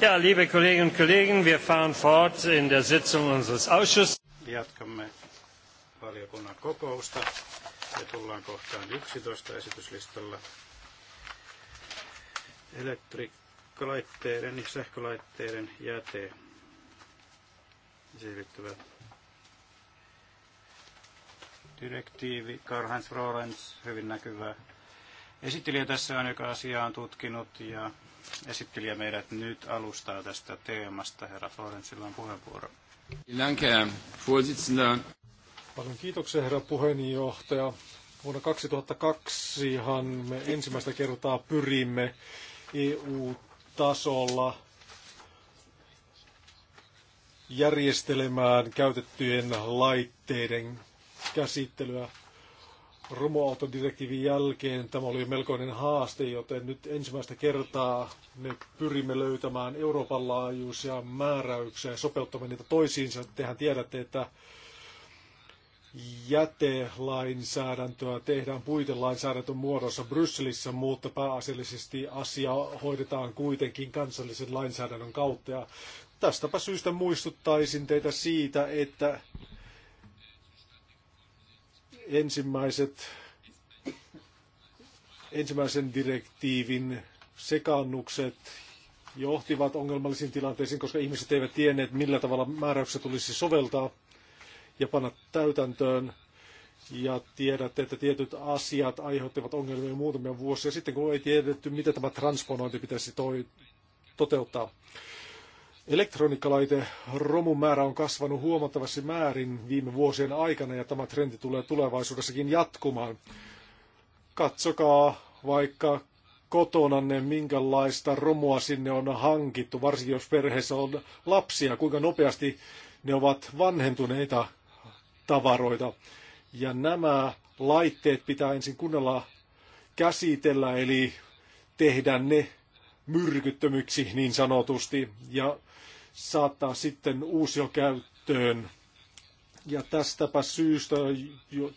Ja, liebe Kolleginnen und Kollegen, wir fahren fort in der Sitzung unseres Ausschusses. Jatkamme valiokunnan kokousta ja tullaan kohtaan 11 esityslistalla. Elektrikkalaitteiden ja sähkölaitteiden jäte siirryttävä direktiivi. Karl-Heinz Florens, hyvin näkyvä esittelijä tässä on, joka asiaa on tutkinut ja esittelijä meidät nyt alustaa tästä teemasta. Herra Florensilla on puheenvuoro. Paljon kiitoksia, herra puheenjohtaja. Vuonna 2002han me ensimmäistä kertaa pyrimme EU-tasolla järjestelemään käytettyjen laitteiden käsittelyä romuautodirektiivin jälkeen tämä oli melkoinen haaste, joten nyt ensimmäistä kertaa me pyrimme löytämään Euroopan laajuisia määräyksiä ja sopeuttamaan niitä toisiinsa. Tehän tiedätte, että jätelainsäädäntöä tehdään puitelainsäädäntön muodossa Brysselissä, mutta pääasiallisesti asia hoidetaan kuitenkin kansallisen lainsäädännön kautta. Ja tästäpä syystä muistuttaisin teitä siitä, että ensimmäiset, ensimmäisen direktiivin sekannukset johtivat ongelmallisiin tilanteisiin, koska ihmiset eivät tienneet, millä tavalla määräyksiä tulisi soveltaa ja panna täytäntöön. Ja tiedätte, että tietyt asiat aiheuttivat ongelmia muutamia vuosia sitten, kun ei tiedetty, miten tämä transponointi pitäisi toi, toteuttaa. Elektroniikkalaite romun määrä on kasvanut huomattavasti määrin viime vuosien aikana ja tämä trendi tulee tulevaisuudessakin jatkumaan. Katsokaa vaikka kotonanne, minkälaista romua sinne on hankittu, varsinkin jos perheessä on lapsia, kuinka nopeasti ne ovat vanhentuneita tavaroita. Ja nämä laitteet pitää ensin kunnolla käsitellä, eli tehdä ne myrkyttömyksi niin sanotusti ja saattaa sitten uusiokäyttöön. Ja tästäpä syystä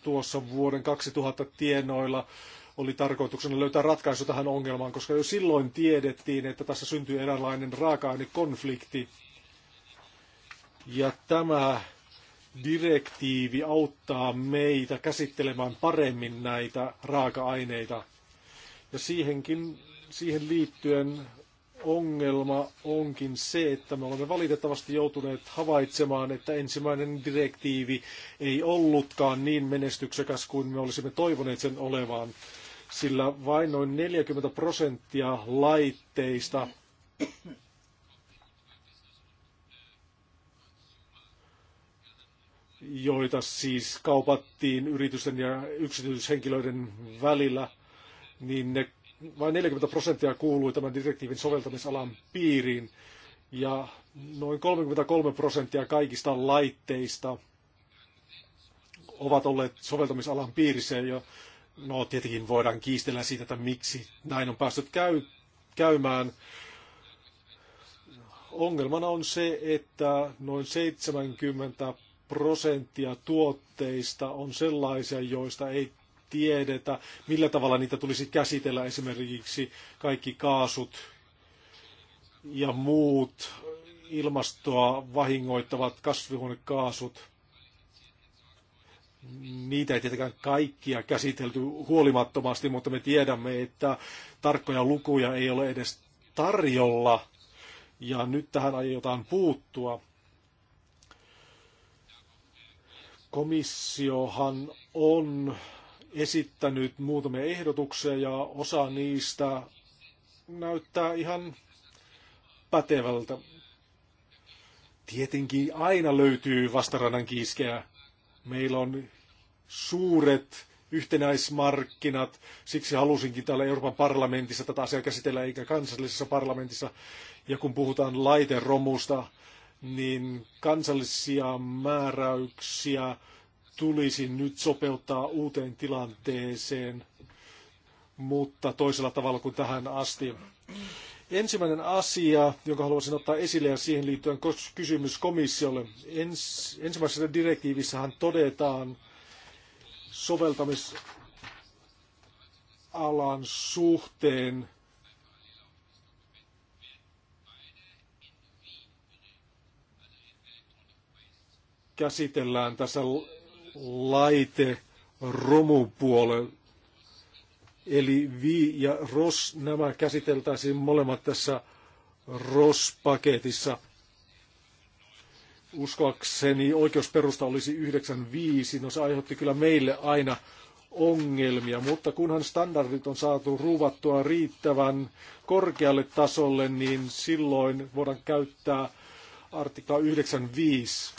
tuossa vuoden 2000 tienoilla oli tarkoituksena löytää ratkaisu tähän ongelmaan, koska jo silloin tiedettiin, että tässä syntyy eräänlainen raaka-ainekonflikti. Ja tämä direktiivi auttaa meitä käsittelemään paremmin näitä raaka-aineita. Ja siihenkin siihen liittyen ongelma onkin se, että me olemme valitettavasti joutuneet havaitsemaan, että ensimmäinen direktiivi ei ollutkaan niin menestyksekäs kuin me olisimme toivoneet sen olevan, sillä vain noin 40 prosenttia laitteista joita siis kaupattiin yritysten ja yksityishenkilöiden välillä, niin ne vain 40 prosenttia kuului tämän direktiivin soveltamisalan piiriin ja noin 33 prosenttia kaikista laitteista ovat olleet soveltamisalan piirissä ja no tietenkin voidaan kiistellä siitä, että miksi näin on päässyt käy, käymään. Ongelmana on se, että noin 70 prosenttia tuotteista on sellaisia, joista ei tiedetä, millä tavalla niitä tulisi käsitellä esimerkiksi kaikki kaasut ja muut ilmastoa vahingoittavat kasvihuonekaasut. Niitä ei tietenkään kaikkia käsitelty huolimattomasti, mutta me tiedämme, että tarkkoja lukuja ei ole edes tarjolla. Ja nyt tähän aiotaan puuttua. Komissiohan on esittänyt muutamia ehdotuksia ja osa niistä näyttää ihan pätevältä. Tietenkin aina löytyy vastarannan kiiskeä. Meillä on suuret yhtenäismarkkinat. Siksi halusinkin täällä Euroopan parlamentissa tätä asiaa käsitellä, eikä kansallisessa parlamentissa. Ja kun puhutaan laiteromusta, niin kansallisia määräyksiä tulisi nyt sopeuttaa uuteen tilanteeseen, mutta toisella tavalla kuin tähän asti. Ensimmäinen asia, jonka haluaisin ottaa esille ja siihen liittyen kysymys komissiolle. Ens, ensimmäisessä direktiivissähän todetaan soveltamisalan suhteen käsitellään tässä laite romupuolen. Eli vi ja ros, nämä käsiteltäisiin molemmat tässä ROS-paketissa. Uskoakseni oikeusperusta olisi 95, no se aiheutti kyllä meille aina ongelmia, mutta kunhan standardit on saatu ruuvattua riittävän korkealle tasolle, niin silloin voidaan käyttää artikla 95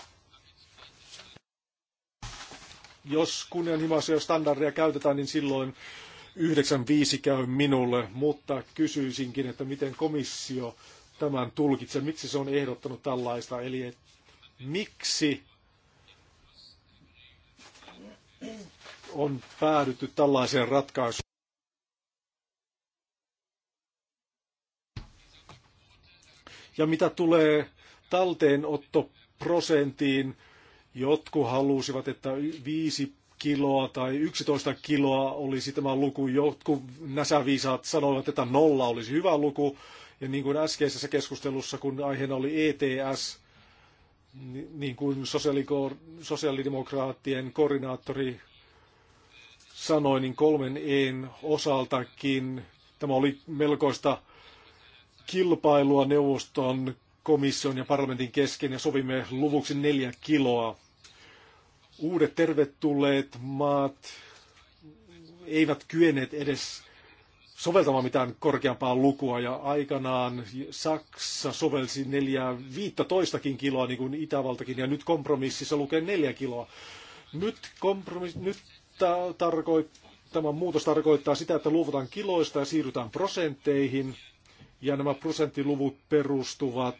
jos kunnianhimoisia standardeja käytetään, niin silloin 9.5 käy minulle, mutta kysyisinkin, että miten komissio tämän tulkitsee, miksi se on ehdottanut tällaista, eli et, miksi on päädytty tällaiseen ratkaisuun. Ja mitä tulee talteenottoprosentiin, Jotkut halusivat, että viisi kiloa tai 11 kiloa olisi tämä luku. Jotkut näsäviisaat sanoivat, että nolla olisi hyvä luku. Ja niin kuin äskeisessä keskustelussa, kun aiheena oli ETS, niin kuin sosiaalidemokraattien koordinaattori sanoi, niin kolmen een osaltakin tämä oli melkoista kilpailua neuvoston komission ja parlamentin kesken ja sovimme luvuksi neljä kiloa uudet tervetulleet maat eivät kyenneet edes soveltamaan mitään korkeampaa lukua ja aikanaan Saksa sovelsi neljää 15kin kiloa niin kuin Itävaltakin ja nyt kompromississa lukee 4 kiloa. Nyt, kompromiss, nyt tarkoit, tämä muutos tarkoittaa sitä, että luovutaan kiloista ja siirrytään prosentteihin ja nämä prosenttiluvut perustuvat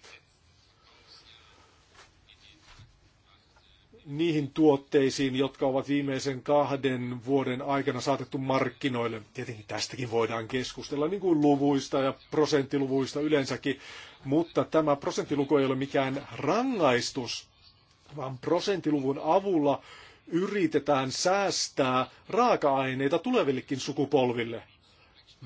niihin tuotteisiin, jotka ovat viimeisen kahden vuoden aikana saatettu markkinoille. Tietenkin tästäkin voidaan keskustella niin kuin luvuista ja prosenttiluvuista yleensäkin, mutta tämä prosenttiluku ei ole mikään rangaistus, vaan prosenttiluvun avulla yritetään säästää raaka-aineita tulevillekin sukupolville.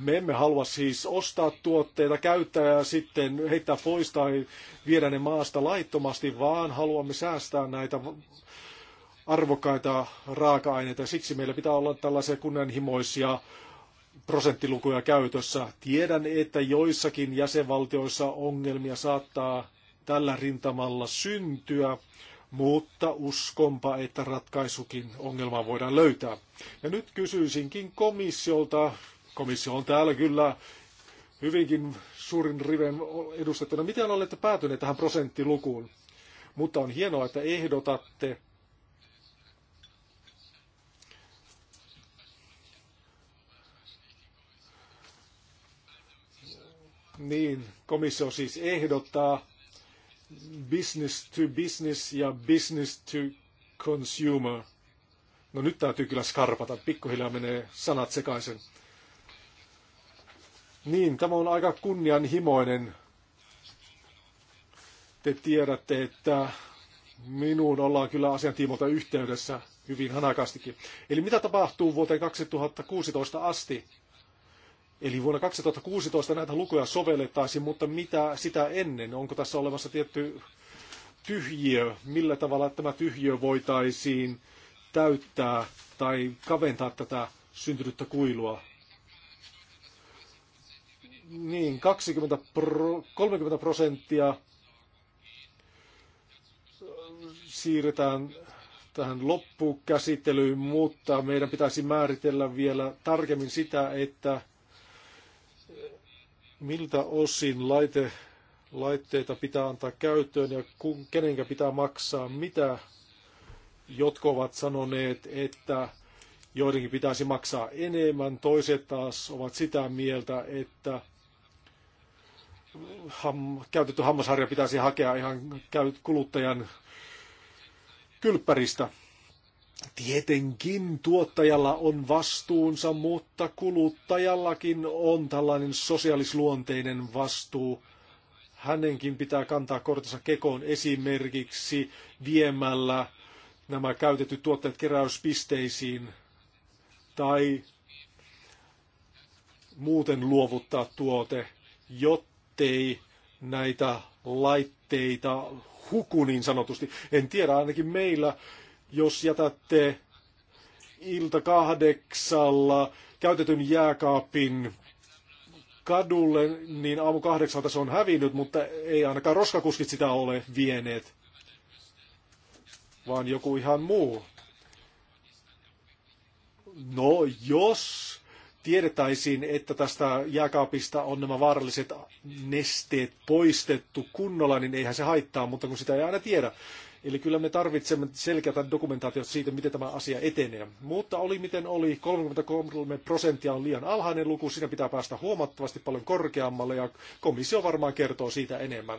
Me emme halua siis ostaa tuotteita, käyttää ja sitten heittää pois tai viedä ne maasta laittomasti, vaan haluamme säästää näitä arvokkaita raaka-aineita. Siksi meillä pitää olla tällaisia kunnianhimoisia prosenttilukuja käytössä. Tiedän, että joissakin jäsenvaltioissa ongelmia saattaa tällä rintamalla syntyä, mutta uskonpa, että ratkaisukin ongelma voidaan löytää. Ja nyt kysyisinkin komissiolta Komissio on täällä kyllä hyvinkin suurin riven edustettuna. Miten olette päätyneet tähän prosenttilukuun? Mutta on hienoa, että ehdotatte Niin, komissio siis ehdottaa business to business ja business to consumer. No nyt täytyy kyllä skarpata, pikkuhiljaa menee sanat sekaisin. Niin, tämä on aika kunnianhimoinen. Te tiedätte, että minuun ollaan kyllä asiantiimolta yhteydessä hyvin hanakastikin. Eli mitä tapahtuu vuoteen 2016 asti? Eli vuonna 2016 näitä lukuja sovellettaisiin, mutta mitä sitä ennen? Onko tässä olemassa tietty tyhjiö? Millä tavalla tämä tyhjiö voitaisiin täyttää tai kaventaa tätä syntynyttä kuilua? niin 20, 30 prosenttia siirretään tähän loppukäsittelyyn, mutta meidän pitäisi määritellä vielä tarkemmin sitä, että miltä osin laite, laitteita pitää antaa käyttöön ja kenenkä pitää maksaa mitä. Jotkut ovat sanoneet, että joidenkin pitäisi maksaa enemmän, toiset taas ovat sitä mieltä, että ham, käytetty hammasharja pitäisi hakea ihan kuluttajan kylppäristä. Tietenkin tuottajalla on vastuunsa, mutta kuluttajallakin on tällainen sosiaalisluonteinen vastuu. Hänenkin pitää kantaa kortensa kekoon esimerkiksi viemällä nämä käytetyt tuotteet keräyspisteisiin tai muuten luovuttaa tuote, jotta ettei näitä laitteita huku niin sanotusti. En tiedä, ainakin meillä, jos jätätte ilta kahdeksalla käytetyn jääkaapin kadulle, niin aamu kahdeksalta se on hävinnyt, mutta ei ainakaan roskakuskit sitä ole vieneet, vaan joku ihan muu. No, jos tiedettäisiin, että tästä jääkaapista on nämä vaaralliset nesteet poistettu kunnolla, niin eihän se haittaa, mutta kun sitä ei aina tiedä. Eli kyllä me tarvitsemme selkeätä dokumentaatiota siitä, miten tämä asia etenee. Mutta oli miten oli, 33 prosenttia on liian alhainen luku, siinä pitää päästä huomattavasti paljon korkeammalle ja komissio varmaan kertoo siitä enemmän.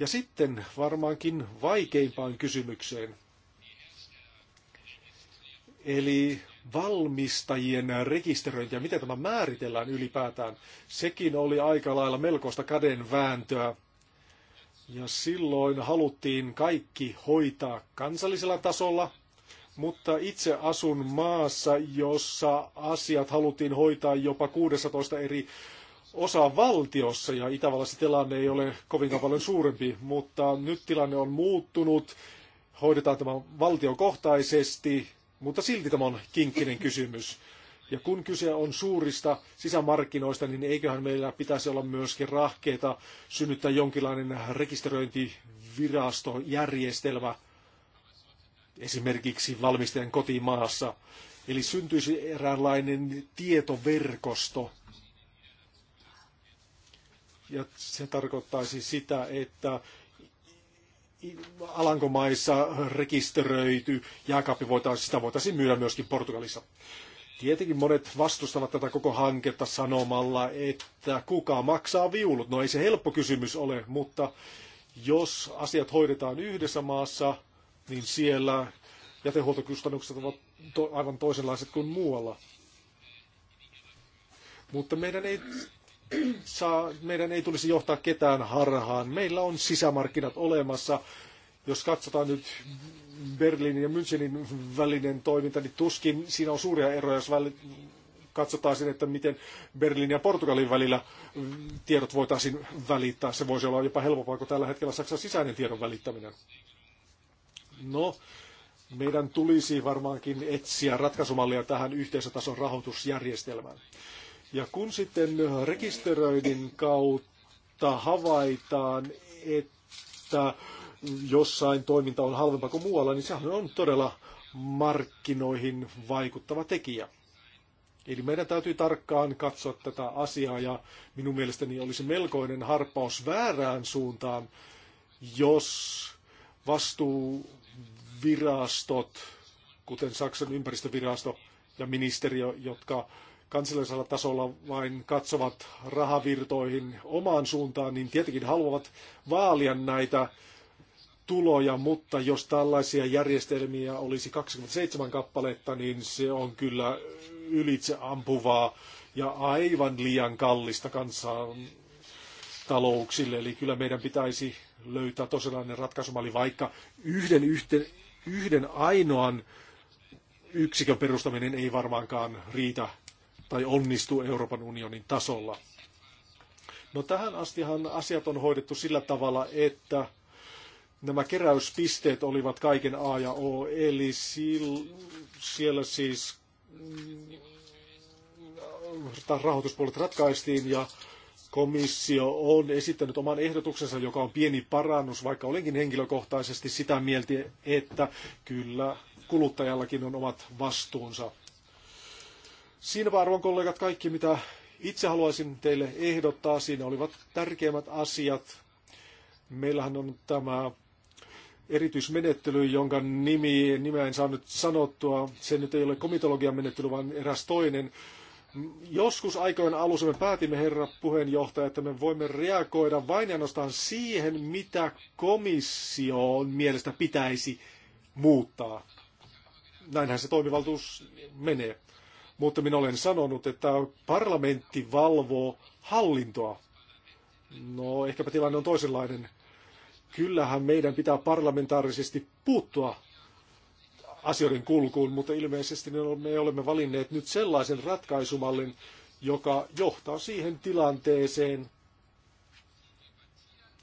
Ja sitten varmaankin vaikeimpaan kysymykseen. Eli valmistajien rekisteröintiä, miten tämä määritellään ylipäätään. Sekin oli aika lailla melkoista kädenvääntöä. Ja silloin haluttiin kaikki hoitaa kansallisella tasolla, mutta itse asun maassa, jossa asiat haluttiin hoitaa jopa 16 eri osa valtiossa ja Itävallassa tilanne ei ole kovinkaan paljon suurempi, mutta nyt tilanne on muuttunut. Hoidetaan tämä valtiokohtaisesti mutta silti tämä on kinkkinen kysymys. Ja kun kyse on suurista sisämarkkinoista, niin eiköhän meillä pitäisi olla myöskin rahkeita synnyttää jonkinlainen rekisteröintivirastojärjestelmä esimerkiksi valmistajan kotimaassa. Eli syntyisi eräänlainen tietoverkosto. Ja se tarkoittaisi sitä, että Alankomaissa rekisteröity jääkaappi voitaisiin, sitä voitaisiin myydä myöskin Portugalissa. Tietenkin monet vastustavat tätä koko hanketta sanomalla, että kuka maksaa viulut. No ei se helppo kysymys ole, mutta jos asiat hoidetaan yhdessä maassa, niin siellä jätehuoltokustannukset ovat to- aivan toisenlaiset kuin muualla. Mutta meidän ei saa, meidän ei tulisi johtaa ketään harhaan. Meillä on sisämarkkinat olemassa. Jos katsotaan nyt Berliinin ja Münchenin välinen toiminta, niin tuskin siinä on suuria eroja, jos väl katsotaan sen, että miten Berliinin ja Portugalin välillä tiedot voitaisiin välittää. Se voisi olla jopa helpompaa kuin tällä hetkellä Saksan sisäinen tiedon välittäminen. No, meidän tulisi varmaankin etsiä ratkaisumallia tähän yhteisötason rahoitusjärjestelmään. Ja kun sitten rekisteröinnin kautta havaitaan, että jossain toiminta on halvempaa kuin muualla, niin sehän on todella markkinoihin vaikuttava tekijä. Eli meidän täytyy tarkkaan katsoa tätä asiaa ja minun mielestäni olisi melkoinen harppaus väärään suuntaan, jos vastuuvirastot, kuten Saksan ympäristövirasto ja ministeriö, jotka kansallisella tasolla vain katsovat rahavirtoihin omaan suuntaan, niin tietenkin haluavat vaalia näitä tuloja, mutta jos tällaisia järjestelmiä olisi 27 kappaletta, niin se on kyllä ylitse ampuvaa ja aivan liian kallista kansan talouksille. Eli kyllä meidän pitäisi löytää tosiaan ratkaisumalli, vaikka yhden, yhden ainoan yksikön perustaminen ei varmaankaan riitä tai onnistuu Euroopan unionin tasolla. No tähän astihan asiat on hoidettu sillä tavalla, että nämä keräyspisteet olivat kaiken A ja O, eli siellä siis mm, rahoituspuolet ratkaistiin ja komissio on esittänyt oman ehdotuksensa, joka on pieni parannus, vaikka olenkin henkilökohtaisesti sitä mieltä, että kyllä kuluttajallakin on omat vastuunsa. Siinäpä arvon kollegat kaikki, mitä itse haluaisin teille ehdottaa. Siinä olivat tärkeimmät asiat. Meillähän on tämä erityismenettely, jonka nimi, nimeä en saa nyt sanottua. Se nyt ei ole komitologian menettely, vaan eräs toinen. Joskus aikojen alussa me päätimme, herra puheenjohtaja, että me voimme reagoida vain ainoastaan siihen, mitä komission mielestä pitäisi muuttaa. Näinhän se toimivaltuus menee. Mutta minä olen sanonut, että parlamentti valvoo hallintoa. No, ehkäpä tilanne on toisenlainen. Kyllähän meidän pitää parlamentaarisesti puuttua asioiden kulkuun, mutta ilmeisesti me olemme valinneet nyt sellaisen ratkaisumallin, joka johtaa siihen tilanteeseen,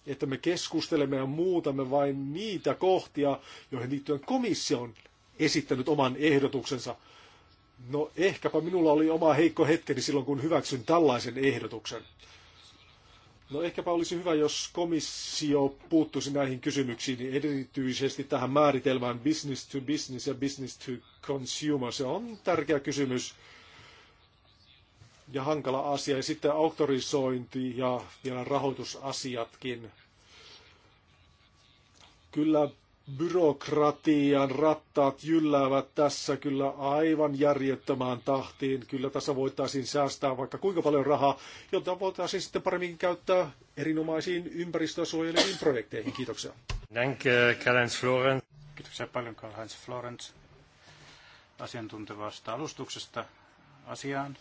että me keskustelemme ja muutamme vain niitä kohtia, joihin liittyen komissio on esittänyt oman ehdotuksensa. No ehkäpä minulla oli oma heikko hetkeni silloin, kun hyväksyn tällaisen ehdotuksen. No ehkäpä olisi hyvä, jos komissio puuttuisi näihin kysymyksiin, niin erityisesti tähän määritelmään business to business ja business to consumer. Se on tärkeä kysymys ja hankala asia. Ja sitten autorisointi ja vielä rahoitusasiatkin. Kyllä byrokratian rattaat jylläävät tässä kyllä aivan järjettömään tahtiin. Kyllä tässä voitaisiin säästää vaikka kuinka paljon rahaa, jota voitaisiin sitten paremmin käyttää erinomaisiin ympäristösuojeleviin projekteihin. Kiitoksia. karl Kiitoksia paljon Karl-Heinz Florenz asiantuntevasta alustuksesta asiaan.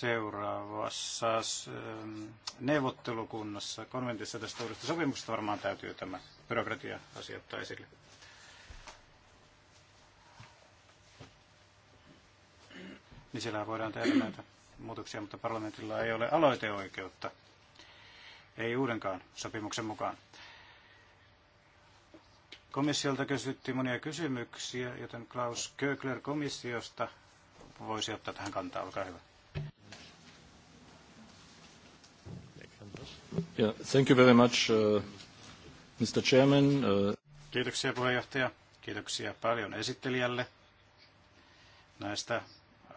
seuraavassa ähm, neuvottelukunnassa, konventissa tästä uudesta sopimuksesta varmaan täytyy tämä byrokratia-asia ottaa esille. Niin siellä voidaan tehdä näitä muutoksia, mutta parlamentilla ei ole aloiteoikeutta. Ei uudenkaan sopimuksen mukaan. Komissiolta kysyttiin monia kysymyksiä, joten Klaus Kökler komissiosta voisi ottaa tähän kantaa. Olkaa hyvä. Uh, uh, Kiitoksia puheenjohtaja. Kiitoksia paljon esittelijälle näistä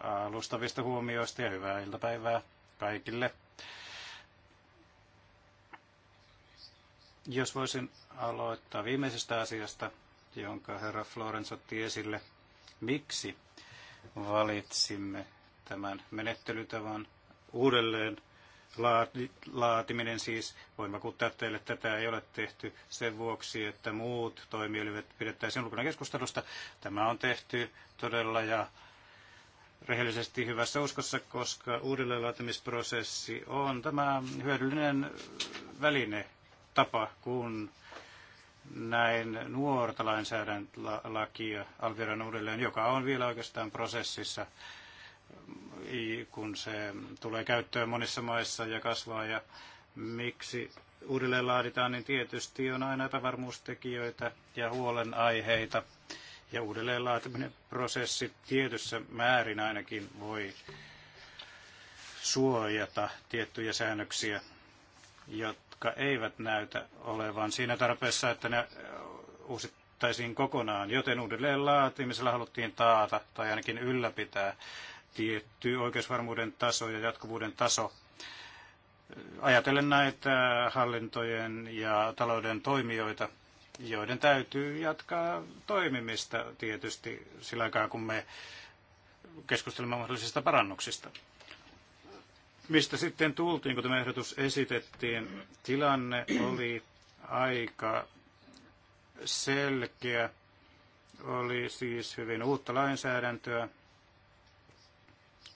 alustavista huomioista ja hyvää iltapäivää kaikille. Jos voisin aloittaa viimeisestä asiasta, jonka herra Florence otti esille, miksi valitsimme tämän menettelytavan uudelleen laatiminen siis, voin vakuuttaa teille, että tätä ei ole tehty sen vuoksi, että muut toimielimet pidettäisiin ulkona keskustelusta. Tämä on tehty todella ja rehellisesti hyvässä uskossa, koska uudelleenlaatimisprosessi on tämä hyödyllinen väline, tapa, kun näin nuorta lainsäädäntölakia alviran uudelleen, joka on vielä oikeastaan prosessissa kun se tulee käyttöön monissa maissa ja kasvaa ja miksi uudelleen laaditaan, niin tietysti on aina epävarmuustekijöitä ja huolenaiheita. Ja uudelleen laatiminen prosessi tietyssä määrin ainakin voi suojata tiettyjä säännöksiä, jotka eivät näytä olevan siinä tarpeessa, että ne uusittaisiin kokonaan, joten uudelleen laatimisella haluttiin taata tai ainakin ylläpitää tietty oikeusvarmuuden taso ja jatkuvuuden taso. Ajatellen näitä hallintojen ja talouden toimijoita, joiden täytyy jatkaa toimimista tietysti sillä aikaa, kun me keskustelemme mahdollisista parannuksista. Mistä sitten tultiin, kun tämä ehdotus esitettiin? Tilanne oli aika selkeä. Oli siis hyvin uutta lainsäädäntöä,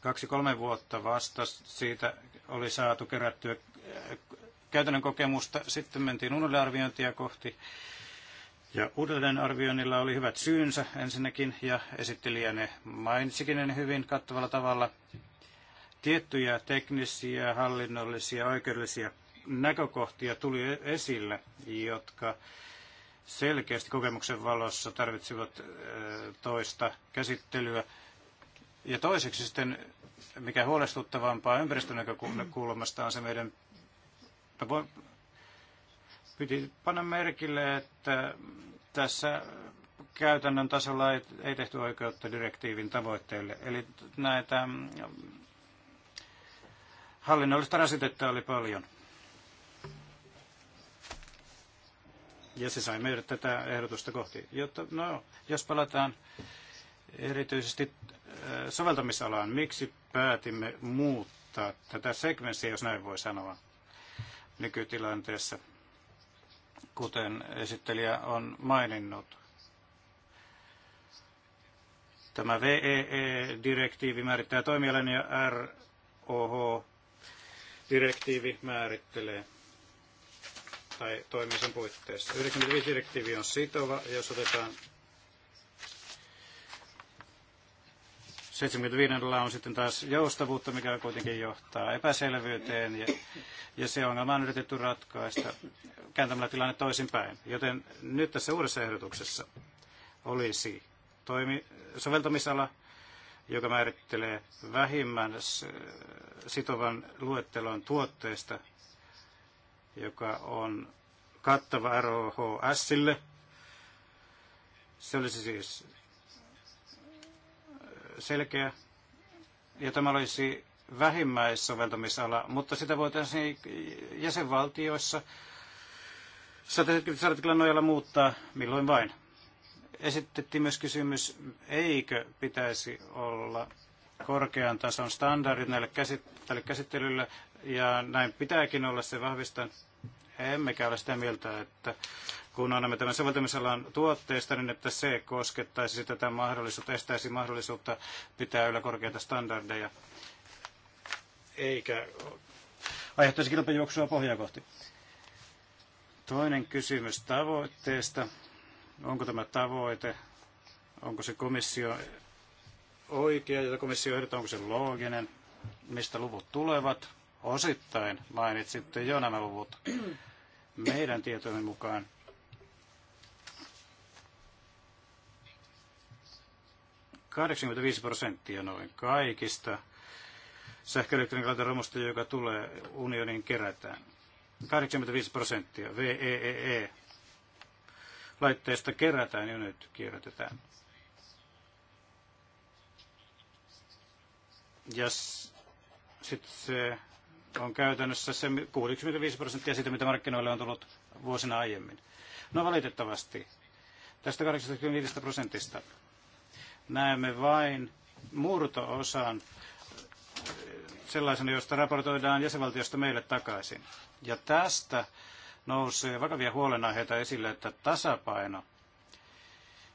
Kaksi-kolme vuotta vasta siitä oli saatu kerättyä käytännön kokemusta. Sitten mentiin uudelleenarviointia kohti. Ja uudelleenarvioinnilla oli hyvät syynsä ensinnäkin, ja esittelijä ne mainitsikin ne hyvin kattavalla tavalla. Tiettyjä teknisiä, hallinnollisia, oikeudellisia näkökohtia tuli esille, jotka selkeästi kokemuksen valossa tarvitsivat toista käsittelyä ja toiseksi sitten, mikä huolestuttavampaa ympäristönäkökulmasta on se meidän, Mä voin, piti panna merkille, että tässä käytännön tasolla ei, ei tehty oikeutta direktiivin tavoitteille. Eli näitä hallinnollista rasitetta oli paljon. Ja se sai meidät tätä ehdotusta kohti. Jotta, no, jos palataan erityisesti äh, soveltamisalaan. Miksi päätimme muuttaa tätä sekvenssiä, jos näin voi sanoa, nykytilanteessa, kuten esittelijä on maininnut? Tämä VEE-direktiivi määrittää toimialan ja ROH-direktiivi määrittelee tai toimii sen puitteissa. 95-direktiivi on sitova, jos otetaan 75 on sitten taas joustavuutta, mikä kuitenkin johtaa epäselvyyteen, ja, ja se ongelma on yritetty ratkaista kääntämällä tilanne toisinpäin. Joten nyt tässä uudessa ehdotuksessa olisi toimi, soveltamisala, joka määrittelee vähimmän sitovan luettelon tuotteista, joka on kattava ROHSille. Se olisi siis selkeä ja tämä olisi vähimmäissoveltamisala, mutta sitä voitaisiin jäsenvaltioissa 170 artiklan nojalla muuttaa milloin vain. Esitettiin myös kysymys, eikö pitäisi olla korkean tason standardit näille käsittelylle, ja näin pitääkin olla, se vahvistan Emmekä ole sitä mieltä, että kun annamme tämän soveltamisalan tuotteista, niin että se koskettaisi tätä mahdollisuutta, estäisi mahdollisuutta pitää yllä korkeita standardeja, eikä aiheuttaisi kilpajuoksua pohjaa kohti. Toinen kysymys tavoitteesta. Onko tämä tavoite? Onko se komissio oikea, jota komissio ehdottaa, onko se looginen? Mistä luvut tulevat? Osittain mainitsitte jo nämä luvut meidän tietojen mukaan prosenttia noin kaikista sähköelektroniikalta romusta, joka tulee unionin kerätään. 85 prosenttia VEEE laitteista kerätään ja nyt, kierrätetään. Ja sitten se on käytännössä se 65 prosenttia siitä, mitä markkinoille on tullut vuosina aiemmin. No valitettavasti tästä 85 prosentista näemme vain murto-osan eh, sellaisena, josta raportoidaan jäsenvaltiosta meille takaisin. Ja tästä nousee vakavia huolenaiheita esille, että tasapaino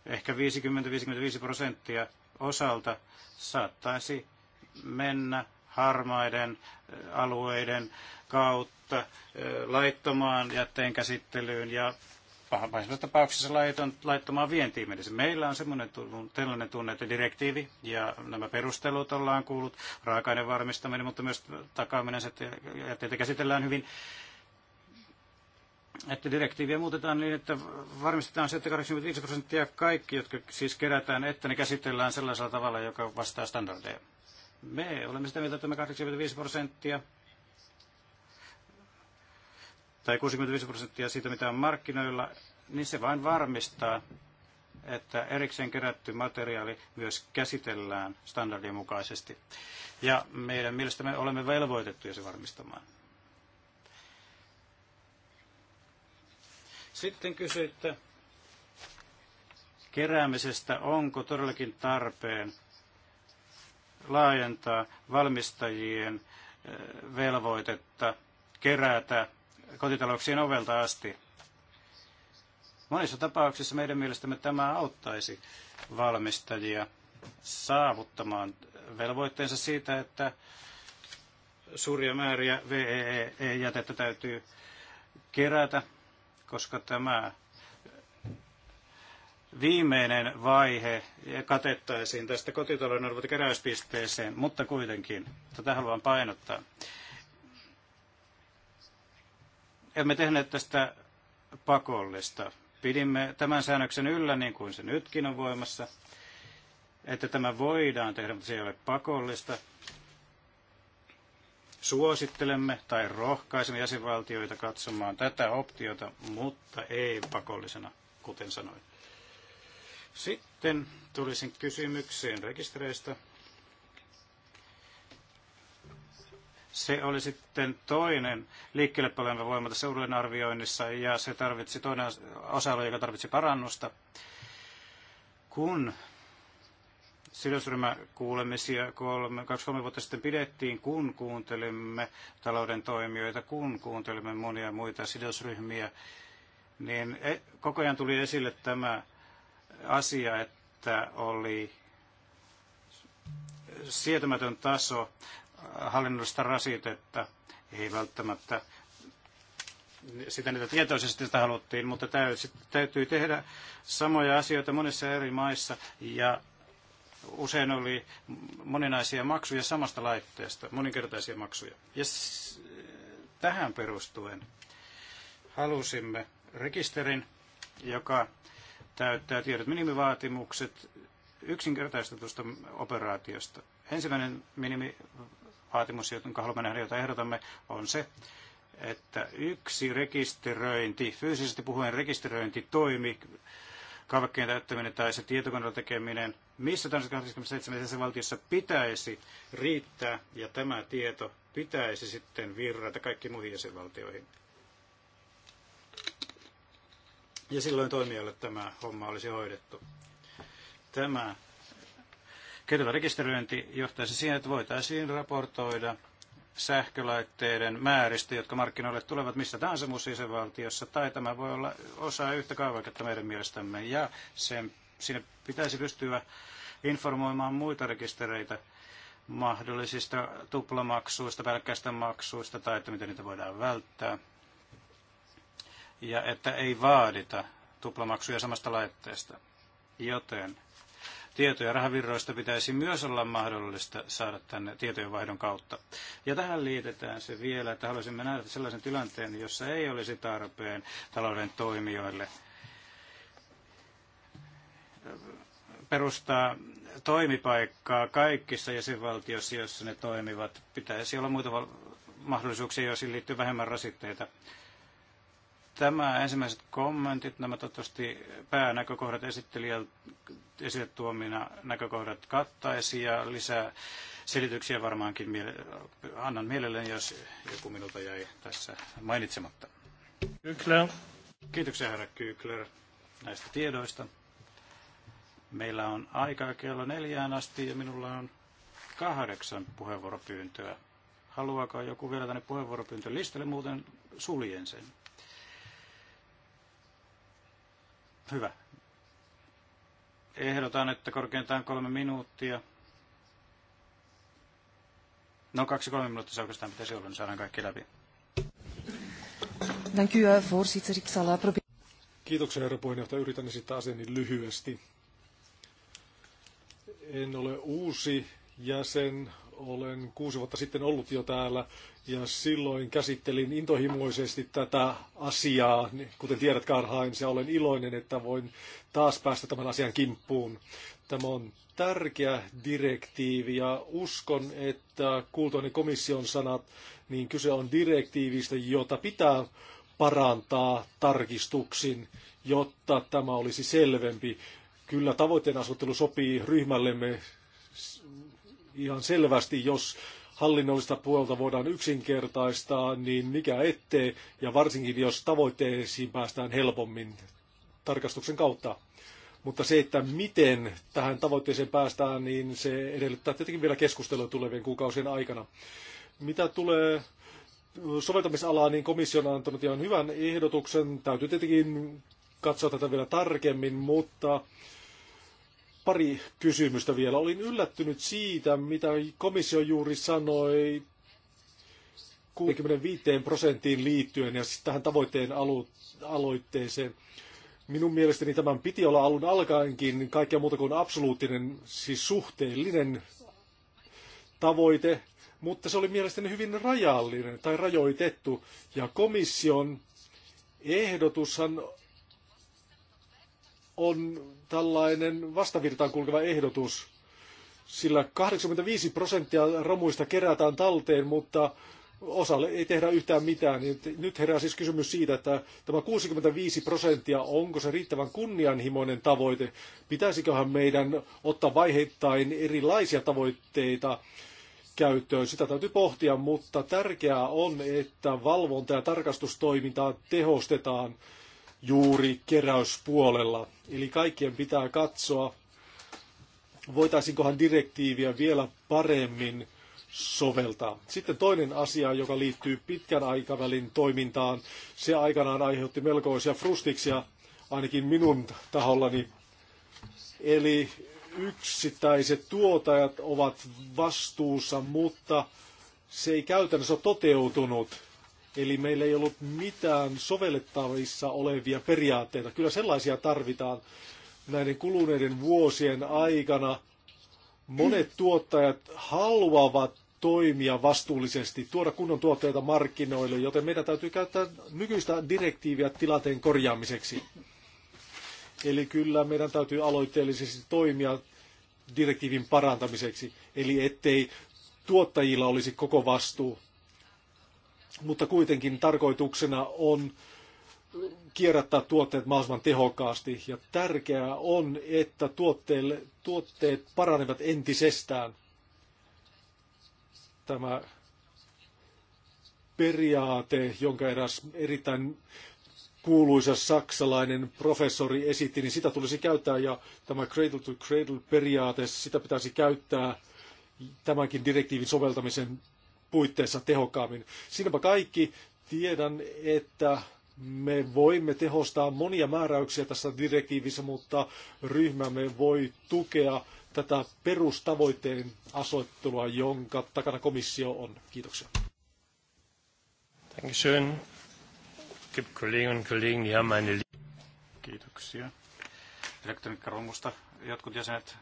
ehkä 50-55 prosenttia osalta saattaisi mennä harmaiden äh, alueiden kautta äh, laittomaan jätteen käsittelyyn ja pahimmassa tapauksessa laittomaan vientiin menisi. Meillä on semmoinen tällainen tunne, että direktiivi ja nämä perustelut ollaan kuullut, raaka-aineen varmistaminen, mutta myös takaaminen, että jätteitä käsitellään hyvin että direktiiviä muutetaan niin, että varmistetaan se, että 85 prosenttia kaikki, jotka siis kerätään, että ne käsitellään sellaisella tavalla, joka vastaa standardeja. Me olemme sitä mieltä, että me 85 prosenttia tai 65 prosenttia siitä, mitä on markkinoilla, niin se vain varmistaa, että erikseen kerätty materiaali myös käsitellään standardien mukaisesti. Ja meidän mielestämme olemme velvoitettuja se varmistamaan. Sitten kysyitte keräämisestä, onko todellakin tarpeen laajentaa valmistajien eh, velvoitetta kerätä kotitalouksien ovelta asti. Monissa tapauksissa meidän mielestämme tämä auttaisi valmistajia saavuttamaan velvoitteensa siitä, että suuria määriä VEE-jätettä e täytyy kerätä, koska tämä viimeinen vaihe katettaisiin tästä kotitalouden arvot keräyspisteeseen, mutta kuitenkin, tätä haluan painottaa. Emme tehneet tästä pakollista. Pidimme tämän säännöksen yllä niin kuin se nytkin on voimassa, että tämä voidaan tehdä, mutta se ei ole pakollista. Suosittelemme tai rohkaisemme jäsenvaltioita katsomaan tätä optiota, mutta ei pakollisena, kuten sanoin. Sitten tulisin kysymykseen rekistereistä. Se oli sitten toinen liikkeelle paljon voima tässä ja se tarvitsi toinen osa-alue, joka tarvitsi parannusta. Kun sidosryhmäkuulemisia kolme, kaksi kolme vuotta sitten pidettiin, kun kuuntelimme talouden toimijoita, kun kuuntelimme monia muita sidosryhmiä, niin e, koko ajan tuli esille tämä asia, että oli sietämätön taso hallinnollista rasitetta, ei välttämättä sitä niitä tietoisesti sitä haluttiin, mutta täytyy tehdä samoja asioita monissa eri maissa ja usein oli moninaisia maksuja samasta laitteesta, moninkertaisia maksuja. Ja tähän perustuen halusimme rekisterin, joka täyttää tietyt minimivaatimukset yksinkertaistetusta operaatiosta. Ensimmäinen minimivaatimus, jonka haluamme nähdä, jota ehdotamme, on se, että yksi rekisteröinti, fyysisesti puhuen rekisteröinti toimi, kaavakkeen täyttäminen tai se tietokoneella tekeminen, missä tahansa 27 valtiossa pitäisi riittää, ja tämä tieto pitäisi sitten virrata kaikki muihin jäsenvaltioihin. Ja silloin toimijoille tämä homma olisi hoidettu. Tämä kertova rekisteröinti johtaisi siihen, että voitaisiin raportoida sähkölaitteiden määristä, jotka markkinoille tulevat missä tahansa muussa jäsenvaltiossa, tai tämä voi olla osa yhtä kaavaketta meidän mielestämme, ja sen, sinne pitäisi pystyä informoimaan muita rekistereitä mahdollisista tuplamaksuista, pelkkäistä maksuista, tai että miten niitä voidaan välttää ja että ei vaadita tuplamaksuja samasta laitteesta. Joten tietoja rahavirroista pitäisi myös olla mahdollista saada tänne tietojenvaihdon kautta. Ja tähän liitetään se vielä, että haluaisimme nähdä sellaisen tilanteen, jossa ei olisi tarpeen talouden toimijoille perustaa toimipaikkaa kaikissa jäsenvaltioissa, joissa ne toimivat. Pitäisi olla muita mahdollisuuksia, joihin liittyy vähemmän rasitteita Tämä ensimmäiset kommentit, nämä toivottavasti päänäkökohdat esittelijältä esille tuomina näkökohdat kattaisi ja lisää selityksiä varmaankin miele- annan mielelläni, jos joku minulta jäi tässä mainitsematta. Kykler. Kiitoksia herra Kykler näistä tiedoista. Meillä on aikaa kello neljään asti ja minulla on kahdeksan puheenvuoropyyntöä. Haluaako joku vielä tänne puheenvuoropyyntölistalle, muuten suljen sen. Hyvä. Ehdotan, että korkeintaan kolme minuuttia. No kaksi-kolme minuuttia se oikeastaan pitäisi olla, niin saadaan kaikki läpi. Uh, uh, Kiitoksia herra puheenjohtaja. Yritän esittää asiani lyhyesti. En ole uusi jäsen, olen kuusi vuotta sitten ollut jo täällä ja silloin käsittelin intohimoisesti tätä asiaa. Kuten tiedät Karhain, ja olen iloinen, että voin taas päästä tämän asian kimppuun. Tämä on tärkeä direktiivi ja uskon, että kuultuani komission sanat, niin kyse on direktiivistä, jota pitää parantaa tarkistuksin, jotta tämä olisi selvempi. Kyllä tavoitteen asuttelu sopii ryhmällemme ihan selvästi, jos hallinnollista puolta voidaan yksinkertaistaa, niin mikä ettei, ja varsinkin jos tavoitteisiin päästään helpommin tarkastuksen kautta. Mutta se, että miten tähän tavoitteeseen päästään, niin se edellyttää tietenkin vielä keskustelua tulevien kuukausien aikana. Mitä tulee soveltamisalaan, niin komissio on antanut ihan hyvän ehdotuksen. Täytyy tietenkin katsoa tätä vielä tarkemmin, mutta pari kysymystä vielä. Olin yllättynyt siitä, mitä komissio juuri sanoi 65 prosenttiin liittyen ja sitten siis tähän tavoitteen alu- aloitteeseen. Minun mielestäni tämän piti olla alun alkaenkin kaikkea muuta kuin absoluuttinen, siis suhteellinen tavoite, mutta se oli mielestäni hyvin rajallinen tai rajoitettu. Ja komission ehdotushan on tällainen vastavirtaan kulkeva ehdotus, sillä 85 prosenttia romuista kerätään talteen, mutta osalle ei tehdä yhtään mitään. Nyt herää siis kysymys siitä, että tämä 65 prosenttia, onko se riittävän kunnianhimoinen tavoite? Pitäisiköhän meidän ottaa vaiheittain erilaisia tavoitteita käyttöön? Sitä täytyy pohtia, mutta tärkeää on, että valvonta- ja tarkastustoimintaa tehostetaan juuri keräyspuolella. Eli kaikkien pitää katsoa, voitaisinkohan direktiiviä vielä paremmin soveltaa. Sitten toinen asia, joka liittyy pitkän aikavälin toimintaan, se aikanaan aiheutti melkoisia frustiksia, ainakin minun tahollani. Eli yksittäiset tuotajat ovat vastuussa, mutta se ei käytännössä toteutunut. Eli meillä ei ollut mitään sovellettavissa olevia periaatteita. Kyllä sellaisia tarvitaan näiden kuluneiden vuosien aikana. Monet tuottajat haluavat toimia vastuullisesti, tuoda kunnon tuotteita markkinoille, joten meidän täytyy käyttää nykyistä direktiiviä tilanteen korjaamiseksi. Eli kyllä meidän täytyy aloitteellisesti toimia direktiivin parantamiseksi, eli ettei tuottajilla olisi koko vastuu mutta kuitenkin tarkoituksena on kierrättää tuotteet mahdollisimman tehokkaasti. Ja tärkeää on, että tuotteille, tuotteet paranevat entisestään. Tämä periaate, jonka eräs erittäin kuuluisa saksalainen professori esitti, niin sitä tulisi käyttää ja tämä cradle to cradle periaate, sitä pitäisi käyttää tämänkin direktiivin soveltamisen puitteissa tehokkaammin. Siinäpä kaikki. Tiedän, että me voimme tehostaa monia määräyksiä tässä direktiivissä, mutta ryhmämme voi tukea tätä perustavoitteen asoittelua, jonka takana komissio on. Kiitoksia. Dankeschön. Gibt Kolleginnen und Kollegen, Kiitoksia. Elektroniikkarungusta jotkut jäsenet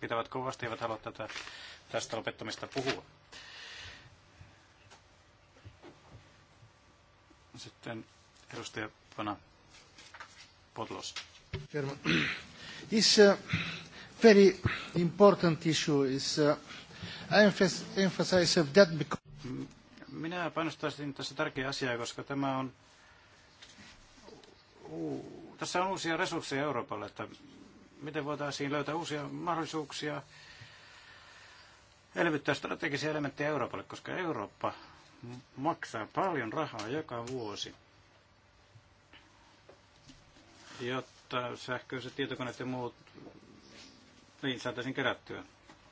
pitävät kovasti, eivät halua tätä, tästä lopettamista puhua. Sitten edustaja Pana Potlos. This uh, very important issue is uh, I emphasize that because mm, minä painostaisin tässä tärkeä asiaa, koska tämä on, uu, tässä on uusia resursseja Euroopalle, että miten voitaisiin löytää uusia mahdollisuuksia elvyttää strategisia elementtejä Euroopalle, koska Eurooppa maksaa paljon rahaa joka vuosi, jotta sähköiset tietokoneet ja muut niin saataisiin kerättyä.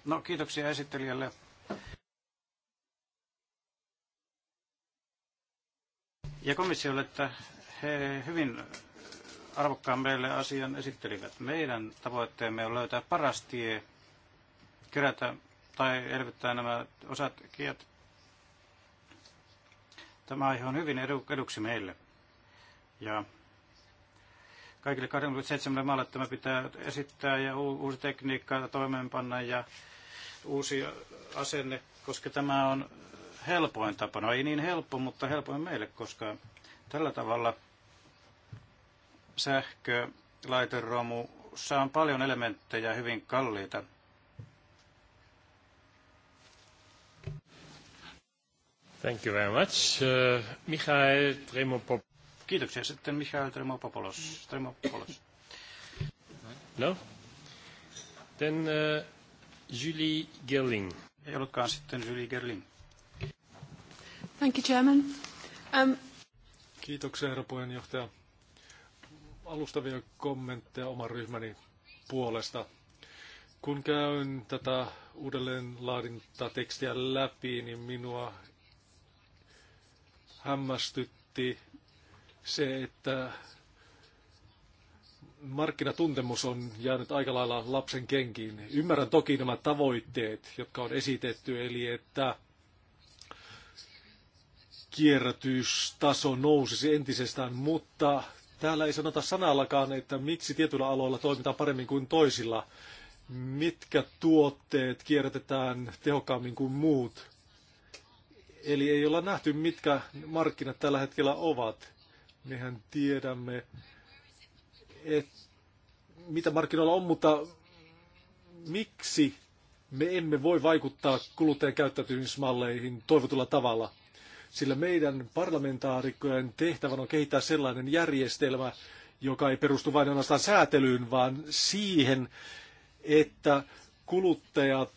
No, kiitoksia esittelijälle. Ja komissiolle, että he hyvin arvokkaan meille asian esittelivät. Meidän tavoitteemme on löytää paras tie kerätä tai elvyttää nämä osat Tämä aihe on hyvin eduksi meille. Ja kaikille 27 maalle tämä pitää esittää ja uusi tekniikka toimeenpanna ja uusi asenne, koska tämä on helpoin tapa. No ei niin helppo, mutta helpoin meille, koska tällä tavalla sähkö, laiteromu, saa paljon elementtejä hyvin kalliita Thank you very much. Uh, Michael Tremopoulos. Kiitoksia. Sitten Michael Tremopoulos. Tremopoulos. No? Then uh, Julie Gerling. Ei ollutkaan sitten Julie Gerling. Thank you, Chairman. Um... Kiitoksia, herra puheenjohtaja. Alustavia kommentteja oman ryhmäni puolesta. Kun käyn tätä uudelleenlaadinta tekstiä läpi, niin minua hämmästytti se, että markkinatuntemus on jäänyt aika lailla lapsen kenkiin. Ymmärrän toki nämä tavoitteet, jotka on esitetty, eli että kierrätystaso nousisi entisestään, mutta täällä ei sanota sanallakaan, että miksi tietyillä aloilla toimitaan paremmin kuin toisilla. Mitkä tuotteet kierrätetään tehokkaammin kuin muut? Eli ei olla nähty, mitkä markkinat tällä hetkellä ovat. Mehän tiedämme, että mitä markkinoilla on, mutta miksi me emme voi vaikuttaa kuluttajan käyttäytymismalleihin toivotulla tavalla, sillä meidän parlamentaarikkojen tehtävänä on kehittää sellainen järjestelmä, joka ei perustu vain ainoastaan säätelyyn, vaan siihen, että kuluttajat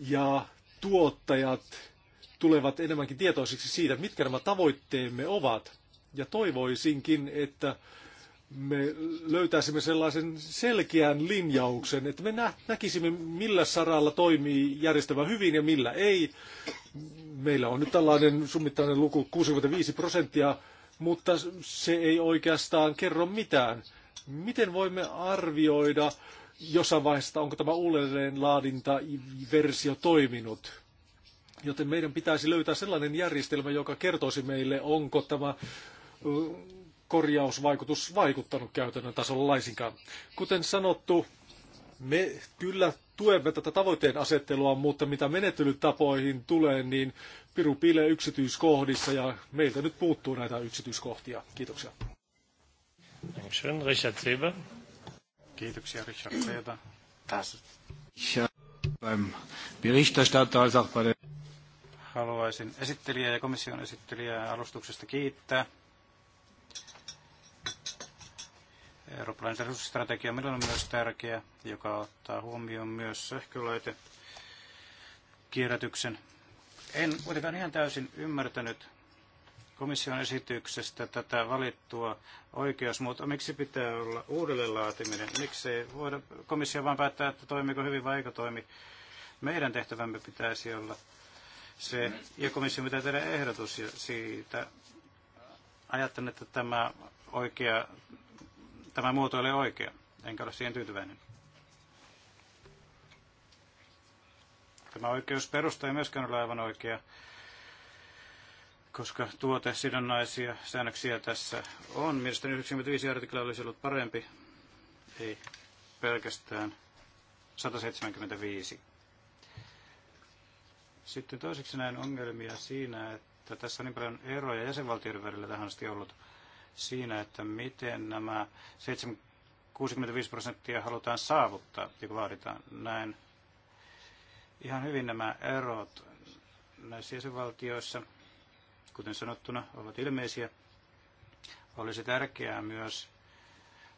ja tuottajat tulevat enemmänkin tietoisiksi siitä, mitkä nämä tavoitteemme ovat. Ja toivoisinkin, että me löytäisimme sellaisen selkeän linjauksen, että me näkisimme, millä saralla toimii järjestelmä hyvin ja millä ei. Meillä on nyt tällainen summittainen luku 65 prosenttia, mutta se ei oikeastaan kerro mitään. Miten voimme arvioida jossain vaiheessa, onko tämä uudelleen laadinta versio toiminut? Joten meidän pitäisi löytää sellainen järjestelmä, joka kertoisi meille, onko tämä korjausvaikutus vaikuttanut käytännön tasolla laisinkaan. Kuten sanottu, me kyllä tuemme tätä tavoitteen asettelua, mutta mitä menettelytapoihin tulee, niin piru piilee yksityiskohdissa ja meiltä nyt puuttuu näitä yksityiskohtia. Kiitoksia. Dankeschön, Richard Seber. Kiitoksia, Richard Seber. Taas. beim Berichterstatter als auch bei der haluaisin esittelijää ja komission esittelijää alustuksesta kiittää. Eurooppalainen resurssistrategia on myös tärkeä, joka ottaa huomioon myös sähkölaite kierrätyksen. En kuitenkaan ihan täysin ymmärtänyt komission esityksestä tätä valittua oikeusmuutta. Miksi pitää olla uudelleenlaatiminen? Miksi ei voida komissio vain päättää, että toimiko hyvin vai eikö toimi? Meidän tehtävämme pitäisi olla se, ja komissio pitää tehdä ehdotus siitä. Ajattelen, että tämä, oikea, tämä muoto oli oikea, enkä ole siihen tyytyväinen. Tämä oikeusperusta ei myöskään ole aivan oikea, koska tuotesidonnaisia säännöksiä tässä on. Mielestäni 95 artikla olisi ollut parempi, ei pelkästään 175. Sitten toiseksi näin ongelmia siinä, että tässä on niin paljon eroja jäsenvaltioiden välillä tähän asti ollut siinä, että miten nämä 65 prosenttia halutaan saavuttaa, joka vaaditaan näin. Ihan hyvin nämä erot näissä jäsenvaltioissa, kuten sanottuna, ovat ilmeisiä. Olisi tärkeää myös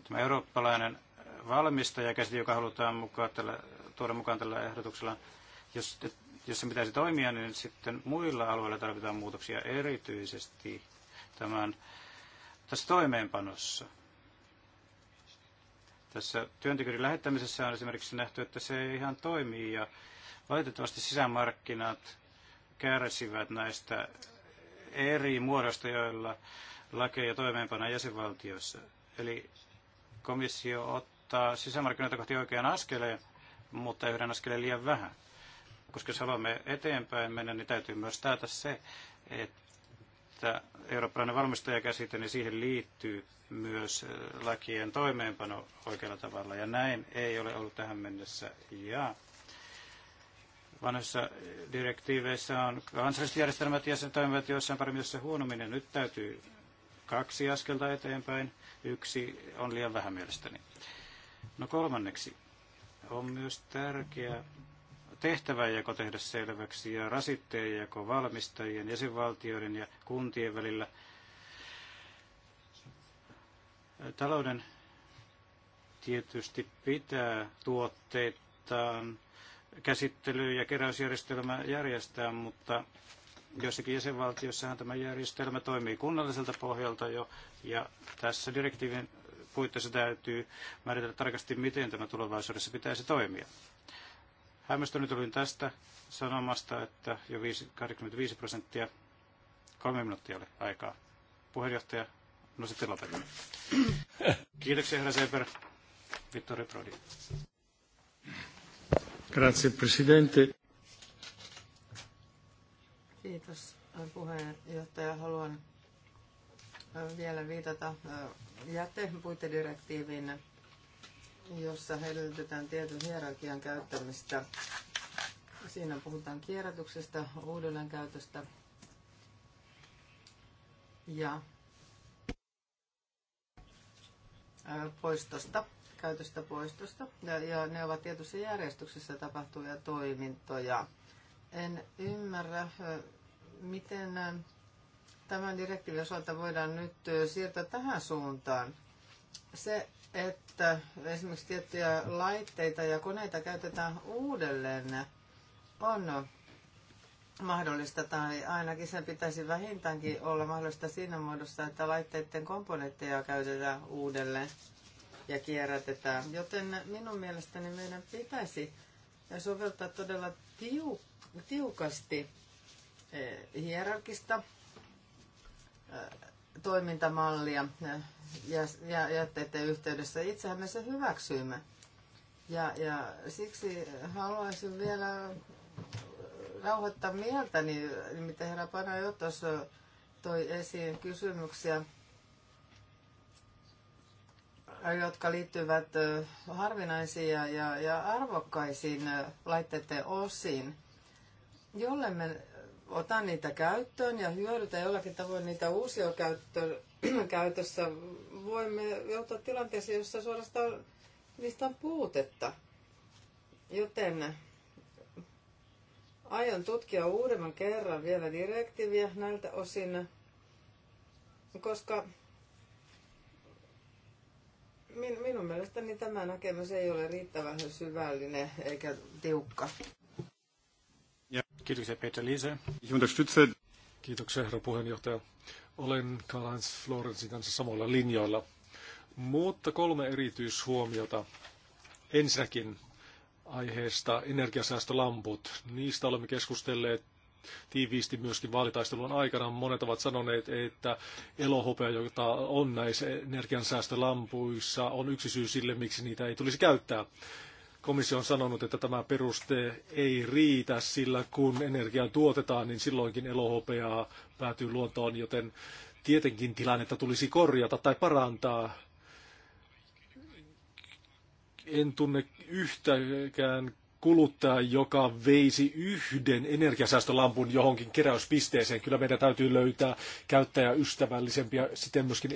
tämä eurooppalainen valmistaja joka halutaan mukaan tällä, tuoda mukaan tällä ehdotuksella, jos jos sen pitäisi toimia, niin sitten muilla alueilla tarvitaan muutoksia erityisesti tämän, tässä toimeenpanossa. Tässä työntekijöiden lähettämisessä on esimerkiksi nähty, että se ei ihan toimii ja valitettavasti sisämarkkinat kärsivät näistä eri muodoista, joilla lakeja toimeenpana jäsenvaltioissa. Eli komissio ottaa sisämarkkinoita kohti oikean askeleen, mutta yhden askeleen liian vähän. Koska jos haluamme eteenpäin mennä, niin täytyy myös taata se, että eurooppalainen valmistajakäsite, niin siihen liittyy myös lakien toimeenpano oikealla tavalla. Ja näin ei ole ollut tähän mennessä. Ja vanhoissa direktiiveissä on kansalliset järjestelmät ja sen toimivat joissain paremmin, jossa huonommin. Ja nyt täytyy kaksi askelta eteenpäin. Yksi on liian vähän mielestäni. No kolmanneksi on myös tärkeää tehtävänjako tehdä selväksi ja rasitteenjako valmistajien, jäsenvaltioiden ja kuntien välillä. Talouden tietysti pitää tuotteitaan käsittely- ja keräysjärjestelmä järjestää, mutta joissakin jäsenvaltiossahan tämä järjestelmä toimii kunnalliselta pohjalta jo, ja tässä direktiivin puitteissa täytyy määritellä tarkasti, miten tämä tulevaisuudessa pitäisi toimia. Hämmästynyt olin tästä sanomasta, että jo 85 prosenttia, kolme minuuttia oli aikaa. Puheenjohtaja, no sitten lopetan. Kiitoksia, herra Seber. Vittorio Prodi. Grazie, presidente. Kiitos, puheenjohtaja. Haluan äh, vielä viitata äh, jätepuitedirektiivin jossa edellytetään tietyn hierarkian käyttämistä. Siinä puhutaan kierrätyksestä, uudelleenkäytöstä ja poistosta, käytöstä poistosta. Ja, ja ne ovat tietyssä järjestyksessä tapahtuvia toimintoja. En ymmärrä, miten tämän direktiivin osalta voidaan nyt siirtää tähän suuntaan. Se, että esimerkiksi tiettyjä laitteita ja koneita käytetään uudelleen, on mahdollista, tai ainakin sen pitäisi vähintäänkin olla mahdollista siinä muodossa, että laitteiden komponentteja käytetään uudelleen ja kierrätetään. Joten minun mielestäni meidän pitäisi soveltaa todella tiuk- tiukasti eh, hierarkista eh, toimintamallia ja jätteiden yhteydessä. Itsehän me se hyväksyimme. Ja, ja siksi haluaisin vielä rauhoittaa mieltäni, mitä herra Panajo tuossa toi esiin kysymyksiä, jotka liittyvät harvinaisiin ja, ja, ja arvokkaisiin laitteiden osiin. Jolle me ota niitä käyttöön ja hyödytä jollakin tavoin niitä uusia käyttö, käytössä, voimme joutua tilanteeseen, jossa suorastaan niistä on puutetta. Joten aion tutkia uudemman kerran vielä direktiiviä näiltä osin, koska minun mielestäni tämä näkemys ei ole riittävän syvällinen eikä tiukka. Kiitoksia Peter Liise. Kiitoksia herra puheenjohtaja. Olen Karl-Heinz Florensin kanssa samoilla linjoilla. Mutta kolme erityishuomiota. Ensinnäkin aiheesta energiasäästölamput. Niistä olemme keskustelleet tiiviisti myöskin vaalitaistelun aikana. Monet ovat sanoneet, että elohopea, jota on näissä energiansäästölampuissa, on yksi syy sille, miksi niitä ei tulisi käyttää komissio on sanonut, että tämä peruste ei riitä, sillä kun energiaa tuotetaan, niin silloinkin elohopeaa päätyy luontoon, joten tietenkin tilannetta tulisi korjata tai parantaa. En tunne yhtäkään kuluttaa, joka veisi yhden energiasäästölampun johonkin keräyspisteeseen. Kyllä meidän täytyy löytää käyttäjäystävällisempi ja siten myöskin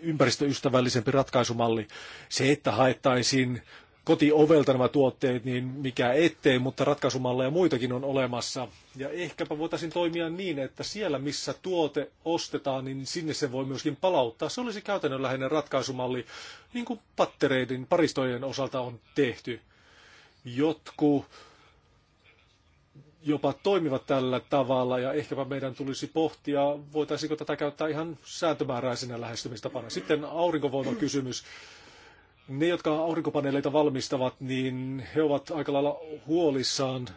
ympäristöystävällisempi ratkaisumalli. Se, että haettaisiin kotiovelta nämä tuotteet, niin mikä ettei, mutta ratkaisumalleja muitakin on olemassa. Ja ehkäpä voitaisiin toimia niin, että siellä missä tuote ostetaan, niin sinne se voi myöskin palauttaa. Se olisi käytännönläheinen ratkaisumalli, niin kuin pattereiden, paristojen osalta on tehty. Jotkut jopa toimivat tällä tavalla ja ehkäpä meidän tulisi pohtia, voitaisiinko tätä käyttää ihan sääntömääräisenä lähestymistapana. Sitten aurinkovoimakysymys. kysymys ne, jotka aurinkopaneeleita valmistavat, niin he ovat aika lailla huolissaan,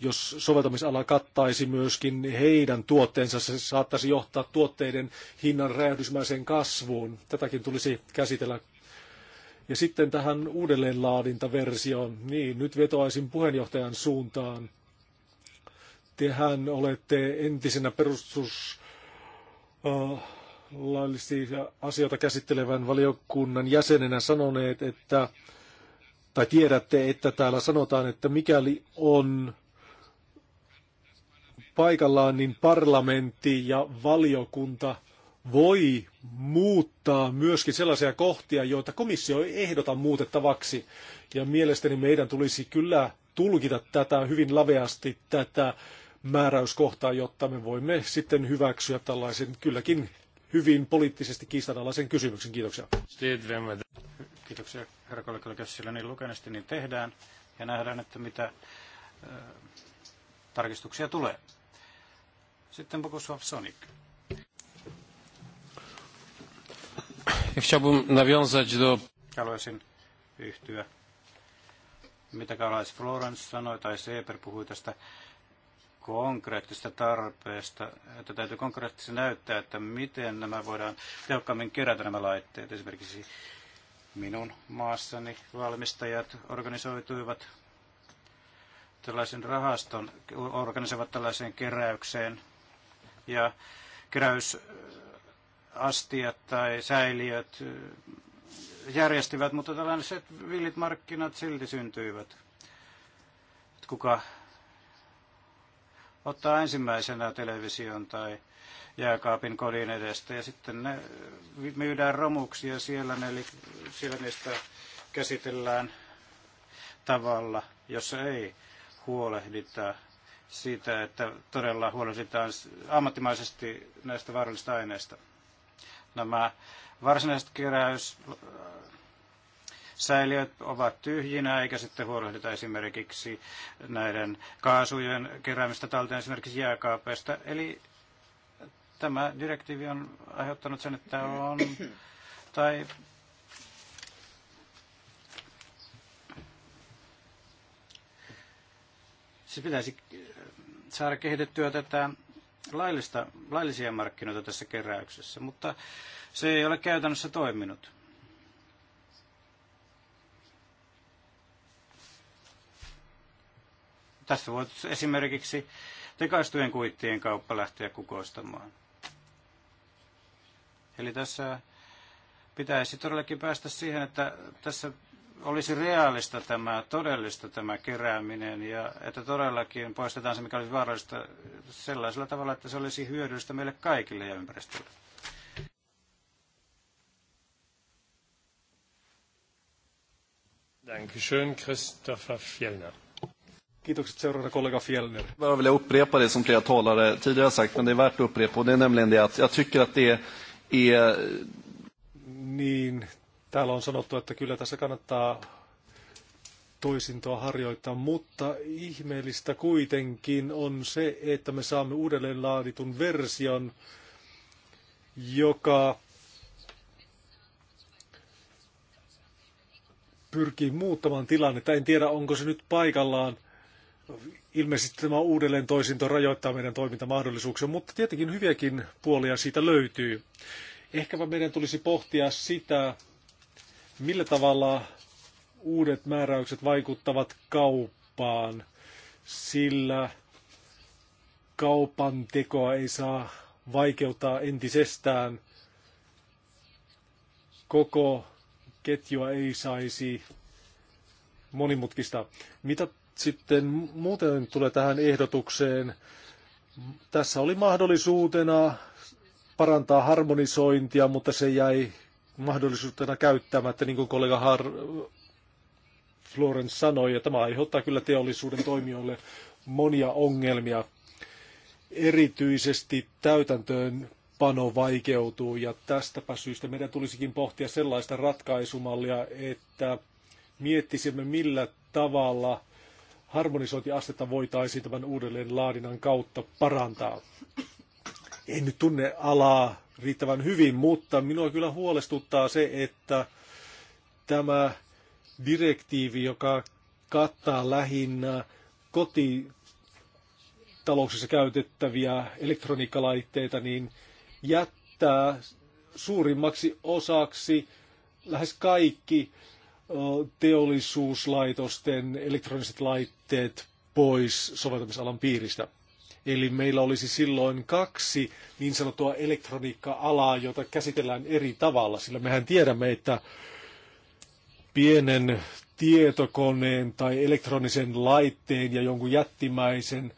jos soveltamisala kattaisi myöskin heidän tuotteensa. Se saattaisi johtaa tuotteiden hinnan räjähdysmäiseen kasvuun. Tätäkin tulisi käsitellä ja sitten tähän uudelleenlaadintaversioon, niin nyt vetoaisin puheenjohtajan suuntaan. Tehän olette entisenä perustus... Uh, laillisia asioita käsittelevän valiokunnan jäsenenä sanoneet, että, tai tiedätte, että täällä sanotaan, että mikäli on paikallaan, niin parlamentti ja valiokunta voi muuttaa myöskin sellaisia kohtia, joita komissio ei ehdota muutettavaksi. Ja mielestäni meidän tulisi kyllä tulkita tätä hyvin laveasti tätä määräyskohtaa, jotta me voimme sitten hyväksyä tällaisen kylläkin hyvin poliittisesti kiistanalaisen kysymyksen. Kiitoksia. Kiitoksia herra kollega Kessillä. Niin lukenesti niin tehdään ja nähdään, että mitä tarkistuksia tulee. Sitten Bogusław Sonik. Haluaisin yhtyä, mitä Kalais Florence sanoi, tai Seeper puhui tästä konkreettista tarpeesta, että täytyy konkreettisesti näyttää, että miten nämä voidaan tehokkaammin kerätä nämä laitteet. Esimerkiksi minun maassani valmistajat organisoituivat tällaisen rahaston, organisoivat tällaiseen keräykseen ja keräysastiat tai säiliöt järjestivät, mutta tällaiset villit markkinat silti syntyivät. Että kuka ottaa ensimmäisenä television tai jääkaapin kodin edestä ja sitten ne myydään romuksi ja siellä, ne, siellä niistä käsitellään tavalla, jossa ei huolehdita siitä, että todella huolehditaan ammattimaisesti näistä vaarallisista aineista. Nämä varsinaiset keräys, säiliöt ovat tyhjinä, eikä sitten huolehdita esimerkiksi näiden kaasujen keräämistä talteen esimerkiksi jääkaapeista. Eli tämä direktiivi on aiheuttanut sen, että on, tai siis pitäisi saada kehitettyä tätä laillista, laillisia markkinoita tässä keräyksessä, mutta se ei ole käytännössä toiminut. Tässä voit esimerkiksi tekaistujen kuittien kauppa lähteä kukoistamaan. Eli tässä pitäisi todellakin päästä siihen, että tässä olisi reaalista tämä, todellista tämä kerääminen ja että todellakin poistetaan se, mikä olisi vaarallista sellaisella tavalla, että se olisi hyödyllistä meille kaikille ja ympäristölle. Dankeschön, Christopher Fjellner. Kiitokset seuraavana kollega Fjellner. Jag vill upprepa det som flera talare tidigare har sagt, men det är värt att upprepa. Och det är nämligen det att jag tycker att det är... Niin, täällä on sanottu, että kyllä tässä kannattaa toisintoa harjoittaa, mutta ihmeellistä kuitenkin on se, että me saamme uudelleen laaditun version, joka pyrkii muuttamaan tilannetta. En tiedä, onko se nyt paikallaan Ilmeisesti tämä uudelleen toisinto rajoittaa meidän toimintamahdollisuuksia, mutta tietenkin hyviäkin puolia siitä löytyy. Ehkäpä meidän tulisi pohtia sitä, millä tavalla uudet määräykset vaikuttavat kauppaan, sillä kaupan tekoa ei saa vaikeuttaa entisestään. Koko ketjua ei saisi monimutkista. Mitä sitten muuten tulee tähän ehdotukseen. Tässä oli mahdollisuutena parantaa harmonisointia, mutta se jäi mahdollisuutena käyttämättä, niin kuin kollega Har Florence sanoi, ja tämä aiheuttaa kyllä teollisuuden toimijoille monia ongelmia. Erityisesti täytäntöön pano vaikeutuu, ja tästäpä syystä meidän tulisikin pohtia sellaista ratkaisumallia, että miettisimme millä tavalla – harmonisointiastetta voitaisiin tämän uudelleen laadinnan kautta parantaa. En nyt tunne alaa riittävän hyvin, mutta minua kyllä huolestuttaa se, että tämä direktiivi, joka kattaa lähinnä kotitalouksissa käytettäviä elektroniikkalaitteita, niin jättää suurimmaksi osaksi lähes kaikki teollisuuslaitosten elektroniset laitteet pois soveltamisalan piiristä. Eli meillä olisi silloin kaksi niin sanottua elektroniikka-alaa, jota käsitellään eri tavalla, sillä mehän tiedämme, että pienen tietokoneen tai elektronisen laitteen ja jonkun jättimäisen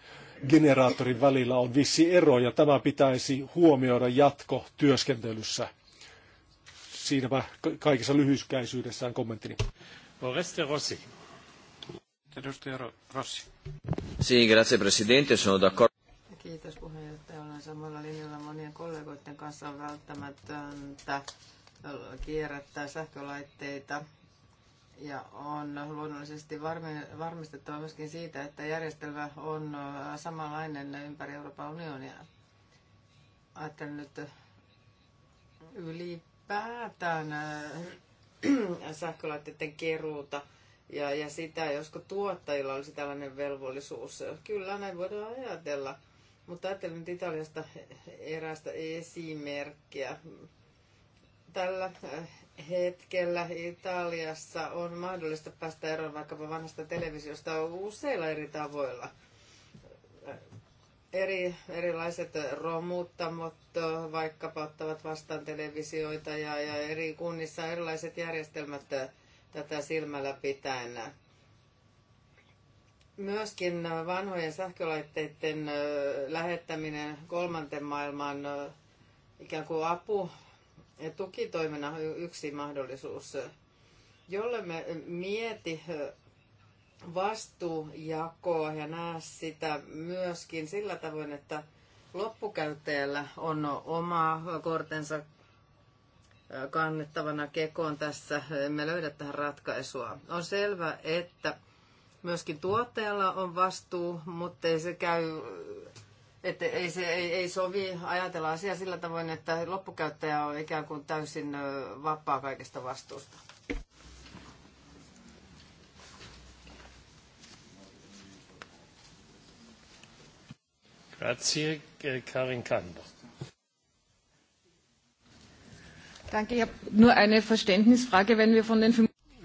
generaattorin välillä on vissi ero, ja tämä pitäisi huomioida jatkotyöskentelyssä siinäpä kaikessa lyhyyskäisyydessään kommenttini. Oreste Rossi. Edustaja Rossi. Sì, grazie Presidente, sono d'accordo. Kiitos puheenjohtaja. Olen samalla linjalla monien kollegoiden kanssa on välttämätöntä kierrättää sähkölaitteita ja on luonnollisesti varmistettava myöskin siitä, että järjestelmä on samanlainen ympäri Euroopan unionia. Ajattelen nyt yli ylipäätään äh, sähkölaitteiden keruuta ja, ja sitä, josko tuottajilla olisi tällainen velvollisuus. Kyllä näin voidaan ajatella, mutta ajattelen nyt Italiasta eräästä esimerkkiä. Tällä äh, hetkellä Italiassa on mahdollista päästä eroon vaikkapa vanhasta televisiosta useilla eri tavoilla – eri, erilaiset romuttamot vaikkapa ottavat vastaan televisioita ja, ja eri kunnissa erilaiset järjestelmät tätä silmällä pitäen. Myöskin vanhojen sähkölaitteiden lähettäminen kolmanten maailman ikään kuin apu ja tukitoimena yksi mahdollisuus. Jolle me mieti vastuujakoa ja näe sitä myöskin sillä tavoin, että loppukäyttäjällä on oma kortensa kannettavana kekoon tässä. Emme löydä tähän ratkaisua. On selvä, että myöskin tuottajalla on vastuu, mutta ei se käy että ei, se, ei, ei sovi ajatella asiaa sillä tavoin, että loppukäyttäjä on ikään kuin täysin vapaa kaikesta vastuusta. Eh,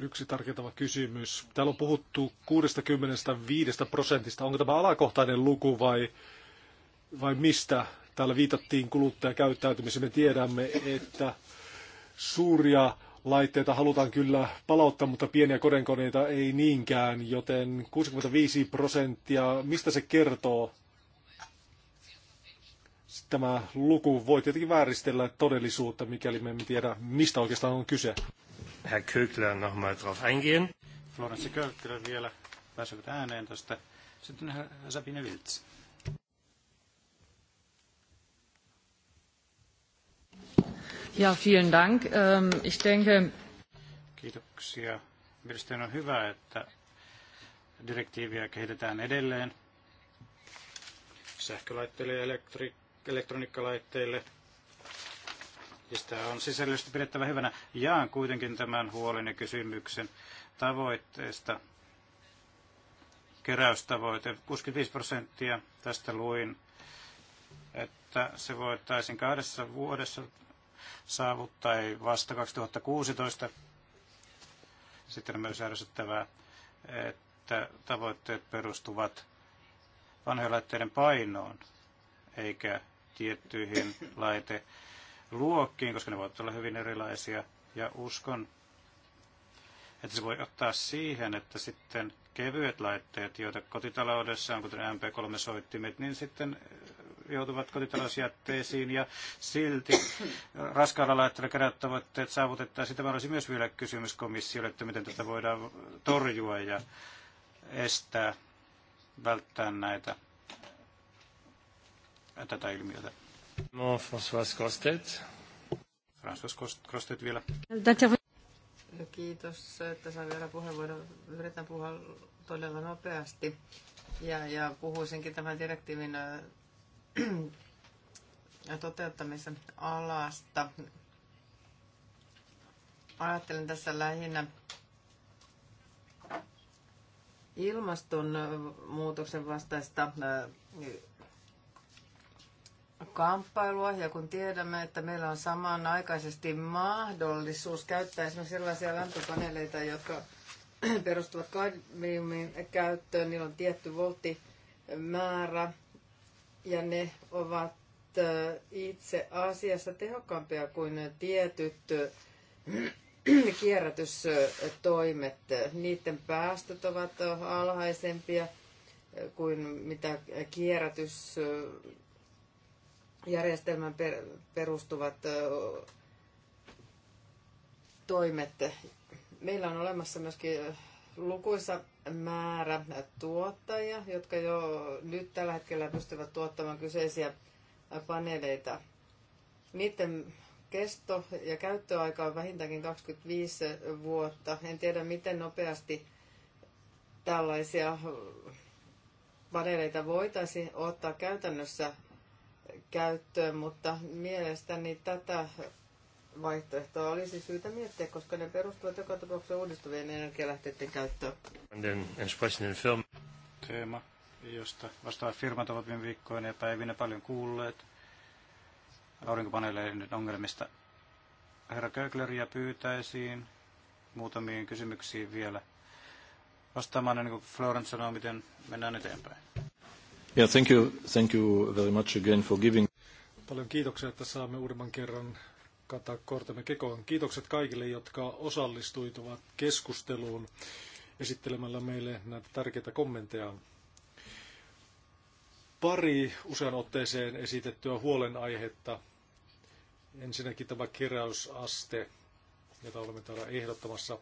yksi tarkentava kysymys. Täällä on puhuttu 65 prosentista. Onko tämä alakohtainen luku vai, vai mistä? Täällä viitattiin kuluttajakäyttäytymiseen. Me tiedämme, että suuria laitteita halutaan kyllä palauttaa, mutta pieniä kodenkoneita ei niinkään, joten 65 prosenttia, mistä se kertoo? tämä luku voi tietenkin vääristellä todellisuutta, mikäli me emme tiedä, mistä oikeastaan on kyse. Herr Kökler nochmal drauf eingehen. Florence Kökler vielä pääsevät ääneen tästä. Sitten Sabine Wiltz. Ja, vielen Dank. Ähm, ich denke... Kiitoksia. Mielestäni on hyvä, että direktiiviä kehitetään edelleen sähkölaitteille ja elektri- elektroniikkalaitteille. Ja sitä on sisällöllisesti pidettävä hyvänä. Jaan kuitenkin tämän huolen ja kysymyksen tavoitteesta. Keräystavoite 65 prosenttia. Tästä luin, että se voitaisiin kahdessa vuodessa saavuttaa, ei vasta 2016. Sitten on myös järjestettävää, että tavoitteet perustuvat vanhojen laitteiden painoon, eikä tiettyihin laiteluokkiin, koska ne voivat olla hyvin erilaisia. Ja uskon, että se voi ottaa siihen, että sitten kevyet laitteet, joita kotitaloudessa on, kuten MP3-soittimet, niin sitten eh, joutuvat kotitalousjätteisiin ja silti raskaalla laitteella keräät tavoitteet saavutettaisiin. Tämä olisi myös vielä kysymys komissiolle, että miten tätä voidaan torjua ja estää, välttää näitä tätä ilmiötä. No, François Costet François Costet vielä. Kiitos, että sain vielä puheenvuoron. Yritän puhua todella nopeasti. Ja, ja puhuisinkin tämän direktiivin äh, toteuttamisen alasta. Ajattelen tässä lähinnä ilmastonmuutoksen vastaista äh, kamppailua ja kun tiedämme, että meillä on samanaikaisesti mahdollisuus käyttää esimerkiksi sellaisia lämpöpaneeleita, jotka perustuvat kadmiumin käyttöön, niillä on tietty volttimäärä ja ne ovat itse asiassa tehokkaampia kuin tietyt kierrätystoimet. Niiden päästöt ovat alhaisempia kuin mitä kierrätys järjestelmän perustuvat toimet. Meillä on olemassa myöskin lukuisa määrä tuottajia, jotka jo nyt tällä hetkellä pystyvät tuottamaan kyseisiä paneeleita. Niiden kesto ja käyttöaika on vähintäänkin 25 vuotta. En tiedä, miten nopeasti tällaisia paneeleita voitaisiin ottaa käytännössä käyttöön, mutta mielestäni tätä vaihtoehtoa olisi syytä miettiä, koska ne perustuvat joka tapauksessa uudistuvien energialähteiden käyttöön. Teema, josta vastaavat firmat ovat viime viikkoina ja päivinä paljon kuulleet aurinkopaneeleiden ongelmista. Herra Kögleriä pyytäisiin muutamiin kysymyksiin vielä vastaamaan ennen kuin Florence sanoo, miten mennään eteenpäin. Yeah, thank you. Thank you very much again for giving. Paljon kiitoksia, että saamme uudemman kerran kattaa kortemme kekoon. Kiitokset kaikille, jotka osallistuivat keskusteluun esittelemällä meille näitä tärkeitä kommentteja. Pari usean otteeseen esitettyä huolenaihetta. Ensinnäkin tämä keräysaste, jota olemme täällä ehdottamassa.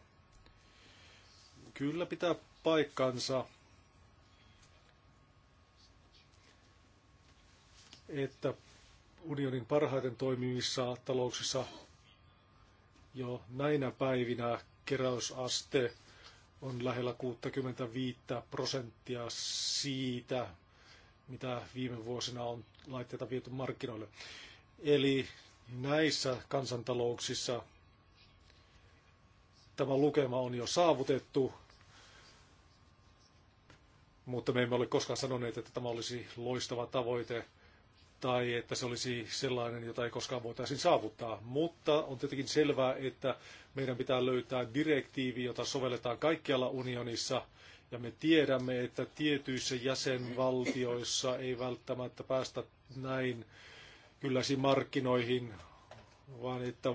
Kyllä pitää paikkansa että unionin parhaiten toimivissa talouksissa jo näinä päivinä keräysaste on lähellä 65 prosenttia siitä, mitä viime vuosina on laitteita viety markkinoille. Eli näissä kansantalouksissa tämä lukema on jo saavutettu, mutta me emme ole koskaan sanoneet, että tämä olisi loistava tavoite tai että se olisi sellainen, jota ei koskaan voitaisiin saavuttaa. Mutta on tietenkin selvää, että meidän pitää löytää direktiivi, jota sovelletaan kaikkialla unionissa, ja me tiedämme, että tietyissä jäsenvaltioissa ei välttämättä päästä näin kylläisiin markkinoihin, vaan että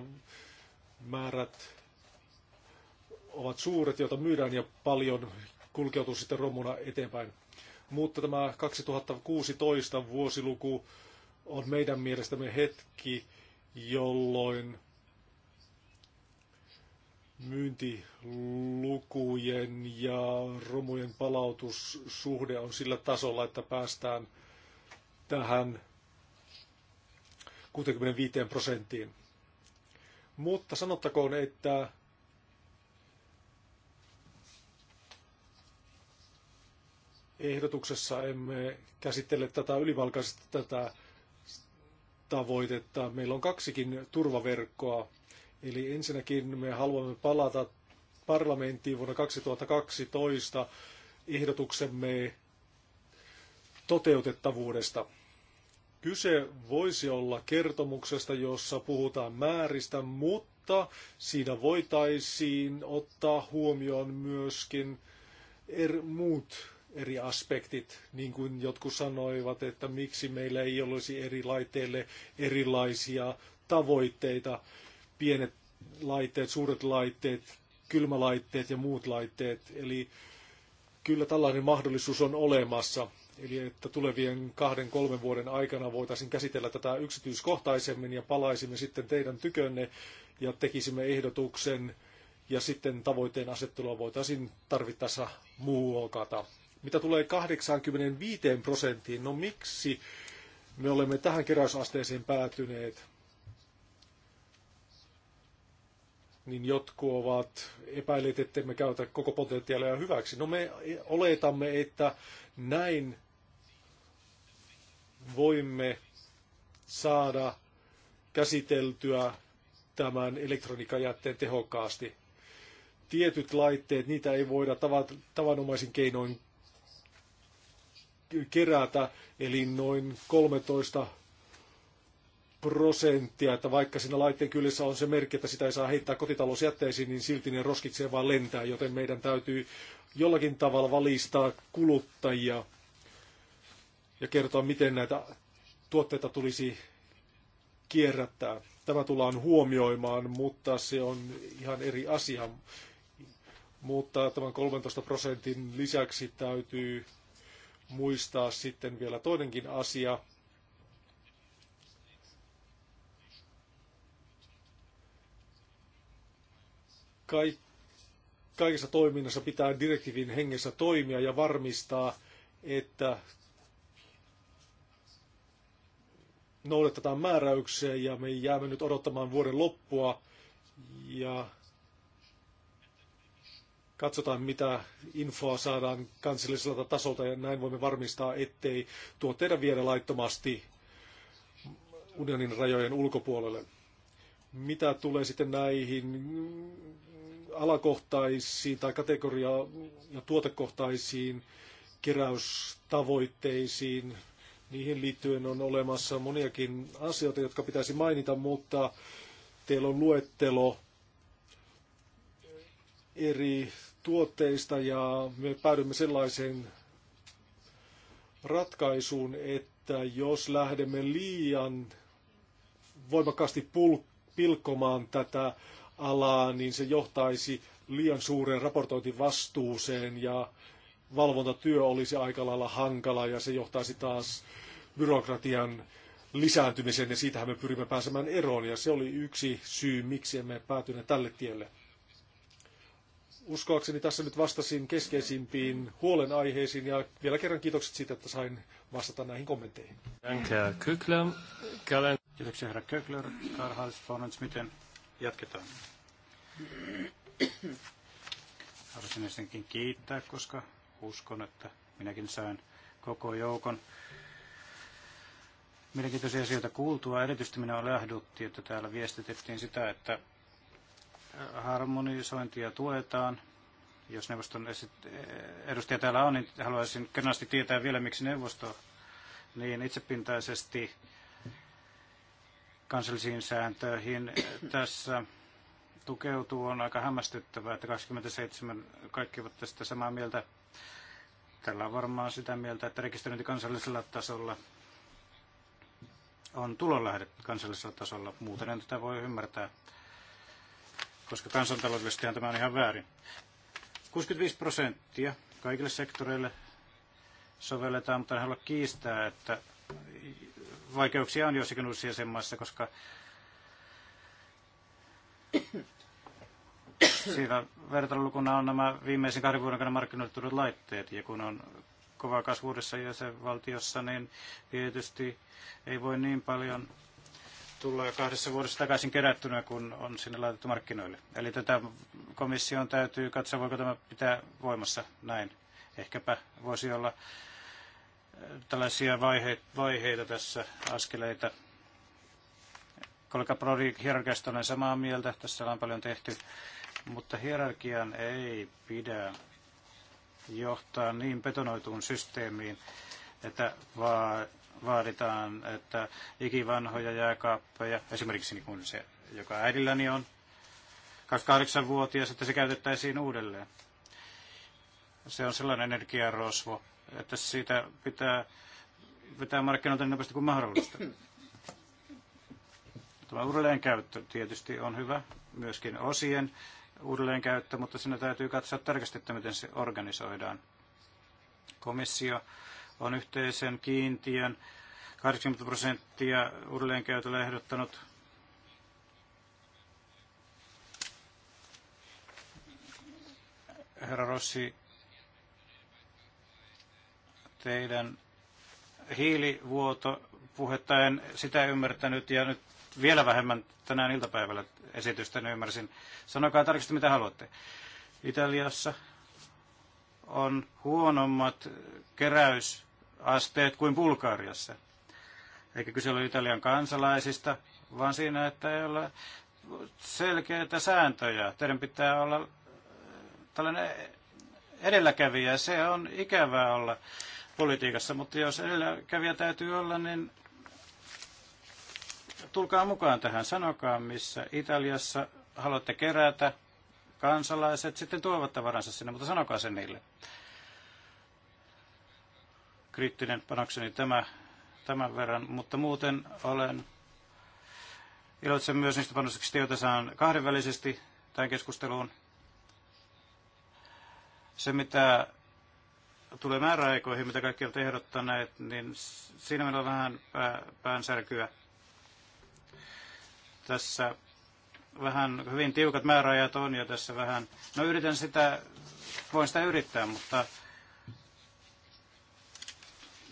määrät ovat suuret, joita myydään ja paljon kulkeutuu sitten romuna eteenpäin. Mutta tämä 2016 vuosiluku on meidän mielestämme hetki, jolloin myyntilukujen ja romujen palautussuhde on sillä tasolla, että päästään tähän 65 prosenttiin. Mutta sanottakoon, että ehdotuksessa emme käsittele tätä ylivalkaisesti tätä tavoitetta. Meillä on kaksikin turvaverkkoa. Eli ensinnäkin me haluamme palata parlamenttiin vuonna 2012 ehdotuksemme toteutettavuudesta. Kyse voisi olla kertomuksesta, jossa puhutaan määristä, mutta siinä voitaisiin ottaa huomioon myöskin er, muut eri aspektit, niin kuin jotkut sanoivat, että miksi meillä ei olisi eri laitteille erilaisia tavoitteita, pienet laitteet, suuret laitteet, kylmälaitteet ja muut laitteet. Eli kyllä tällainen mahdollisuus on olemassa. Eli että tulevien kahden, kolmen vuoden aikana voitaisiin käsitellä tätä yksityiskohtaisemmin ja palaisimme sitten teidän tykönne ja tekisimme ehdotuksen ja sitten tavoitteen asettelua voitaisiin tarvittaessa muokata. Mitä tulee 85 prosenttiin, no miksi me olemme tähän keräysasteeseen päätyneet? niin jotkut ovat epäilleet, että me käytä koko potentiaalia hyväksi. No me oletamme, että näin voimme saada käsiteltyä tämän elektroniikkajätteen tehokkaasti. Tietyt laitteet, niitä ei voida tavanomaisin keinoin kerätä, eli noin 13 prosenttia, että vaikka siinä laitteen kyljessä on se merkki, että sitä ei saa heittää kotitalousjätteisiin, niin silti ne roskikseen vaan lentää, joten meidän täytyy jollakin tavalla valistaa kuluttajia ja kertoa, miten näitä tuotteita tulisi kierrättää. Tämä tullaan huomioimaan, mutta se on ihan eri asia. Mutta tämän 13 prosentin lisäksi täytyy muistaa sitten vielä toinenkin asia. Kaik- kaikessa toiminnassa pitää direktiivin hengessä toimia ja varmistaa, että noudatetaan määräyksiä ja me jäämme nyt odottamaan vuoden loppua ja Katsotaan, mitä infoa saadaan kansalliselta tasolta ja näin voimme varmistaa, ettei tuotteita viedä laittomasti unionin rajojen ulkopuolelle. Mitä tulee sitten näihin alakohtaisiin tai kategoria- ja tuotekohtaisiin keräystavoitteisiin, niihin liittyen on olemassa moniakin asioita, jotka pitäisi mainita, mutta teillä on luettelo eri tuotteista ja me päädymme sellaiseen ratkaisuun, että jos lähdemme liian voimakkaasti pilkkomaan tätä alaa, niin se johtaisi liian suureen raportointivastuuseen ja valvontatyö olisi aika lailla hankala ja se johtaisi taas byrokratian lisääntymiseen ja siitähän me pyrimme pääsemään eroon ja se oli yksi syy, miksi emme päätyneet tälle tielle. Uskoakseni tässä nyt vastasin keskeisimpiin huolenaiheisiin ja vielä kerran kiitokset siitä, että sain vastata näihin kommentteihin. Kiitoksia herra Kökler. Karl miten jatketaan? Haluaisin ensinnäkin kiittää, koska uskon, että minäkin sain koko joukon mielenkiintoisia asioita kuultua. Erityisesti minä lähdutti, että täällä viestitettiin sitä, että harmonisointia tuetaan. Jos neuvoston edustaja täällä on, niin haluaisin kenasti tietää vielä, miksi neuvosto niin itsepintaisesti kansallisiin sääntöihin tässä tukeutuu. On aika hämmästyttävää, että 27 kaikki ovat tästä samaa mieltä. Tällä on varmaan sitä mieltä, että rekisteröinti kansallisella tasolla on tulonlähde kansallisella tasolla. Muuten en tätä voi ymmärtää koska kansantaloudellisestihan tämä on ihan väärin. 65 prosenttia kaikille sektoreille sovelletaan, mutta en halua kiistää, että vaikeuksia on joissakin uusissa jäsenmaissa, koska siinä vertailulukuna on nämä viimeisen kahden vuoden aikana markkinoille tullut laitteet, ja kun on kova kasvuudessa jäsenvaltiossa, niin tietysti ei voi niin paljon tulla jo kahdessa vuodessa takaisin kerättynä, kun on sinne laitettu markkinoille. Eli tätä komission täytyy katsoa, voiko tämä pitää voimassa näin. Ehkäpä voisi olla äh, tällaisia vaiheita, vaiheita tässä askeleita. Kollega Prodi hierarkiasta olen samaa mieltä, tässä on paljon tehty, mutta hierarkian ei pidä johtaa niin betonoituun systeemiin, että vaan vaaditaan, että ikivanhoja jääkaappeja, esimerkiksi niin kuin se, joka äidilläni on, 28-vuotias, että se käytettäisiin uudelleen. Se on sellainen energiarosvo, että siitä pitää vetää markkinoita niin nopeasti kuin mahdollista. Tämä uudelleenkäyttö tietysti on hyvä, myöskin osien uudelleenkäyttö, mutta siinä täytyy katsoa tarkasti, että miten se organisoidaan. Komissio on yhteisen kiintiön 80 prosenttia uudelleenkäytölle ehdottanut herra Rossi, teidän hiilivuoto puhetta en sitä ymmärtänyt ja nyt vielä vähemmän tänään iltapäivällä esitystä niin ymmärsin. Sanokaa tarkasti mitä haluatte. Italiassa on huonommat keräysasteet kuin Bulgariassa. Eikä kyse ole Italian kansalaisista, vaan siinä, että ei ole selkeitä sääntöjä. Teidän pitää olla äh, tällainen edelläkävijä. Se on ikävää olla politiikassa, mutta jos edelläkävijä täytyy olla, niin tulkaa mukaan tähän. Sanokaa, missä Italiassa haluatte kerätä kansalaiset sitten tuovat tavaransa sinne, mutta sanokaa se niille. Kriittinen panokseni tämä, tämän verran, mutta muuten olen iloitsen myös niistä panostuksista, joita saan kahdenvälisesti tämän keskusteluun. Se, mitä tulee määräaikoihin, mitä kaikki ovat ehdottaneet, niin siinä meillä on vähän pää, päänsärkyä tässä vähän hyvin tiukat määräajat on ja tässä vähän, no yritän sitä, voin sitä yrittää, mutta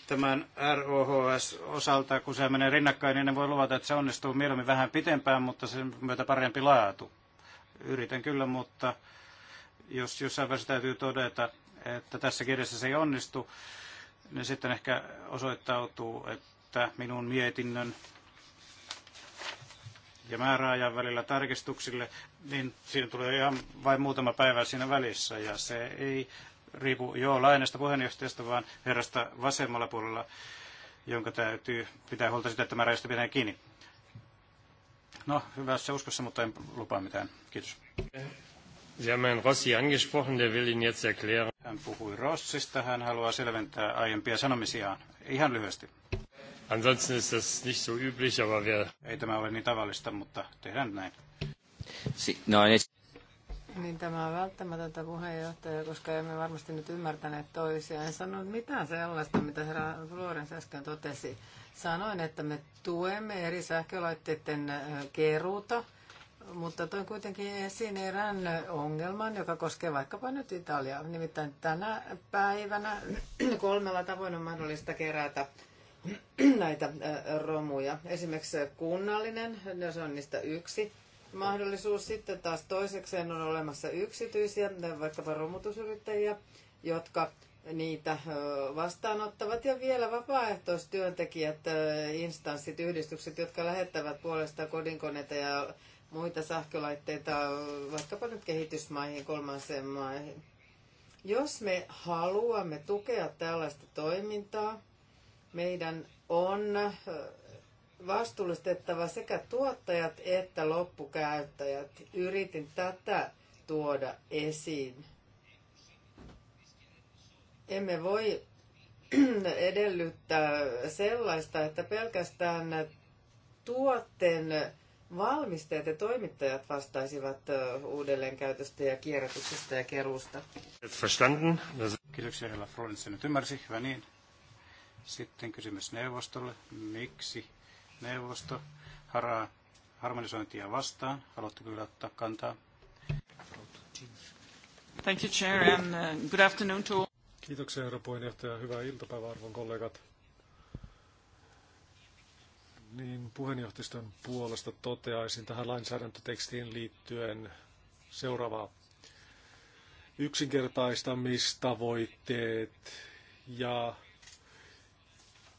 tämän ROHS osalta, kun se menee rinnakkain, niin en voi luvata, että se onnistuu mieluummin vähän pitempään, mutta sen myötä parempi laatu. Yritän kyllä, mutta jos jossain vaiheessa täytyy todeta, että tässä kirjassa se ei onnistu, niin sitten ehkä osoittautuu, että minun mietinnön ja määräajan välillä tarkistuksille, niin siinä tulee ihan vain muutama päivä siinä välissä ja se ei riipu jo lainasta puheenjohtajasta, vaan herrasta vasemmalla puolella, jonka täytyy pitää huolta sitä, että määräajasta pitää kiinni. No, hyvässä uskossa, mutta en lupaa mitään. Kiitos. Sie haben Rossi angesprochen, der will Ihnen jetzt erklären. Hän puhui Rossista, hän haluaa selventää aiempia sanomisiaan. Ihan lyhyesti. Ansonsten ist das nicht so üblich, aber wir... Ei tämä ole niin tavallista, mutta tehdään näin. Si- no, ei. Niin tämä on välttämätöntä puheenjohtaja, koska emme varmasti nyt ymmärtäneet toisiaan. En sanonut mitään sellaista, mitä herra Florens äsken totesi. Sanoin, että me tuemme eri sähkölaitteiden keruuta, mutta toin kuitenkin esiin erään ongelman, joka koskee vaikkapa nyt Italiaa. Nimittäin tänä päivänä kolmella tavoin on mahdollista kerätä näitä romuja. Esimerkiksi kunnallinen, no se on niistä yksi mahdollisuus. Sitten taas toisekseen on olemassa yksityisiä, vaikkapa romutusyrittäjiä, jotka niitä vastaanottavat ja vielä vapaaehtoistyöntekijät, instanssit, yhdistykset, jotka lähettävät puolesta kodinkoneita ja muita sähkölaitteita vaikkapa nyt kehitysmaihin, kolmansien maihin. Jos me haluamme tukea tällaista toimintaa, meidän on vastuullistettava sekä tuottajat että loppukäyttäjät. Yritin tätä tuoda esiin. Emme voi edellyttää sellaista, että pelkästään tuotteen valmistajat ja toimittajat vastaisivat uudelleenkäytöstä ja kierrätyksestä ja keruusta. Kiitoksia, Hella Freud, nyt ymmärsi. Hyvä niin. Sitten kysymys neuvostolle. Miksi neuvosto haraa harmonisointia vastaan? Haluatteko kyllä ottaa kantaa? Thank you, Chair, and uh, good afternoon to all. Kiitoksia, herra puheenjohtaja. Hyvää iltapäivää, arvon kollegat. Niin puheenjohtajiston puolesta toteaisin tähän lainsäädäntötekstiin liittyen seuraavaa. Yksinkertaistamistavoitteet ja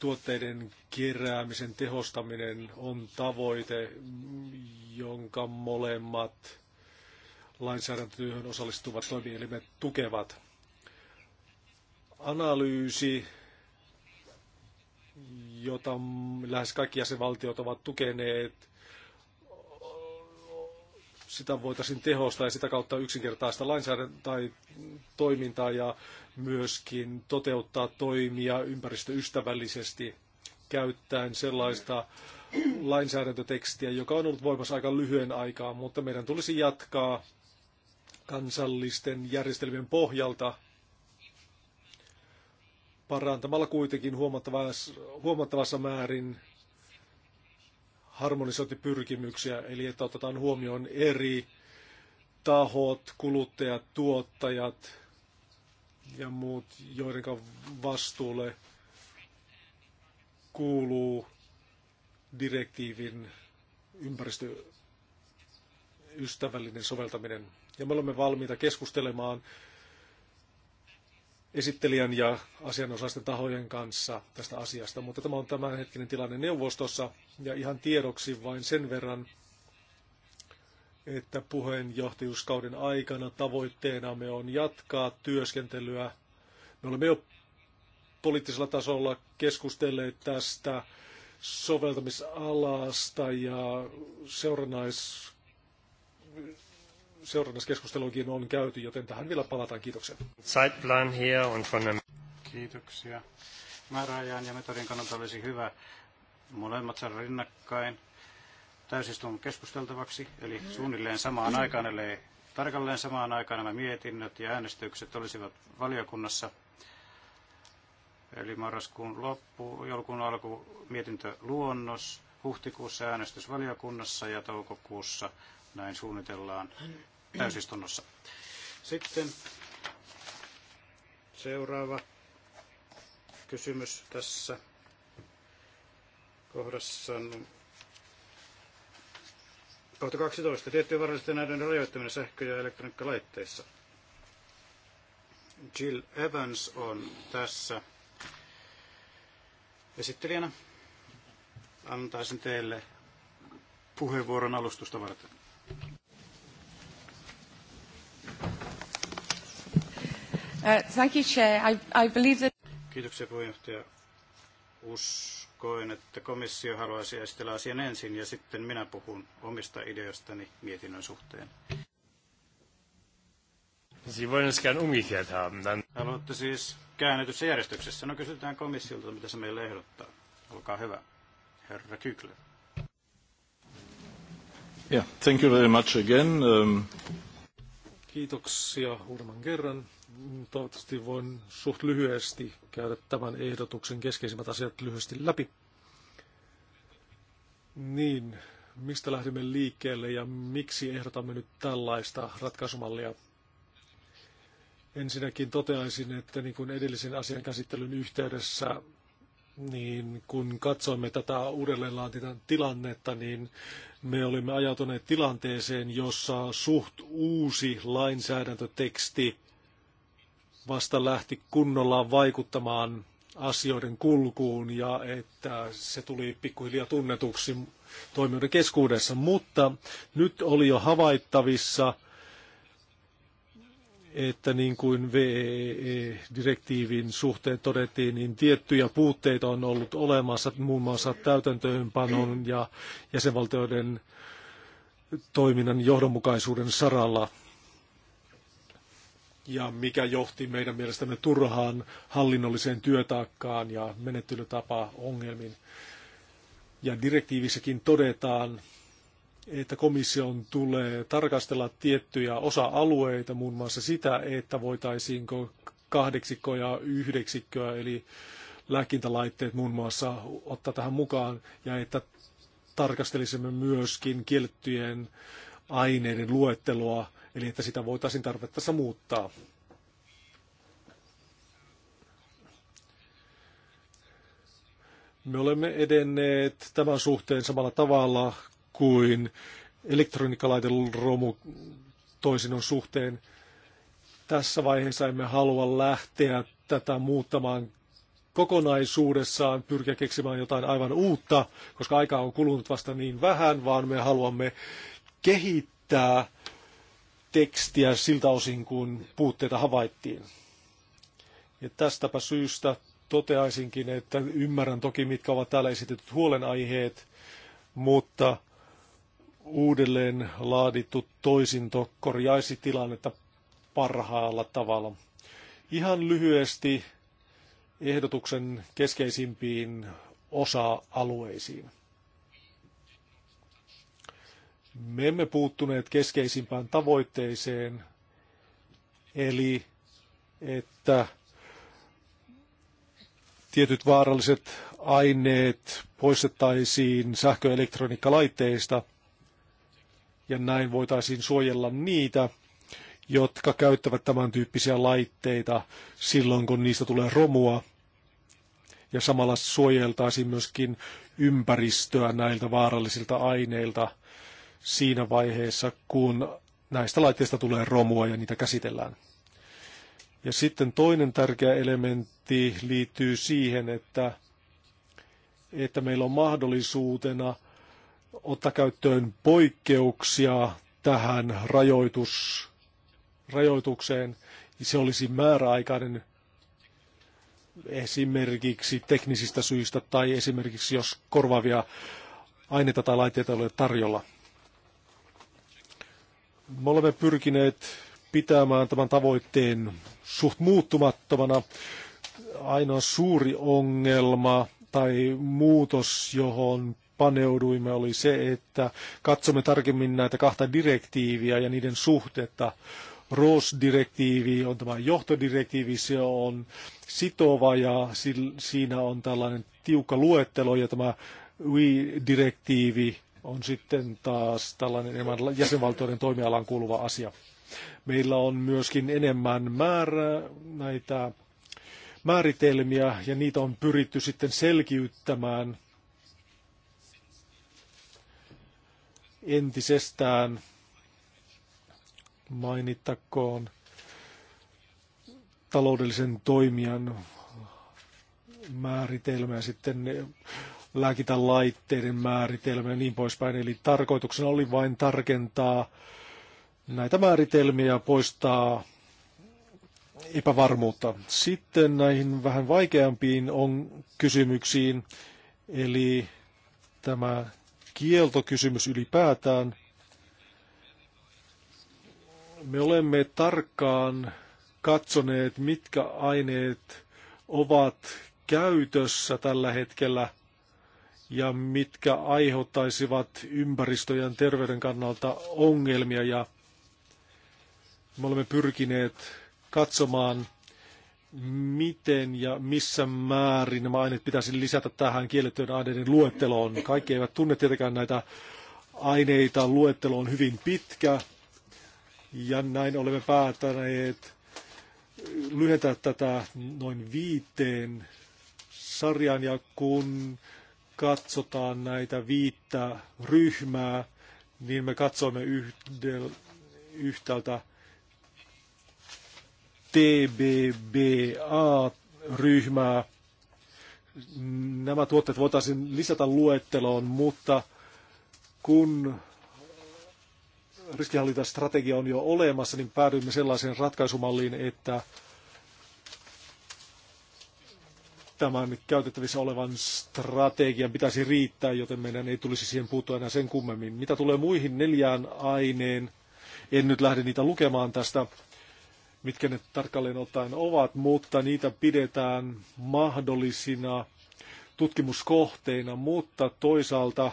tuotteiden keräämisen tehostaminen on tavoite, jonka molemmat lainsäädäntötyöhön osallistuvat toimielimet tukevat. Analyysi, jota lähes kaikki jäsenvaltiot ovat tukeneet, sitä voitaisiin tehostaa ja sitä kautta yksinkertaista lainsäädäntöä tai toimintaa ja myöskin toteuttaa toimia ympäristöystävällisesti käyttäen sellaista lainsäädäntötekstiä, joka on ollut voimassa aika lyhyen aikaa, mutta meidän tulisi jatkaa kansallisten järjestelmien pohjalta parantamalla kuitenkin huomattavassa, huomattavassa määrin harmonisointipyrkimyksiä, eli että otetaan huomioon eri tahot, kuluttajat, tuottajat ja muut, joiden vastuulle kuuluu direktiivin ympäristöystävällinen soveltaminen. Ja me olemme valmiita keskustelemaan esittelijän ja asianosaisten tahojen kanssa tästä asiasta, mutta tämä on tämänhetkinen tilanne neuvostossa ja ihan tiedoksi vain sen verran, että puheenjohtajuuskauden aikana tavoitteenamme on jatkaa työskentelyä. Me olemme jo poliittisella tasolla keskustelleet tästä soveltamisalasta ja seurannais seurannaiskeskusteluunkin on käyty, joten tähän vielä palataan. Kiitoksia. Zeitplan here on von Kiitoksia. Määräajan ja metodin kannalta olisi hyvä molemmat saada rinnakkain täysistunnon keskusteltavaksi, eli suunnilleen samaan aikaan, eli tarkalleen samaan aikaan nämä mietinnöt ja äänestykset olisivat valiokunnassa. Eli marraskuun loppu, joulukuun alku mietintöluonnos, huhtikuussa äänestys valiokunnassa ja toukokuussa näin suunnitellaan täysistunnossa. Sitten seuraava kysymys tässä kohdassa Kohta 12. Tiettyjen varallisten näiden rajoittaminen sähkö- ja elektroniikkalaitteissa. Jill Evans on tässä esittelijänä. Antaisin teille puheenvuoron alustusta varten. Uh, thank you, Chair. I, I believe that... Kiitoksia puheenjohtaja. Uskoin, että komissio haluaisi esitellä asian ensin ja sitten minä puhun omista ideoistani mietinnön suhteen. Sie wollen es gern umgekehrt haben. Dann... Haluatte siis käännetyssä järjestyksessä. No kysytään komissiolta, mitä se meille ehdottaa. Olkaa hyvä, herra Kykler. Yeah, thank you very much again. Um... Kiitoksia uudemman kerran. Toivottavasti voin suht lyhyesti käydä tämän ehdotuksen keskeisimmät asiat lyhyesti läpi. Niin, mistä lähdimme liikkeelle ja miksi ehdotamme nyt tällaista ratkaisumallia? Ensinnäkin toteaisin, että niin kuin edellisen asian käsittelyn yhteydessä niin kun katsoimme tätä uudelleenlaatinnan tilannetta, niin me olimme ajatuneet tilanteeseen, jossa suht uusi lainsäädäntöteksti vasta lähti kunnolla vaikuttamaan asioiden kulkuun ja että se tuli pikkuhiljaa tunnetuksi toimijoiden keskuudessa, mutta nyt oli jo havaittavissa, että niin kuin VEE-direktiivin suhteen todettiin, niin tiettyjä puutteita on ollut olemassa muun muassa täytäntöönpanon ja jäsenvaltioiden toiminnan johdonmukaisuuden saralla ja mikä johti meidän mielestämme turhaan hallinnolliseen työtaakkaan ja menettelytapa ongelmiin. Ja direktiivissäkin todetaan, että komission tulee tarkastella tiettyjä osa-alueita, muun muassa sitä, että voitaisiinko kahdeksikkoa ja yhdeksikköä, eli lääkintälaitteet muun muassa ottaa tähän mukaan, ja että tarkastelisimme myöskin kiellettyjen aineiden luetteloa, eli että sitä voitaisiin tarvittaessa muuttaa. Me olemme edenneet tämän suhteen samalla tavalla kuin elektroniikkalaiten romu toisinnon suhteen. Tässä vaiheessa emme halua lähteä tätä muuttamaan kokonaisuudessaan, pyrkiä keksimään jotain aivan uutta, koska aikaa on kulunut vasta niin vähän, vaan me haluamme kehittää tekstiä siltä osin, kun puutteita havaittiin. Ja tästäpä syystä toteaisinkin, että ymmärrän toki, mitkä ovat täällä esitetyt huolenaiheet, mutta uudelleen laadittu toisinto korjaisi tilannetta parhaalla tavalla. Ihan lyhyesti ehdotuksen keskeisimpiin osa-alueisiin. Me emme puuttuneet keskeisimpään tavoitteeseen, eli että tietyt vaaralliset aineet poistettaisiin sähköelektroniikkalaitteista – ja näin voitaisiin suojella niitä, jotka käyttävät tämän tyyppisiä laitteita silloin, kun niistä tulee romua. Ja samalla suojeltaisiin myöskin ympäristöä näiltä vaarallisilta aineilta siinä vaiheessa, kun näistä laitteista tulee romua ja niitä käsitellään. Ja sitten toinen tärkeä elementti liittyy siihen, että, että meillä on mahdollisuutena – ottaa käyttöön poikkeuksia tähän rajoitus, rajoitukseen. Se olisi määräaikainen esimerkiksi teknisistä syistä tai esimerkiksi jos korvaavia aineita tai laitteita ei ole tarjolla. Me olemme pyrkineet pitämään tämän tavoitteen suht muuttumattomana. Ainoa suuri ongelma tai muutos, johon paneuduimme, oli se, että katsomme tarkemmin näitä kahta direktiiviä ja niiden suhtetta. ROS-direktiivi on tämä johtodirektiivi, se on sitova ja siinä on tällainen tiukka luettelo ja tämä WE-direktiivi on sitten taas tällainen enemmän jäsenvaltioiden toimialaan kuuluva asia. Meillä on myöskin enemmän määrä näitä määritelmiä ja niitä on pyritty sitten selkiyttämään – entisestään. Mainittakoon taloudellisen toimijan määritelmä ja sitten lääkitä laitteiden määritelmä ja niin poispäin. Eli tarkoituksena oli vain tarkentaa näitä määritelmiä ja poistaa epävarmuutta. Sitten näihin vähän vaikeampiin on kysymyksiin, eli tämä kieltokysymys ylipäätään. Me olemme tarkkaan katsoneet, mitkä aineet ovat käytössä tällä hetkellä ja mitkä aiheuttaisivat ympäristöjen terveyden kannalta ongelmia. Ja me olemme pyrkineet katsomaan miten ja missä määrin nämä aineet pitäisi lisätä tähän kiellettyjen aineiden luetteloon. Kaikki eivät tunne tietenkään näitä aineita. Luettelo on hyvin pitkä ja näin olemme päättäneet lyhentää tätä noin viiteen sarjaan ja kun katsotaan näitä viittä ryhmää, niin me katsoimme yhdel, yhtäältä TBBA-ryhmää. Nämä tuotteet voitaisiin lisätä luetteloon, mutta kun riskihallintastrategia on jo olemassa, niin päädyimme sellaiseen ratkaisumalliin, että tämän käytettävissä olevan strategian pitäisi riittää, joten meidän ei tulisi siihen puuttua enää sen kummemmin. Mitä tulee muihin neljään aineen, en nyt lähde niitä lukemaan tästä mitkä ne tarkalleen ottaen ovat, mutta niitä pidetään mahdollisina tutkimuskohteina, mutta toisaalta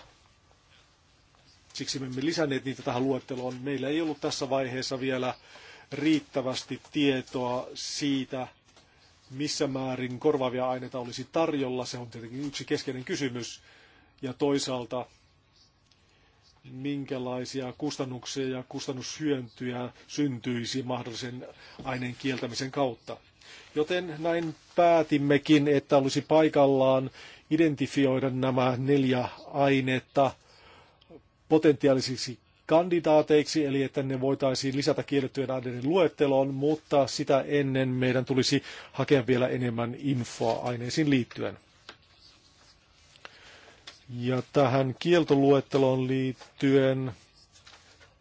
siksi me emme lisänneet niitä tähän luetteloon. Meillä ei ollut tässä vaiheessa vielä riittävästi tietoa siitä, missä määrin korvaavia aineita olisi tarjolla. Se on tietenkin yksi keskeinen kysymys. Ja toisaalta minkälaisia kustannuksia ja kustannushyöntyjä syntyisi mahdollisen aineen kieltämisen kautta. Joten näin päätimmekin, että olisi paikallaan identifioida nämä neljä ainetta potentiaalisiksi kandidaateiksi, eli että ne voitaisiin lisätä kiellettyjen aineiden luetteloon, mutta sitä ennen meidän tulisi hakea vielä enemmän infoa aineisiin liittyen. Ja tähän kieltoluetteloon liittyen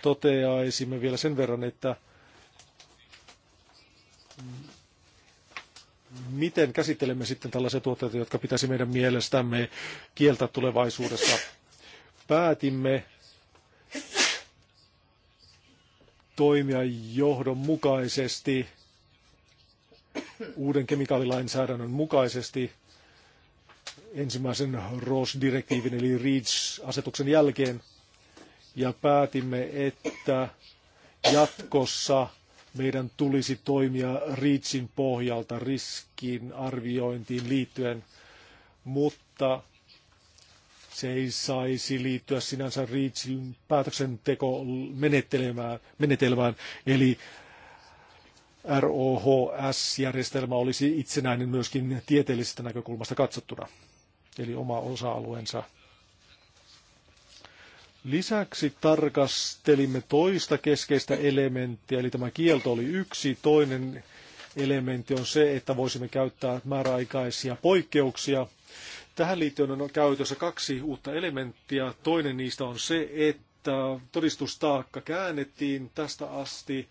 toteaisimme vielä sen verran, että miten käsittelemme sitten tällaisia tuotteita, jotka pitäisi meidän mielestämme kieltää tulevaisuudessa. Päätimme toimia johdonmukaisesti uuden kemikaalilainsäädännön mukaisesti – ensimmäisen ROS-direktiivin eli REACH-asetuksen jälkeen ja päätimme, että jatkossa meidän tulisi toimia REACHin pohjalta riskin arviointiin liittyen, mutta se ei saisi liittyä sinänsä REACHin päätöksentekomenetelmään, eli ROHS-järjestelmä olisi itsenäinen myöskin tieteellisestä näkökulmasta katsottuna eli oma osa-alueensa. Lisäksi tarkastelimme toista keskeistä elementtiä, eli tämä kielto oli yksi. Toinen elementti on se, että voisimme käyttää määräaikaisia poikkeuksia. Tähän liittyen on käytössä kaksi uutta elementtiä. Toinen niistä on se, että todistustaakka käännettiin tästä asti.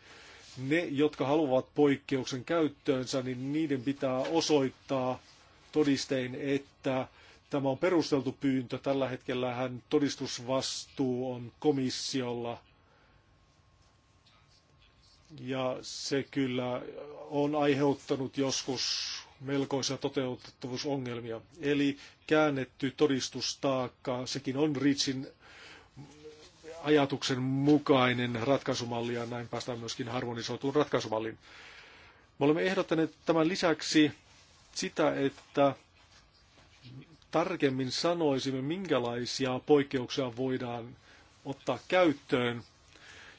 Ne, jotka haluavat poikkeuksen käyttöönsä, niin niiden pitää osoittaa todistein, että Tämä on perusteltu pyyntö. Tällä hetkellähän todistusvastuu on komissiolla. Ja se kyllä on aiheuttanut joskus melkoisia toteutettavuusongelmia. Eli käännetty todistustaakka, sekin on Ritsin ajatuksen mukainen ratkaisumalli ja näin päästään myöskin harmonisoituun ratkaisumalliin. Me olemme ehdottaneet tämän lisäksi sitä, että tarkemmin sanoisimme, minkälaisia poikkeuksia voidaan ottaa käyttöön.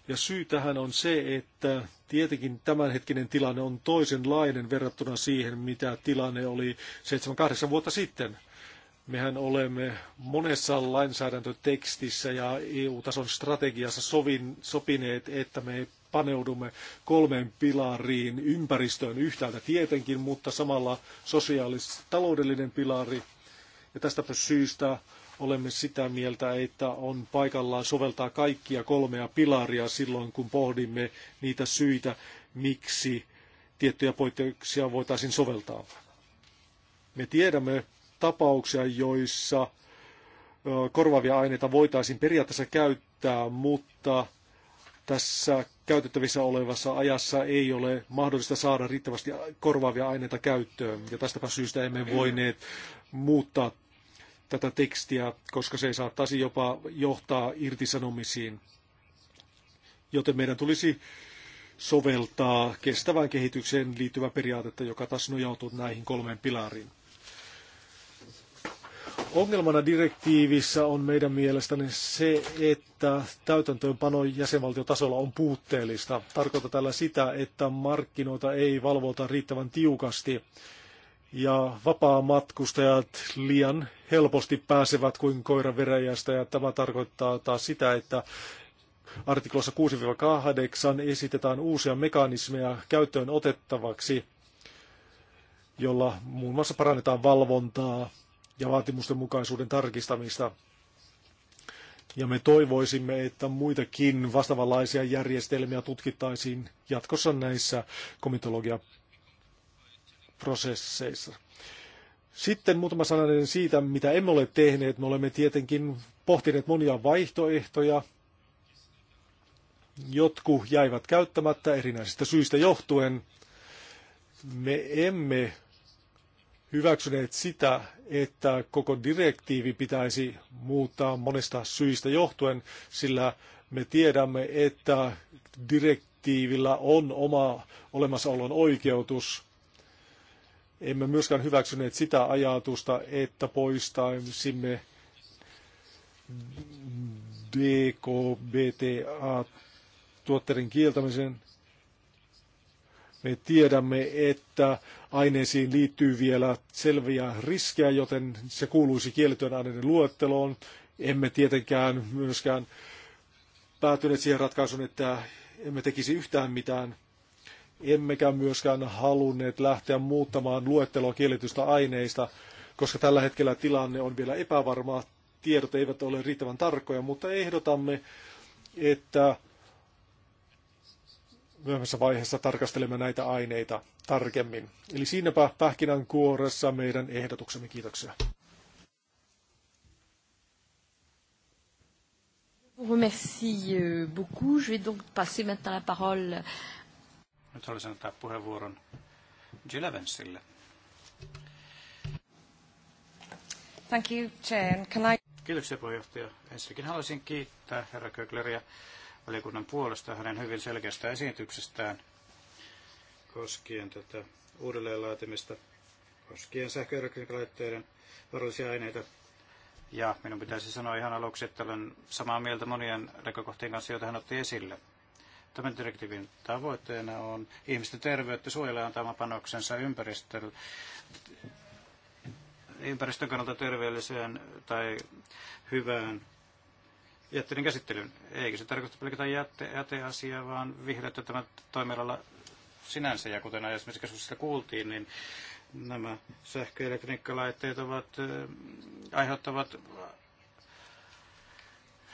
Ja syy tähän on se, että tietenkin tämänhetkinen tilanne on toisenlainen verrattuna siihen, mitä tilanne oli 7-8 vuotta sitten. Mehän olemme monessa lainsäädäntötekstissä ja EU-tason strategiassa sovin, sopineet, että me paneudumme kolmeen pilariin ympäristöön yhtäältä tietenkin, mutta samalla sosiaalis-taloudellinen pilari ja tästä syystä olemme sitä mieltä, että on paikallaan soveltaa kaikkia kolmea pilaria silloin, kun pohdimme niitä syitä, miksi tiettyjä poikkeuksia voitaisiin soveltaa. Me tiedämme tapauksia, joissa korvaavia aineita voitaisiin periaatteessa käyttää, mutta tässä käytettävissä olevassa ajassa ei ole mahdollista saada riittävästi korvaavia aineita käyttöön. Ja tästäpä syystä emme voineet muuttaa tätä tekstiä, koska se saattaisi jopa johtaa irtisanomisiin. Joten meidän tulisi soveltaa kestävään kehitykseen liittyvää periaatetta, joka taas nojautuu näihin kolmeen pilariin. Ongelmana direktiivissä on meidän mielestäni se, että täytäntöönpano jäsenvaltiotasolla on puutteellista. Tarkoita tällä sitä, että markkinoita ei valvota riittävän tiukasti ja vapaamatkustajat liian helposti pääsevät kuin koira veräjästä ja tämä tarkoittaa taas sitä, että artiklossa 6-8 esitetään uusia mekanismeja käyttöön otettavaksi, jolla muun muassa parannetaan valvontaa ja vaatimusten mukaisuuden tarkistamista. Ja me toivoisimme, että muitakin vastaavanlaisia järjestelmiä tutkittaisiin jatkossa näissä komitologiaprosesseissa. Sitten muutama sananen siitä, mitä emme ole tehneet. Me olemme tietenkin pohtineet monia vaihtoehtoja. Jotkut jäivät käyttämättä erinäisistä syistä johtuen. Me emme hyväksyneet sitä, että koko direktiivi pitäisi muuttaa monesta syistä johtuen, sillä me tiedämme, että direktiivillä on oma olemassaolon oikeutus. Emme myöskään hyväksyneet sitä ajatusta, että poistaisimme DKBTA-tuotteiden kieltämisen me tiedämme, että aineisiin liittyy vielä selviä riskejä, joten se kuuluisi kiellettyjen aineiden luetteloon. Emme tietenkään myöskään päätyneet siihen ratkaisuun, että emme tekisi yhtään mitään. Emmekä myöskään halunneet lähteä muuttamaan luetteloa kielletystä aineista, koska tällä hetkellä tilanne on vielä epävarma. Tiedot eivät ole riittävän tarkkoja, mutta ehdotamme, että myöhemmässä vaiheessa tarkastelemme näitä aineita tarkemmin. Eli siinäpä pähkinän kuoressa meidän ehdotuksemme. Kiitoksia. Merci euh, beaucoup. Je vais donc passer maintenant la parole. Euh, Nyt haluaisin antaa puheenvuoron Thank you, Chair. Can I... Kiitoksia puheenjohtaja. Ensinnäkin haluaisin kiittää herra Kögleriä valiokunnan puolesta hänen hyvin selkeästä esityksestään koskien tätä uudelleenlaatimista, koskien sähköelektroniikkalaitteiden varallisia aineita. Ja minun pitäisi sanoa ihan aluksi, että olen samaa mieltä monien näkökohtien kanssa, joita hän otti esille. Tämän direktiivin tavoitteena on ihmisten terveyttä suojella antama panoksensa ympäristölle ympäristön kannalta terveelliseen tai hyvään jätteiden käsittelyyn. Eikä se tarkoita pelkästään jäte, jäteasiaa, vaan vihreyttä tämä toimialalla sinänsä. Ja kuten esimerkiksi keskustelussa kuultiin, niin nämä sähköelektroniikkalaitteet ovat, aiheuttavat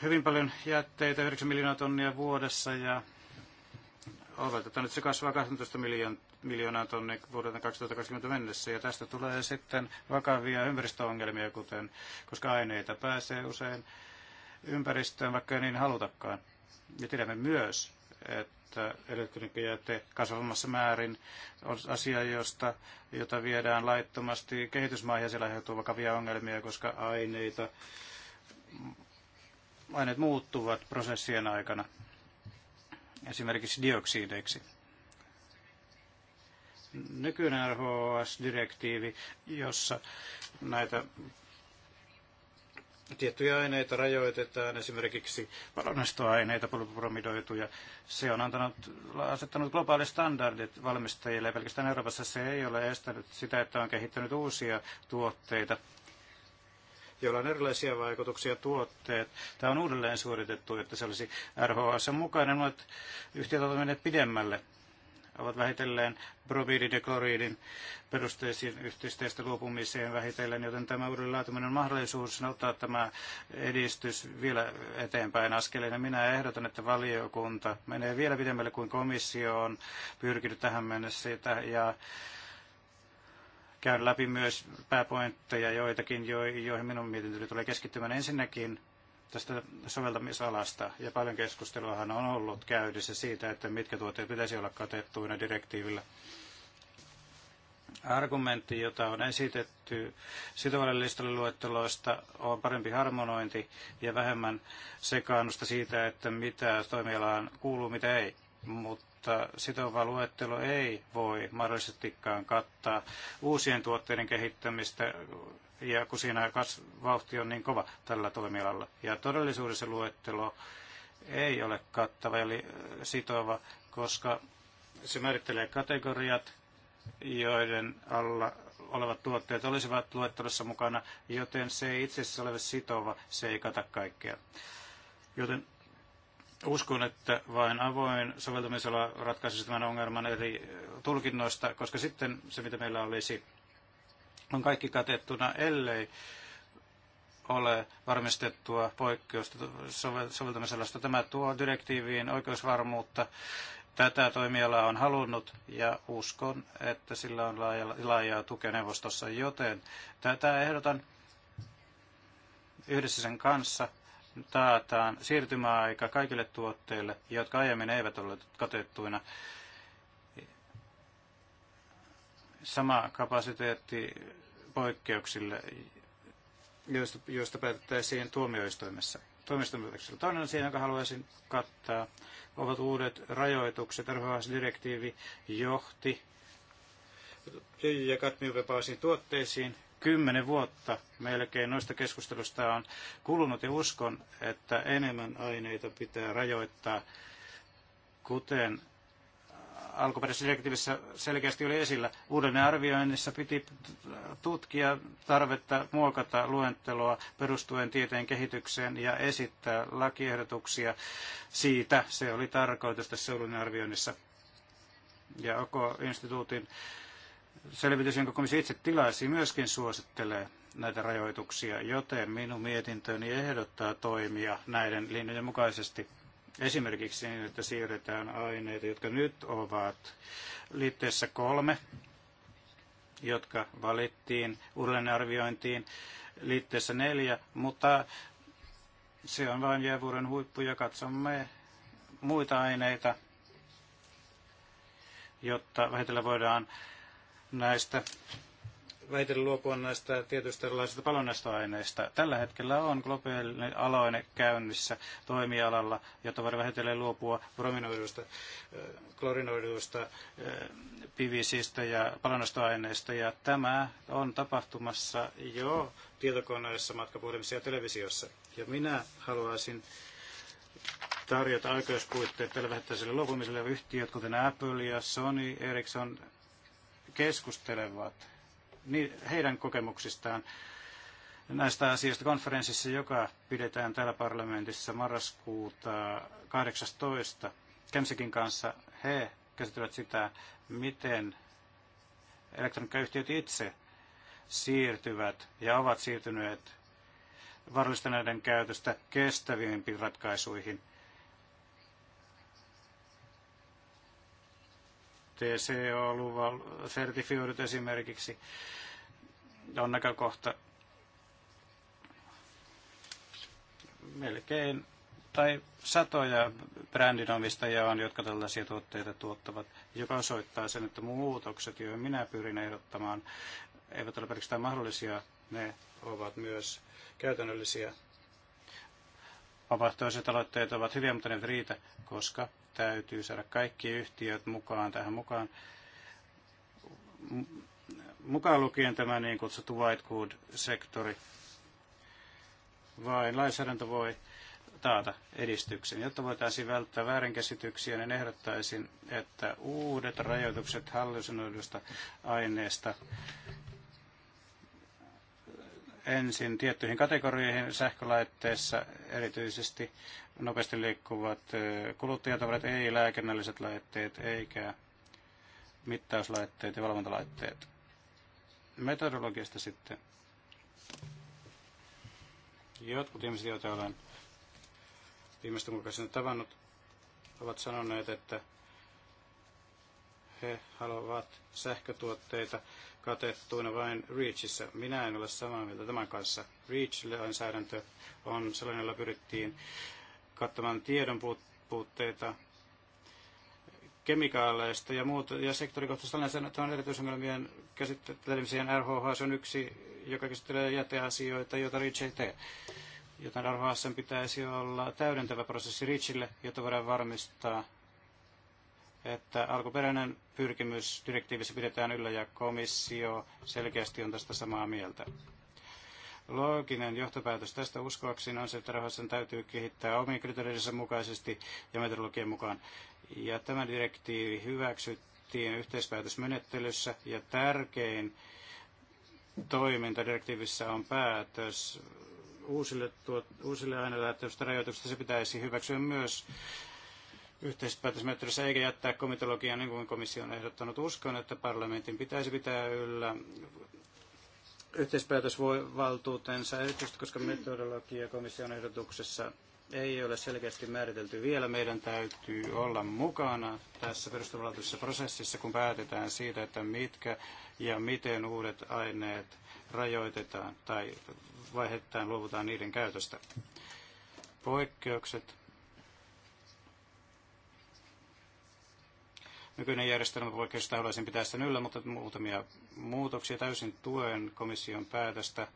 hyvin paljon jätteitä, 9 miljoonaa tonnia vuodessa ja oletetaan, että se kasvaa 12 miljoonaa tonnia vuodelta 2020 mennessä. Ja tästä tulee sitten vakavia ympäristöongelmia, kuten, koska aineita pääsee usein ympäristöön, vaikka ei niin halutakaan. Ja tiedämme myös, että elektroniikkajäte kasvamassa määrin on asia, josta, jota viedään laittomasti kehitysmaihin ja siellä aiheutuu vakavia ongelmia, koska aineita, aineet muuttuvat prosessien aikana esimerkiksi dioksideiksi. Nykyinen RHS-direktiivi, jossa näitä tiettyjä aineita rajoitetaan, esimerkiksi valmistoaineita, pulpuromidoituja. Se on antanut, asettanut globaalit standardit valmistajille, ja pelkästään Euroopassa se ei ole estänyt sitä, että on kehittänyt uusia tuotteita, joilla on erilaisia vaikutuksia tuotteet. Tämä on uudelleen suoritettu, että se olisi RHS mukainen, mutta yhtiöt ovat menneet pidemmälle ovat vähitellen bromiidin ja kloriidin perusteisiin yhteisteistä luopumiseen vähitellen, joten tämä uuden laatiminen on mahdollisuus ottaa tämä edistys vielä eteenpäin askeleen. Ja minä ehdotan, että valiokunta menee vielä pidemmälle kuin komissio on pyrkinyt tähän mennessä ja käyn läpi myös pääpointteja joitakin, joihin minun mietintöni tulee keskittymään. Ensinnäkin tästä soveltamisalasta. Ja paljon keskusteluahan on ollut käydessä siitä, että mitkä tuotteet pitäisi olla katettuina direktiivillä. Argumentti, jota on esitetty sitovalle listalle luetteloista, on parempi harmonointi ja vähemmän sekaannusta siitä, että mitä toimialaan kuuluu, mitä ei. Mutta sitova luettelo ei voi mahdollisestikaan kattaa uusien tuotteiden kehittämistä ja kun siinä vauhti on niin kova tällä toimialalla. Ja todellisuudessa luettelo ei ole kattava eli sitova, koska se määrittelee kategoriat, joiden alla olevat tuotteet olisivat luettelossa mukana, joten se ei itse asiassa ole sitova, se ei kata kaikkea. Joten uskon, että vain avoin soveltamisella ratkaisisi tämän ongelman eri tulkinnoista, koska sitten se, mitä meillä olisi on kaikki katettuna, ellei ole varmistettua poikkeusta soveltamisalasta. Tämä tuo direktiiviin oikeusvarmuutta. Tätä toimiala on halunnut ja uskon, että sillä on laajaa, laajaa tukea neuvostossa, joten tätä ehdotan yhdessä sen kanssa taataan siirtymäaika kaikille tuotteille, jotka aiemmin eivät olleet katettuina. Sama kapasiteetti poikkeuksille, joista, joista päätettäisiin tuomioistuimessa. Tuomioistuimessa toinen asia, jonka haluaisin kattaa, ovat uudet rajoitukset. Arvohaasdirektiivi johti lyijy- ja kadmiumvapaisiin tuotteisiin. Kymmenen vuotta melkein noista keskustelusta on kulunut ja uskon, että enemmän aineita pitää rajoittaa, kuten alkuperäisessä direktiivissä selkeästi oli esillä. Uudelleen arvioinnissa piti tutkia tarvetta muokata luenteloa perustuen tieteen kehitykseen ja esittää lakiehdotuksia siitä. Se oli tarkoitus tässä uudelleen arvioinnissa. Ja OK-instituutin selvitys, jonka komissio itse tilaisi myöskin suosittelee näitä rajoituksia, joten minun mietintöni ehdottaa toimia näiden linjojen mukaisesti. Esimerkiksi niin, että siirretään aineita, jotka nyt ovat liitteessä kolme, jotka valittiin uudelleenarviointiin liitteessä neljä, mutta se on vain jäävuoren huippu ja katsomme muita aineita, jotta vähitellen voidaan näistä väitellä luopua näistä tietyistä erilaisista palonnestoaineista. Tällä hetkellä on globaalinen aloine käynnissä toimialalla, jotta voidaan vähitellen luopua brominoiduista, klorinoiduista pivisistä ja palonnestoaineista. Ja tämä on tapahtumassa jo tietokoneessa, matkapuhelimissa ja televisiossa. Ja minä haluaisin tarjota oikeuspuitteet tälle vähettäiselle luopumiselle yhtiöt, kuten Apple ja Sony, Ericsson, keskustelevat niin heidän kokemuksistaan näistä asioista konferenssissa, joka pidetään täällä parlamentissa marraskuuta 18. Kemsikin kanssa he käsittelevät sitä, miten elektroniikkayhtiöt itse siirtyvät ja ovat siirtyneet näiden käytöstä kestäviin ratkaisuihin – DCO-luvan sertifioidut esimerkiksi on näkökohta melkein tai satoja brändinomistajia on, jotka tällaisia tuotteita tuottavat, joka osoittaa sen, että muutokset, joihin minä pyrin ehdottamaan, eivät ole pelkästään mahdollisia, ne ovat myös käytännöllisiä Vapaaehtoiset aloitteet ovat hyviä, mutta ne riitä, koska täytyy saada kaikki yhtiöt mukaan tähän mukaan. Mukaan lukien tämä niin kutsuttu white good-sektori. Vain lainsäädäntö voi taata edistyksen. Jotta voitaisiin välttää väärinkäsityksiä, niin ehdottaisin, että uudet rajoitukset hallusinnoidusta aineesta ensin tiettyihin kategorioihin sähkölaitteissa, erityisesti nopeasti liikkuvat kuluttajatavarat, ei lääkennälliset laitteet eikä mittauslaitteet ja valvontalaitteet. Metodologiasta sitten. Jotkut ihmiset, joita olen viimeisten mukaisena tavannut, ovat sanoneet, että he haluavat sähkötuotteita katettuina vain REACHissa. Minä en ole samaa mieltä tämän kanssa. REACH-lainsäädäntö on sellainen, jolla pyrittiin kattamaan tiedon puutteita kemikaaleista ja muut, ja sektorikohtaisesti on erityisongelmien käsittelemiseen RHH, se on yksi, joka käsittelee jäteasioita, joita REACH ei tee. Joten RHS pitäisi olla täydentävä prosessi REACHille, jotta voidaan varmistaa että alkuperäinen pyrkimys direktiivissä pidetään yllä ja komissio selkeästi on tästä samaa mieltä. Looginen johtopäätös tästä uskoakseni on se, että rahoituksen täytyy kehittää omien kriteerinsä mukaisesti ja metodologian mukaan. Ja tämä direktiivi hyväksyttiin yhteispäätösmenettelyssä ja tärkein toiminta direktiivissä on päätös uusille, tuot, uusille ainelähettämistä rajoituksista. Se pitäisi hyväksyä myös yhteispäätösmenettelyssä eikä jättää komitologiaa niin kuin komissio on ehdottanut. Uskon, että parlamentin pitäisi pitää yllä yhteispäätösvaltuutensa, erityisesti koska metodologia komission ehdotuksessa ei ole selkeästi määritelty vielä. Meidän täytyy olla mukana tässä perustavanlaatuisessa prosessissa, kun päätetään siitä, että mitkä ja miten uudet aineet rajoitetaan tai vaihdetaan, luovutaan niiden käytöstä. Poikkeukset Nykyinen järjestelmä oikeastaan haluaisin pitää sen yllä, mutta muutamia muutoksia. Täysin tuen komission päätöstä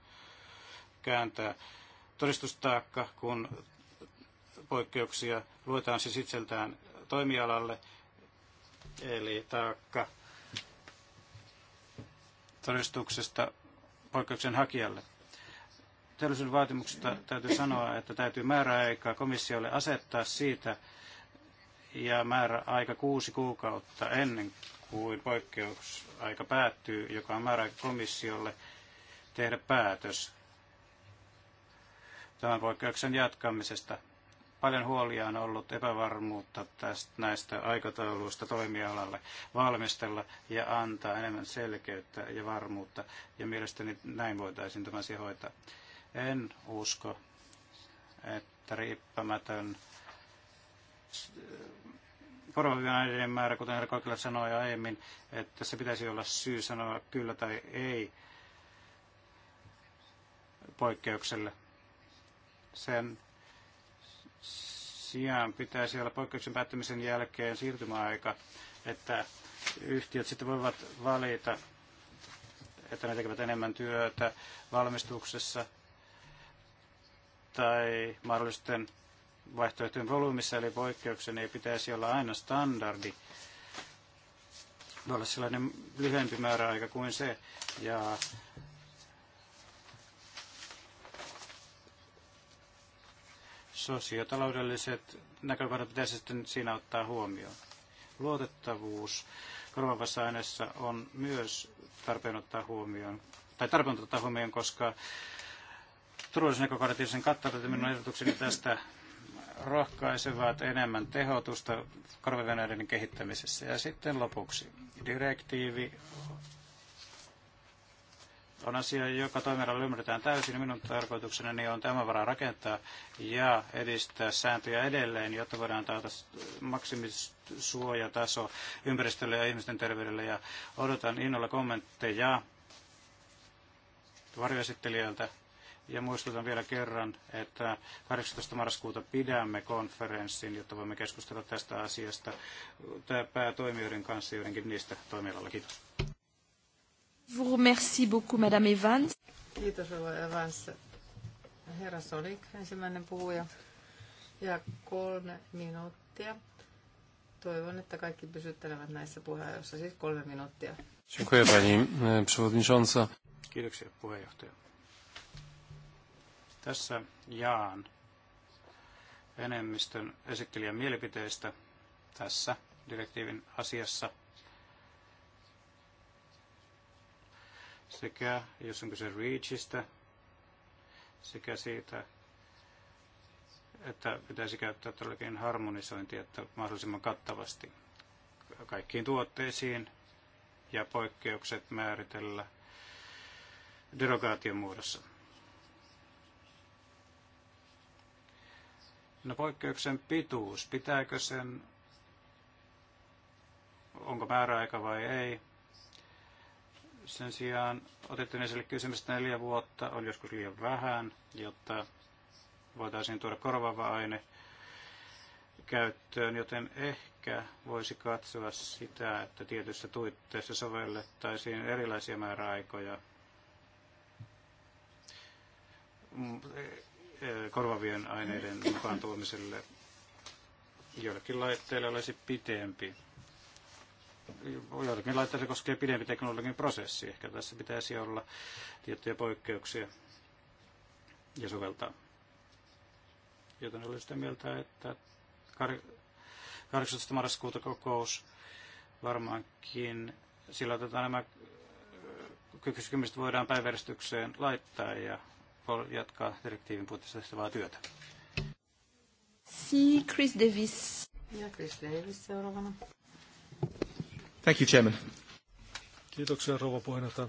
kääntää todistustaakka, kun poikkeuksia luetaan siis itseltään toimialalle, eli taakka todistuksesta poikkeuksen hakijalle. Teollisuuden vaatimuksesta täytyy sanoa, että täytyy määräaikaa komissiolle asettaa siitä, ja määräaika kuusi kuukautta ennen kuin poikkeusaika päättyy, joka on määräaika komissiolle tehdä päätös tämän poikkeuksen jatkamisesta. Paljon huolia on ollut epävarmuutta tästä, näistä aikatauluista toimialalle valmistella ja antaa enemmän selkeyttä ja varmuutta. Ja mielestäni näin voitaisiin tämä asia hoitaa. En usko, että riippämätön aineiden määrä, kuten herra Kokila sanoi jo aiemmin, että se pitäisi olla syy sanoa kyllä tai ei poikkeukselle. Sen sijaan pitäisi olla poikkeuksen päättymisen jälkeen siirtymäaika, että yhtiöt sitten voivat valita, että ne tekevät enemmän työtä valmistuksessa tai mahdollisten vaihtoehtojen volyymissa, eli poikkeuksen ei pitäisi olla aina standardi, voi olla sellainen lyhyempi määräaika kuin se. Ja sosiotaloudelliset näkökohdat pitäisi sitten siinä ottaa huomioon. Luotettavuus korvaavassa aineessa on myös tarpeen ottaa huomioon, tai tarpeen ottaa huomioon, koska turvallisuusnäkökohdat ja sen että minun ehdotukseni tästä rohkaisevat enemmän tehotusta korvaveneiden kehittämisessä. Ja sitten lopuksi direktiivi on asia, joka toimialalla ymmärretään täysin. Minun niin on tämän varaa rakentaa ja edistää sääntöjä edelleen, jotta voidaan taata maksimisuojataso ympäristölle ja ihmisten terveydelle. Ja odotan innolla kommentteja varjoesittelijöiltä ja muistutan vielä kerran, että 18. marraskuuta pidämme konferenssin, jotta voimme keskustella tästä asiasta Tämä päätoimijoiden kanssa joidenkin niistä toimialalla. Kiitos. Vous remercie beaucoup, Madame Evans. Kiitos, Rova Evans. Herra Solik, ensimmäinen puhuja. Ja kolme minuuttia. Toivon, että kaikki pysyttelevät näissä puheenjohtajissa, siis kolme minuuttia. Dziękuję Pani e, Przewodnicząca. Kiitoksia puheenjohtaja. Tässä jaan enemmistön esittelijän mielipiteistä tässä direktiivin asiassa. Sekä, jos on kyse REACHista, sekä siitä, että pitäisi käyttää todellakin harmonisointia, että mahdollisimman kattavasti kaikkiin tuotteisiin ja poikkeukset määritellä derogaation muodossa. No poikkeuksen pituus, pitääkö sen, onko määräaika vai ei? Sen sijaan otettiin esille kysymys, että neljä vuotta on joskus liian vähän, jotta voitaisiin tuoda korvaava aine käyttöön, joten ehkä voisi katsoa sitä, että tietyissä tuitteissa sovellettaisiin erilaisia määräaikoja mm, Eh, korvavien aineiden mukaan tuomiselle joillekin laitteille olisi pitempi. Joillekin laitteille koskee pidempi teknologinen prosessi. Ehkä tässä pitäisi olla tiettyjä poikkeuksia ja soveltaa. Joten olen sitä mieltä, että 18. marraskuuta kokous varmaankin sillä otetaan nämä eh, kysymykset voidaan päiväristykseen laittaa ja Europol jatkaa direktiivin puitteissa tehtävää työtä. Si Chris Davis. Ja Chris Davis seuraavana. Thank you, Chairman. Kiitoksia, rouva puheenjohtaja.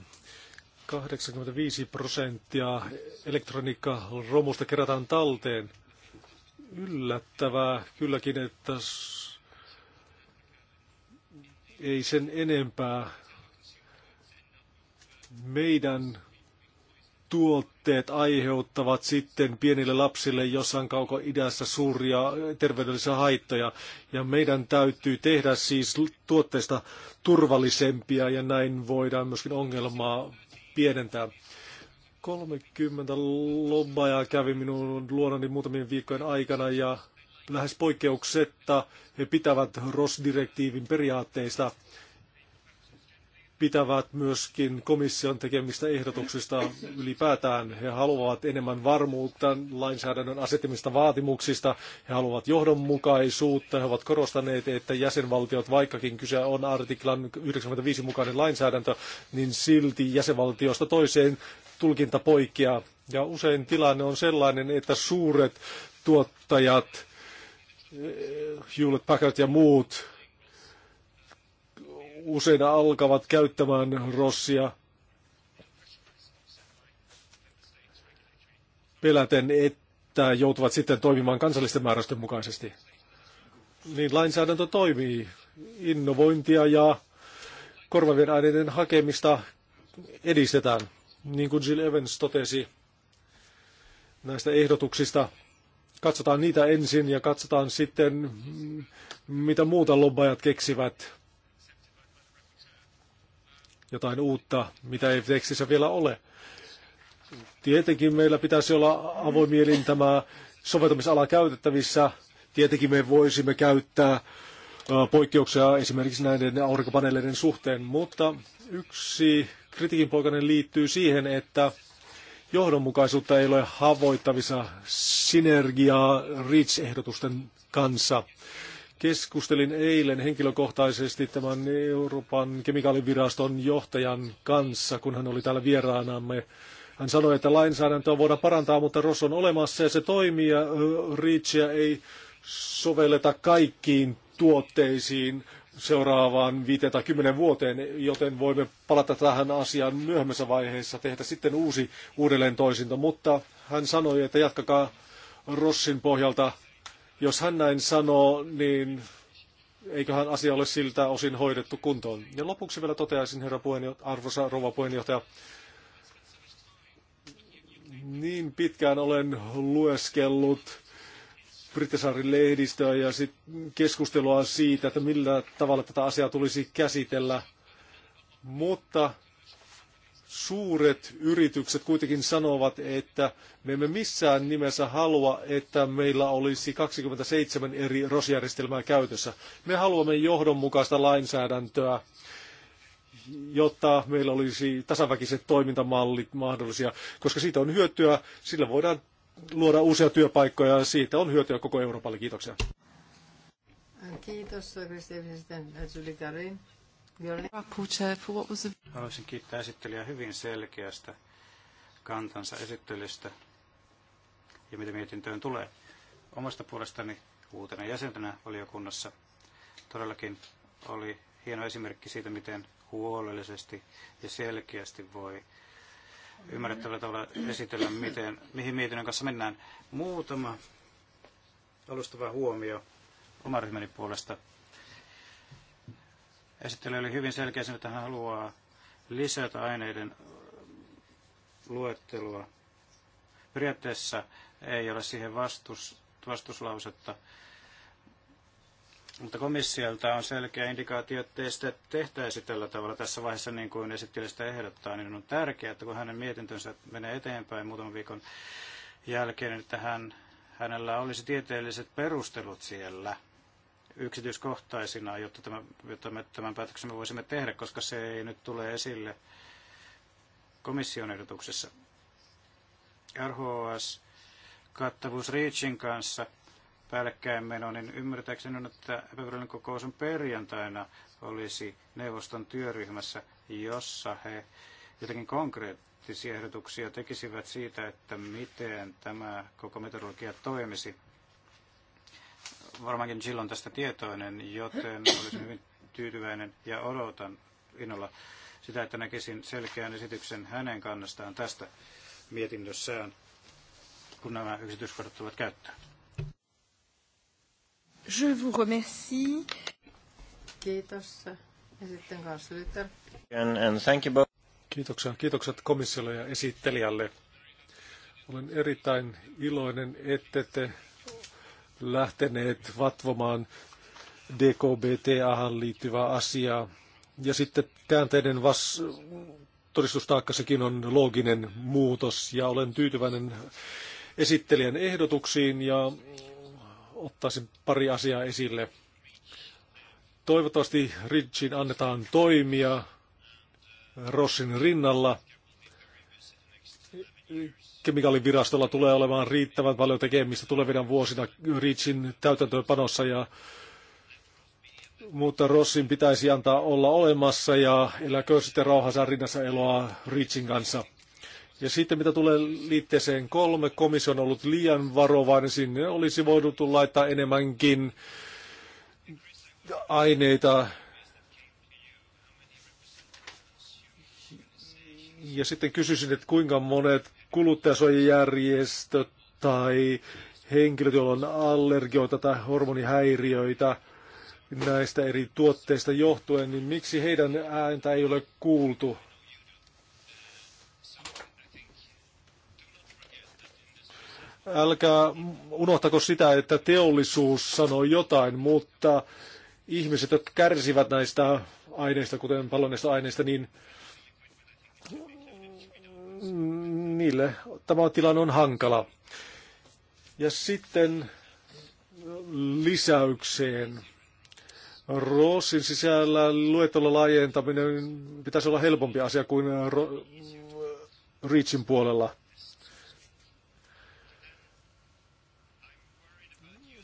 85 prosenttia elektroniikkaromusta kerätään talteen. Yllättävää kylläkin, että ei sen enempää meidän tuotteet aiheuttavat sitten pienille lapsille jossain kauko-idässä suuria äh, terveydellisiä haittoja. Ja meidän täytyy tehdä siis tuotteista turvallisempia ja näin voidaan myöskin ongelmaa pienentää. 30 lobbajaa kävi minun luonani muutamien viikkojen aikana ja lähes poikkeuksetta he pitävät ROS-direktiivin periaatteista pitävät myöskin komission tekemistä ehdotuksista ylipäätään. He haluavat enemmän varmuutta lainsäädännön asettamista vaatimuksista, he haluavat johdonmukaisuutta, he ovat korostaneet, että jäsenvaltiot, vaikkakin kyse on artiklan 95 mukainen lainsäädäntö, niin silti jäsenvaltiosta toiseen tulkinta poikkeaa. Ja usein tilanne on sellainen, että suuret tuottajat, eh, Hewlett Packard ja muut, usein alkavat käyttämään rossia peläten, että joutuvat sitten toimimaan kansallisten määräysten mukaisesti. Niin lainsäädäntö toimii. Innovointia ja korvavien aineiden hakemista edistetään. Niin kuin Jill Evans totesi näistä ehdotuksista, katsotaan niitä ensin ja katsotaan sitten, mm, mitä muuta lobbajat keksivät jotain uutta, mitä ei tekstissä vielä ole. Tietenkin meillä pitäisi olla avoimielin tämä soveltamisala käytettävissä. Tietenkin me voisimme käyttää poikkeuksia esimerkiksi näiden aurinkopaneeleiden suhteen, mutta yksi kritiikin poikainen liittyy siihen, että johdonmukaisuutta ei ole havoittavissa synergiaa REACH-ehdotusten kanssa. Keskustelin eilen henkilökohtaisesti tämän Euroopan kemikaaliviraston johtajan kanssa, kun hän oli täällä vieraanamme. Hän sanoi, että lainsäädäntöä voidaan parantaa, mutta ROS on olemassa ja se toimii ja REACHia ei sovelleta kaikkiin tuotteisiin seuraavaan 5 tai 10 vuoteen, joten voimme palata tähän asiaan myöhemmässä vaiheessa, tehdä sitten uusi uudelleen toisinto. Mutta hän sanoi, että jatkakaa Rossin pohjalta jos hän näin sanoo, niin eiköhän asia ole siltä osin hoidettu kuntoon. Ja lopuksi vielä toteaisin, herra puheenjohtaja, arvoisa rouva puheenjohtaja, niin pitkään olen lueskellut Brittisaarin lehdistöä ja sit keskustelua siitä, että millä tavalla tätä asiaa tulisi käsitellä. Mutta suuret yritykset kuitenkin sanovat, että me emme missään nimessä halua, että meillä olisi 27 eri rosjärjestelmää käytössä. Me haluamme johdonmukaista lainsäädäntöä, jotta meillä olisi tasaväkiset toimintamallit mahdollisia, koska siitä on hyötyä, sillä voidaan luoda uusia työpaikkoja ja siitä on hyötyä koko Euroopalle. Kiitoksia. Kiitos, Kristi Haluaisin kiittää esittelijää hyvin selkeästä kantansa esittelystä ja mitä mietintöön tulee. Omasta puolestani uutena jäsentänä valiokunnassa todellakin oli hieno esimerkki siitä, miten huolellisesti ja selkeästi voi ymmärrettävällä tavalla esitellä, miten, mihin mietinnön kanssa mennään. Muutama alustava huomio oman ryhmäni puolesta. Esittely oli hyvin selkeä, että hän haluaa lisätä aineiden luettelua. Periaatteessa ei ole siihen vastus, vastuslausetta, mutta komissiolta on selkeä indikaatio, että ei sitä tehtäisi tällä tavalla tässä vaiheessa, niin kuin esittelijästä ehdottaa, niin on tärkeää, että kun hänen mietintönsä menee eteenpäin muutaman viikon jälkeen, niin että hän, hänellä olisi tieteelliset perustelut siellä – yksityiskohtaisina, jotta, tämä, jotta me tämän päätöksen me voisimme tehdä, koska se ei nyt tule esille komission ehdotuksessa. RHS kattavuus Reachin kanssa päällekkäin meno, niin ymmärtääkseni on, että epävirallinen kokous on perjantaina olisi neuvoston työryhmässä, jossa he jotenkin konkreettisia ehdotuksia tekisivät siitä, että miten tämä koko metodologia toimisi varmaankin silloin tästä tietoinen, joten olisin hyvin tyytyväinen ja odotan innolla sitä, että näkisin selkeän esityksen hänen kannastaan tästä mietinnössään, kun nämä yksityiskohdat tulevat käyttöön. Je vous remercie. Kiitos. Ja sitten kanslitter. And, and thank you both. Kiitoksia. Kiitokset komissiolle ja esittelijälle. Olen erittäin iloinen, että te lähteneet vatvomaan DKBTAhan liittyvää asiaa. Ja sitten käänteinen vas- sekin on looginen muutos ja olen tyytyväinen esittelijän ehdotuksiin ja ottaisin pari asiaa esille. Toivottavasti Ridgin annetaan toimia Rossin rinnalla – kemikaalivirastolla tulee olemaan riittävän paljon tekemistä tulevina vuosina Reachin täytäntöönpanossa ja mutta Rossin pitäisi antaa olla olemassa ja eläkö sitten rauhassa rinnassa eloa Reachin kanssa. Ja sitten mitä tulee liitteeseen kolme, komission on ollut liian varovainen, sinne olisi voinut laittaa enemmänkin aineita. Ja sitten kysyisin, että kuinka monet kuluttajasuojajärjestö tai henkilöt, joilla on allergioita tai hormonihäiriöitä näistä eri tuotteista johtuen, niin miksi heidän ääntä ei ole kuultu? Älkää unohtako sitä, että teollisuus sanoi jotain, mutta ihmiset, jotka kärsivät näistä aineista, kuten paljon aineista, niin niille tämä tilanne on hankala. Ja sitten lisäykseen. Roosin sisällä luettelon laajentaminen pitäisi olla helpompi asia kuin ro- Reachin puolella.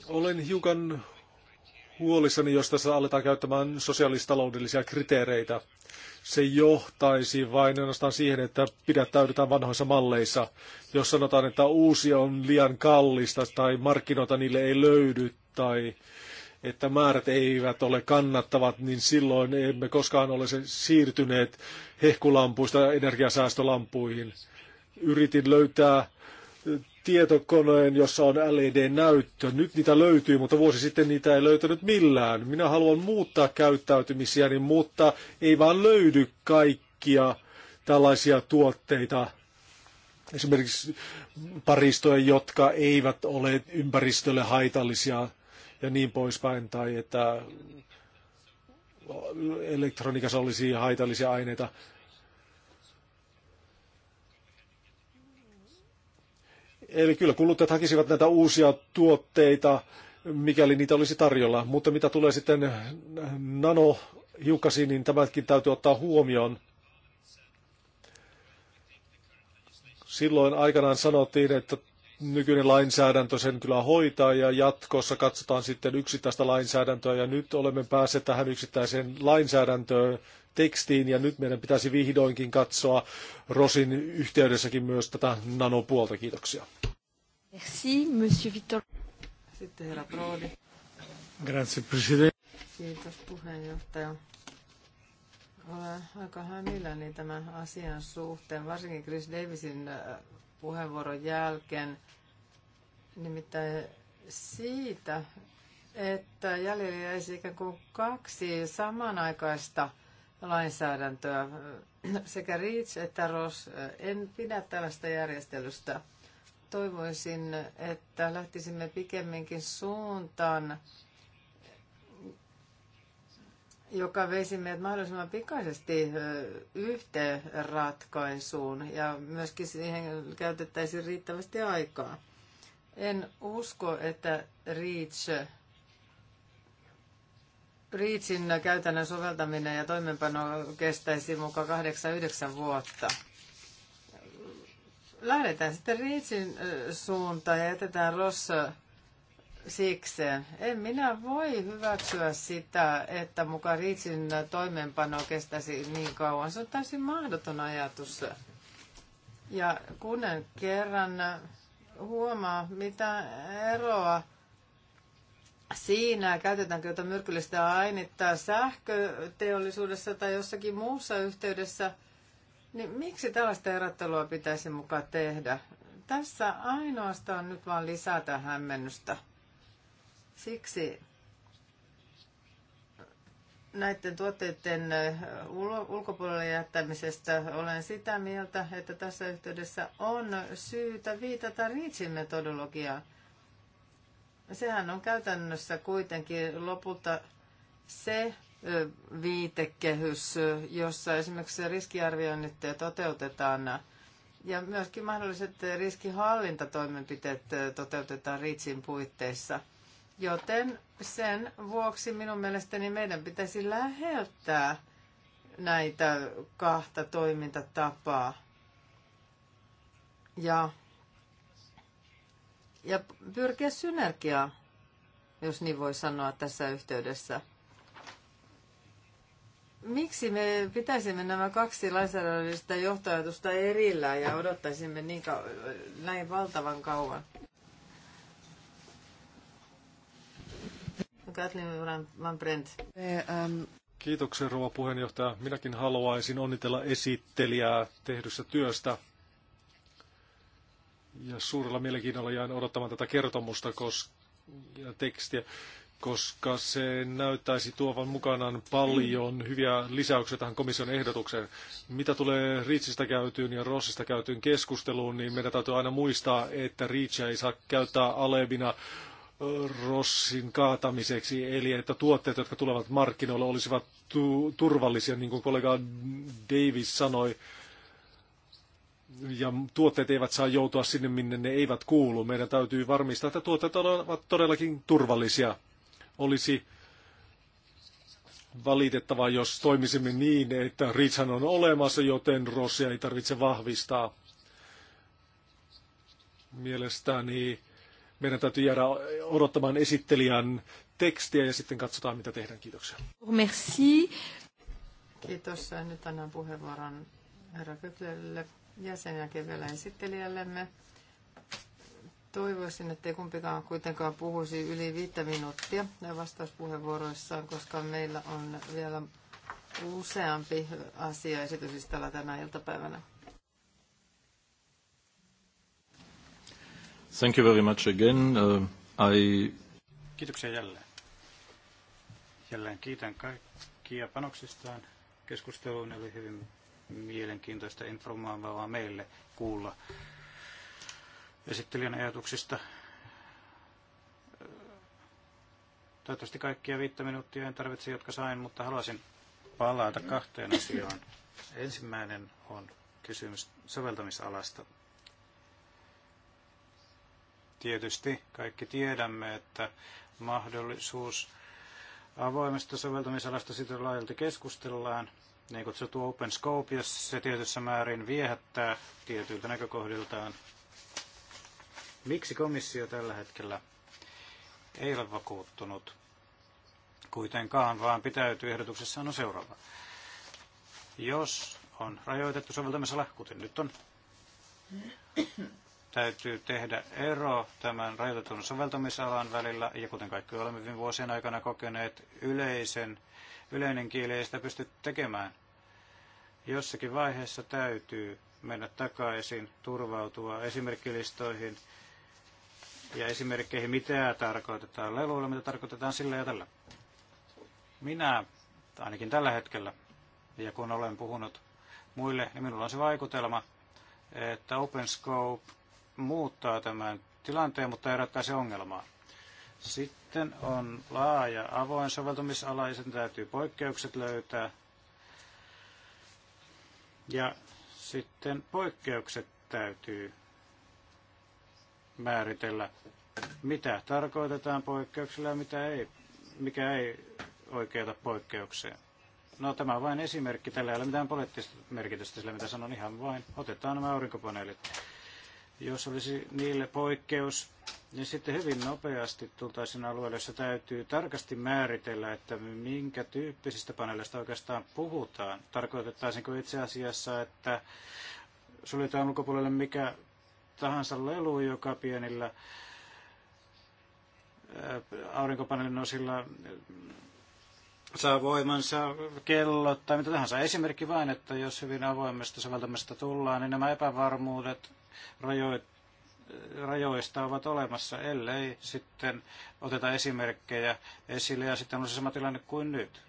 Olen hiukan huolissani, jos tässä aletaan käyttämään sosiaalistaloudellisia kriteereitä. Se johtaisi vain ainoastaan siihen, että pidättäydytään vanhoissa malleissa. Jos sanotaan, että uusi on liian kallista tai markkinoita niille ei löydy tai että määrät eivät ole kannattavat, niin silloin emme koskaan ole siirtyneet hehkulampuista energiasäästölampuihin. Yritin löytää tietokoneen, jossa on LED-näyttö. Nyt niitä löytyy, mutta vuosi sitten niitä ei löytänyt millään. Minä haluan muuttaa käyttäytymisiäni, mutta ei vaan löydy kaikkia tällaisia tuotteita. Esimerkiksi paristoja, jotka eivät ole ympäristölle haitallisia ja niin poispäin, tai että elektroniikassa olisi haitallisia aineita. Eli kyllä kuluttajat hakisivat näitä uusia tuotteita, mikäli niitä olisi tarjolla. Mutta mitä tulee sitten nanohiukkasiin, niin tämäkin täytyy ottaa huomioon. Silloin aikanaan sanottiin, että nykyinen lainsäädäntö sen kyllä hoitaa ja jatkossa katsotaan sitten yksittäistä lainsäädäntöä ja nyt olemme päässeet tähän yksittäiseen lainsäädäntöön tekstiin ja nyt meidän pitäisi vihdoinkin katsoa Rosin yhteydessäkin myös tätä nanopuolta. Kiitoksia. Merci, Monsieur Victor. Sitten herra Prodi. Grazie, Presidente. Kiitos puheenjohtaja. Olen aika hämilläni tämän asian suhteen, varsinkin Chris Davisin äh, puheenvuoron jälkeen, nimittäin siitä, että jäljellä jäisi ikään kuin kaksi samanaikaista lainsäädäntöä, sekä REACH että ROS. En pidä tällaista järjestelystä. Toivoisin, että lähtisimme pikemminkin suuntaan, joka veisi meidät mahdollisimman pikaisesti yhteen ratkaisuun ja myöskin siihen käytettäisiin riittävästi aikaa. En usko, että REACH, REACHin käytännön soveltaminen ja toimenpano kestäisi mukaan 8-9 vuotta. Lähdetään sitten REACHin suuntaan ja jätetään Rossa Siksi en minä voi hyväksyä sitä, että muka Riitsin toimeenpano kestäisi niin kauan. Se on täysin mahdoton ajatus. Ja kun en kerran huomaa, mitä eroa siinä, käytetäänkö jotain myrkyllistä ainetta sähköteollisuudessa tai jossakin muussa yhteydessä, niin miksi tällaista erottelua pitäisi mukaan tehdä? Tässä ainoastaan nyt vaan lisätä hämmennystä. Siksi näiden tuotteiden ulkopuolelle jättämisestä olen sitä mieltä, että tässä yhteydessä on syytä viitata Reachin metodologiaan. Sehän on käytännössä kuitenkin lopulta se viitekehys, jossa esimerkiksi riskiarvioinnit toteutetaan ja myöskin mahdolliset riskihallintatoimenpiteet toteutetaan Riitsin puitteissa – Joten sen vuoksi minun mielestäni meidän pitäisi läheltää näitä kahta toimintatapaa. Ja, ja pyrkiä synergiaa, jos niin voi sanoa tässä yhteydessä. Miksi me pitäisimme nämä kaksi lainsäädännöllistä johtajatusta erillään ja odottaisimme niin näin valtavan kauan? Katlin Van Brent. Kiitoksia rouva puheenjohtaja. Minäkin haluaisin onnitella esittelijää tehdystä työstä. Ja suurella mielenkiinnolla jäin odottamaan tätä kertomusta kos- ja tekstiä, koska se näyttäisi tuovan mukanaan paljon hyviä lisäyksiä tähän komission ehdotukseen. Mitä tulee Riitsistä käytyyn ja Rossista käytyyn keskusteluun, niin meidän täytyy aina muistaa, että Riitsiä ei saa käyttää alebina rossin kaatamiseksi, eli että tuotteet, jotka tulevat markkinoille, olisivat tu- turvallisia, niin kuin kollega Davis sanoi, ja tuotteet eivät saa joutua sinne, minne ne eivät kuulu. Meidän täytyy varmistaa, että tuotteet ovat todellakin turvallisia. Olisi valitettavaa, jos toimisimme niin, että Richhan on olemassa, joten Rossia ei tarvitse vahvistaa. Mielestäni meidän täytyy jäädä odottamaan esittelijän tekstiä ja sitten katsotaan, mitä tehdään. Kiitoksia. Merci. Kiitos. Nyt annan puheenvuoron herra Kyklölle ja vielä esittelijällemme. Toivoisin, että ei kumpikaan kuitenkaan puhuisi yli viittä minuuttia vastauspuheenvuoroissaan, koska meillä on vielä useampi asia esityslistalla tänä iltapäivänä. Thank you very much again. Uh, Kiitoksia jälleen. Jälleen kiitän kaikkia panoksistaan keskusteluun. Oli hyvin mielenkiintoista informoivaa meille kuulla esittelijän ajatuksista. Toivottavasti kaikkia viittä minuuttia en tarvitse, jotka sain, mutta haluaisin palata kahteen asiaan. Ensimmäinen on kysymys soveltamisalasta. Tietysti kaikki tiedämme, että mahdollisuus avoimesta soveltamisalasta sitten laajalti keskustellaan. Niin kutsuttu open scope, jos se tietyssä määrin viehättää tietyiltä näkökohdiltaan. Miksi komissio tällä hetkellä ei ole vakuuttunut kuitenkaan, vaan pitäytyy ehdotuksessaan on seuraava. Jos on rajoitettu soveltamisala, kuten nyt on, täytyy tehdä ero tämän rajoitetun soveltamisalan välillä, ja kuten kaikki olemme viime vuosien aikana kokeneet, yleisen, yleinen kieli ei sitä pysty tekemään. Jossakin vaiheessa täytyy mennä takaisin, turvautua esimerkkilistoihin ja esimerkkeihin, mitä tarkoitetaan leluilla, mitä tarkoitetaan sillä ja tällä. Minä, ainakin tällä hetkellä, ja kun olen puhunut muille, niin minulla on se vaikutelma, että OpenScope muuttaa tämän tilanteen, mutta ei ratkaise ongelmaa. Sitten on laaja avoin soveltumisala ja sen täytyy poikkeukset löytää. Ja sitten poikkeukset täytyy määritellä, mitä tarkoitetaan poikkeuksella ja mitä ei, mikä ei oikeuta poikkeukseen. No tämä on vain esimerkki, tällä ei ole mitään poliittista merkitystä sillä, mitä sanon, ihan vain otetaan nämä aurinkopaneelit jos olisi niille poikkeus, niin sitten hyvin nopeasti tultaisiin alueelle, jossa täytyy tarkasti määritellä, että minkä tyyppisistä paneeleista oikeastaan puhutaan. Tarkoitettaisiinko itse asiassa, että suljetaan ulkopuolelle mikä tahansa lelu, joka pienillä aurinkopaneelin osilla saa voimansa kellot tai mitä tahansa. Esimerkki vain, että jos hyvin avoimesta soveltamista tullaan, niin nämä epävarmuudet rajoit, rajoista ovat olemassa, ellei sitten oteta esimerkkejä esille ja sitten on se sama tilanne kuin nyt.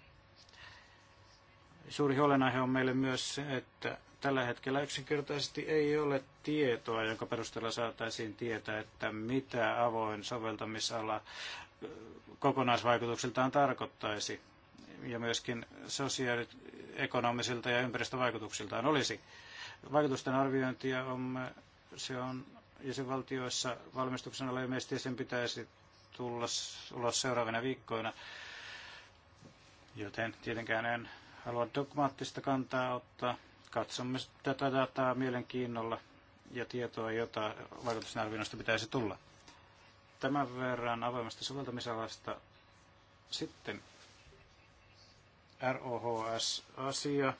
Suuri huolenaihe on meille myös se, että tällä hetkellä yksinkertaisesti ei ole tietoa, jonka perusteella saataisiin tietää, että mitä avoin soveltamisala kokonaisvaikutuksiltaan tarkoittaisi ja myöskin sosiaaliekonomisilta ja ympäristövaikutuksiltaan olisi. Vaikutusten arviointia on se on jäsenvaltioissa valmistuksen alla ilmeisesti ja sen pitäisi tulla ulos seuraavina viikkoina. Joten tietenkään en halua dogmaattista kantaa ottaa. Katsomme tätä dataa mielenkiinnolla ja tietoa, jota arvioinnista pitäisi tulla. Tämän verran avoimesta soveltamisalasta sitten ROHS-asia,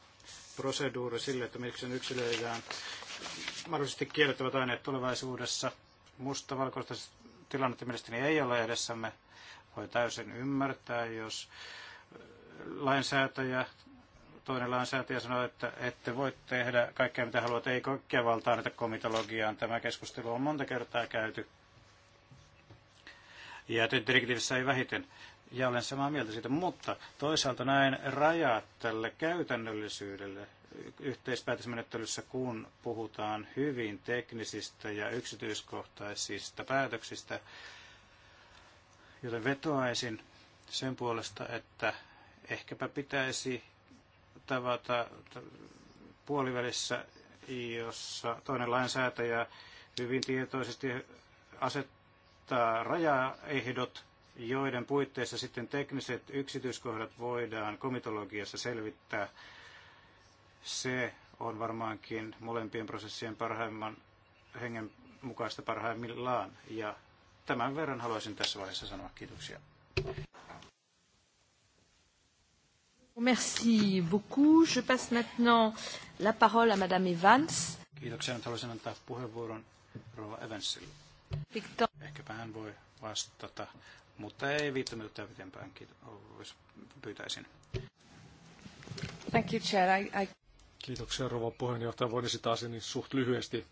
proseduuri sille, että miksi yksilöidään mahdollisesti kiellettävät aineet tulevaisuudessa. Mustavalkoista tilannetta mielestäni ei ole edessämme. Voi täysin ymmärtää, jos lainsäätäjä, toinen lainsäätäjä sanoo, että ette voi tehdä kaikkea mitä haluat, ei kaikkea valtaa näitä komitologiaan. Tämä keskustelu on monta kertaa käyty. Ja direktiivissä ei vähiten. Ja olen samaa mieltä siitä, mutta toisaalta näen rajat tälle käytännöllisyydelle, yhteispäätösmenettelyssä, kun puhutaan hyvin teknisistä ja yksityiskohtaisista päätöksistä, joten vetoaisin sen puolesta, että ehkäpä pitäisi tavata puolivälissä, jossa toinen lainsäätäjä hyvin tietoisesti asettaa rajaehdot, joiden puitteissa sitten tekniset yksityiskohdat voidaan komitologiassa selvittää se on varmaankin molempien prosessien parhaimman hengen mukaista parhaimmillaan. Ja tämän verran haluaisin tässä vaiheessa sanoa kiitoksia. Merci beaucoup. Je passe maintenant la parole à Madame Evans. Kiitoksia. Nyt haluaisin antaa puheenvuoron Rova Evansille. Victor. Ehkäpä hän voi vastata, mutta ei viittä minuuttia pitempään. Kiitos. Pyytäisin. Thank you, Chair. I, I... Kiitoksia rouva puheenjohtaja. Voin esittää asian suht lyhyesti.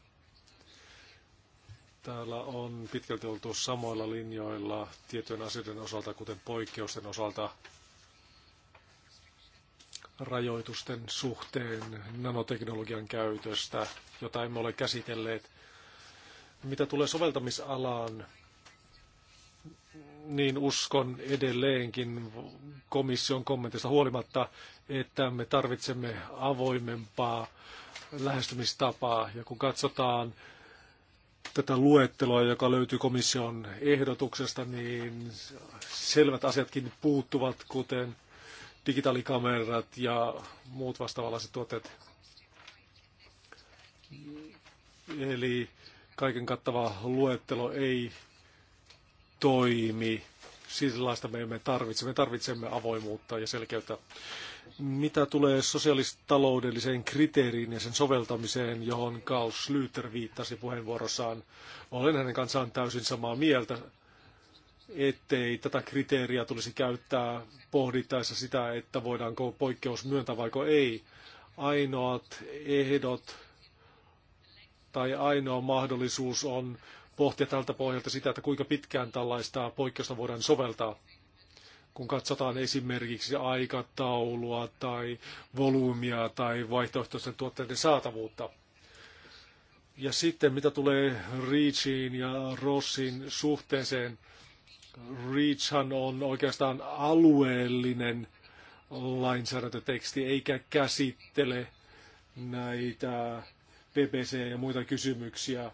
Täällä on pitkälti oltu samoilla linjoilla tiettyjen asioiden osalta, kuten poikkeusten osalta, rajoitusten suhteen nanoteknologian käytöstä, jota emme ole käsitelleet. Mitä tulee soveltamisalaan, niin uskon edelleenkin komission kommentista huolimatta, että me tarvitsemme avoimempaa lähestymistapaa. Ja kun katsotaan tätä luetteloa, joka löytyy komission ehdotuksesta, niin selvät asiatkin puuttuvat, kuten digitaalikamerat ja muut vastaavanlaiset tuotteet. Eli kaiken kattava luettelo ei toimi. Sillaista me emme tarvitse. Me tarvitsemme avoimuutta ja selkeyttä. Mitä tulee sosiaalistaloudelliseen kriteeriin ja sen soveltamiseen, johon Kaus Schlüter viittasi puheenvuorossaan, olen hänen kanssaan täysin samaa mieltä, ettei tätä kriteeriä tulisi käyttää pohdittaessa sitä, että voidaanko poikkeus myöntää vaiko ei. Ainoat ehdot tai ainoa mahdollisuus on pohtia tältä pohjalta sitä, että kuinka pitkään tällaista poikkeusta voidaan soveltaa. Kun katsotaan esimerkiksi aikataulua tai volyymia tai vaihtoehtoisten tuotteiden saatavuutta. Ja sitten mitä tulee Reachin ja Rossin suhteeseen, Reachhan on oikeastaan alueellinen lainsäädäntöteksti, eikä käsittele näitä PPC ja muita kysymyksiä,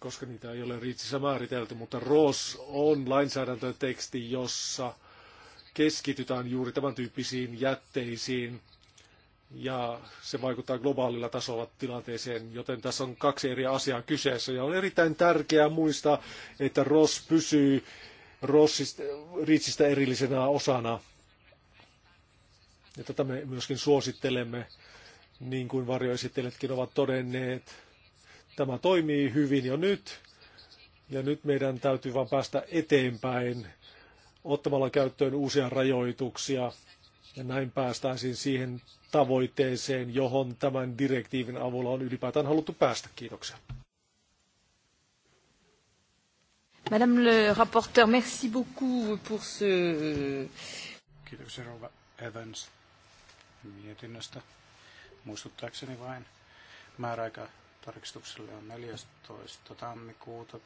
koska niitä ei ole riitsissä määritelty, mutta ROS on lainsäädäntöteksti, jossa keskitytään juuri tämän tyyppisiin jätteisiin, ja se vaikuttaa globaalilla tasolla tilanteeseen, joten tässä on kaksi eri asiaa kyseessä. Ja on erittäin tärkeää muistaa, että ROS pysyy riitsistä erillisenä osana. Ja tätä me myöskin suosittelemme, niin kuin varjoesittelijätkin ovat todenneet Tämä toimii hyvin jo nyt, ja nyt meidän täytyy vain päästä eteenpäin ottamalla käyttöön uusia rajoituksia, ja näin päästäisiin siihen tavoitteeseen, johon tämän direktiivin avulla on ylipäätään haluttu päästä. Kiitoksia. Madame le rapporteur, merci beaucoup pour ce... Kiitoksia Rova Evans mietinnöstä. Muistuttaakseni vain määräaika tarkistukselle on 14. tammikuuta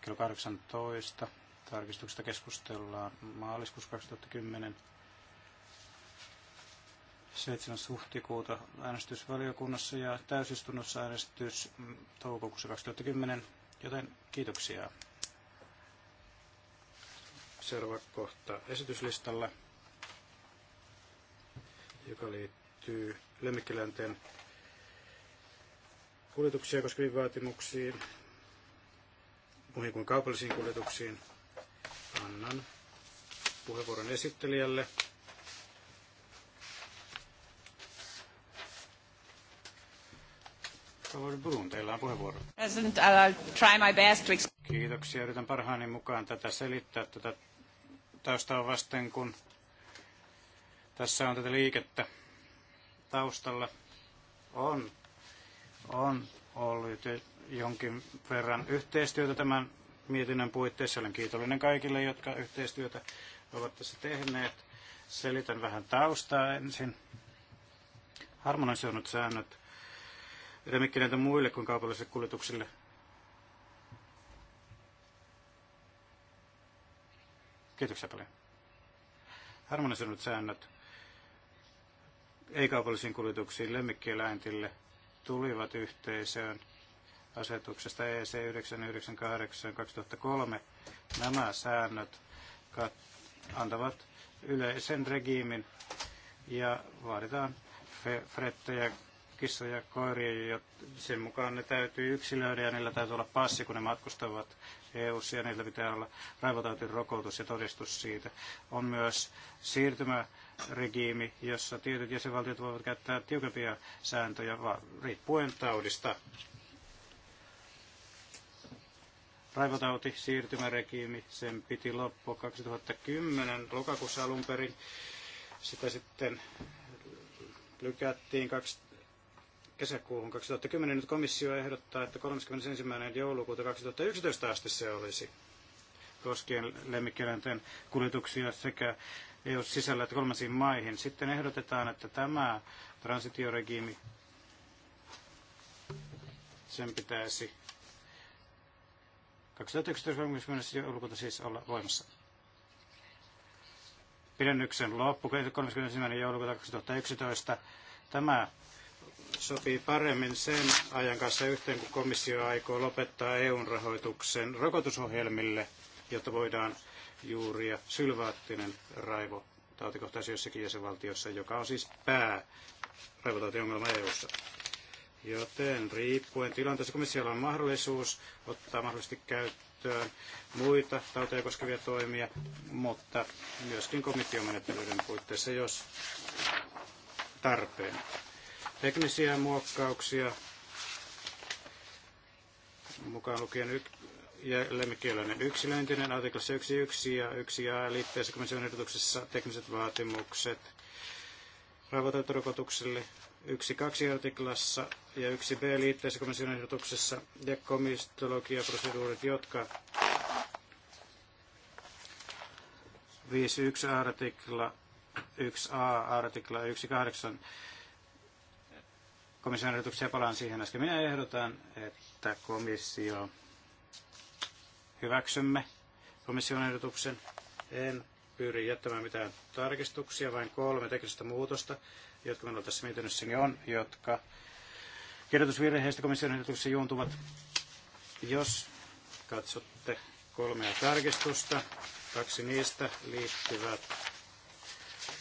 kello 18. Tarkistuksesta keskustellaan maaliskuussa 2010. 7. huhtikuuta äänestysvaliokunnassa ja täysistunnossa äänestys toukokuussa 2010, joten kiitoksia. Seuraava kohta esityslistalla, joka liittyy lemmikkiläinten kuljetuksia koskeviin vaatimuksiin, muihin kuin kaupallisiin kuljetuksiin, annan puheenvuoron esittelijälle. Brun, teillä on puheenvuoro. Kiitoksia. Yritän parhaani mukaan tätä selittää tätä taustaa vasten, kun tässä on tätä liikettä taustalla. On on ollut jonkin verran yhteistyötä tämän mietinnön puitteissa. Olen kiitollinen kaikille, jotka yhteistyötä ovat tässä tehneet. Selitän vähän taustaa ensin. Harmonisoinut säännöt remikkineitä muille kuin kaupallisille kuljetuksille Kiitoksia paljon. Harmonisoinut säännöt ei-kaupallisiin kuljetuksiin lemmikkieläintille – tulivat yhteisöön asetuksesta EC 998-2003. Nämä säännöt antavat yleisen regiimin ja vaaditaan frettejä, kissoja, koiria, ja sen mukaan ne täytyy yksilöidä ja niillä täytyy olla passi, kun ne matkustavat eu ja niillä pitää olla raivotautin rokotus ja todistus siitä. On myös siirtymä regiimi, jossa tietyt jäsenvaltiot voivat käyttää tiukempia sääntöjä riippuen taudista. Raivotauti, siirtymäregiimi, sen piti loppua 2010 lokakuussa alun perin. Sitä sitten lykättiin kaksi, kesäkuuhun 2010. Nyt komissio ehdottaa, että 31. joulukuuta 2011 asti se olisi koskien lemmikkieläinten kuljetuksia sekä jos sisällä kolmansiin maihin. Sitten ehdotetaan, että tämä transitioregiimi, sen pitäisi 2019 joulukuuta siis olla voimassa. Pidennyksen loppu 31. joulukuuta 2011. Tämä sopii paremmin sen ajan kanssa yhteen, kun komissio aikoo lopettaa EUn rahoituksen rokotusohjelmille, jotta voidaan juuria sylvaattinen raivo tautikohtaisi jossakin jäsenvaltiossa, joka on siis pää raivotautiongelma EU-ssa. Joten riippuen tilanteesta, komissiolla on mahdollisuus ottaa mahdollisesti käyttöön muita tauteja koskevia toimia, mutta myöskin komissiomenettelyiden puitteissa, jos tarpeen. Teknisiä muokkauksia, mukaan lukien lemmikkielinen yksilöintinen artiklassa 1.1 ja 1a liitteessä komission ehdotuksessa tekniset vaatimukset raavatarturokotukselle 1.2 artiklassa ja 1b liitteessä komission ehdotuksessa ja komistologiaproseduurit, jotka 5.1 artikla 1a artikla 1.8 komission ehdotuksia palaan siihen äsken. Minä ehdotan, että komissio hyväksymme komission ehdotuksen. En pyri jättämään mitään tarkistuksia, vain kolme teknistä muutosta, jotka minulla tässä mietinnössäni on, jotka kirjoitusvirheistä komission ehdotuksessa juontuvat. Jos katsotte kolmea tarkistusta, kaksi niistä liittyvät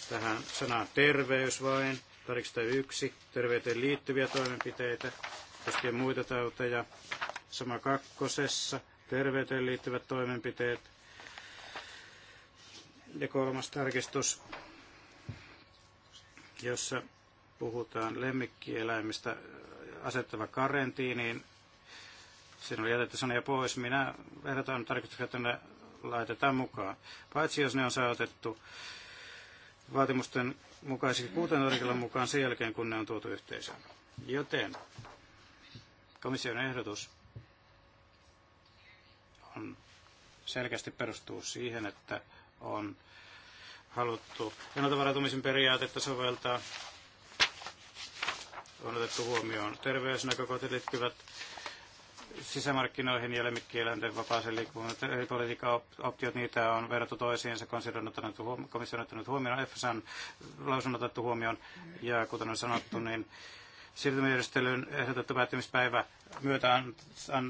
tähän sanaan terveys vain, tarkista yksi, terveyteen liittyviä toimenpiteitä, koskien muita tauteja, sama kakkosessa – terveyteen liittyvät toimenpiteet. Ja kolmas tarkistus, jossa puhutaan lemmikkieläimistä asettava karentiiniin. Siinä oli jätetty sanoja pois. Minä ehdotan tarkistuksena, että ne laitetaan mukaan. Paitsi jos ne on saatettu vaatimusten mukaisesti kuuteen artiklan mukaan sen jälkeen, kun ne on tuotu yhteisöön. Joten komission ehdotus on selkeästi perustuu siihen, että on haluttu ennaltavarautumisen periaatetta soveltaa. On otettu huomioon terveysnäkökohtiin liittyvät sisämarkkinoihin ja lemmikkieläinten vapaaseen liikkuvuuteen. Eri politiikan optiot, niitä on verrattu toisiinsa, komissio on ottanut huomioon, EFSAn lausunnot otettu huomioon, ja kuten on sanottu, niin siirtymäjärjestelyn ehdotettu päättymispäivä myötä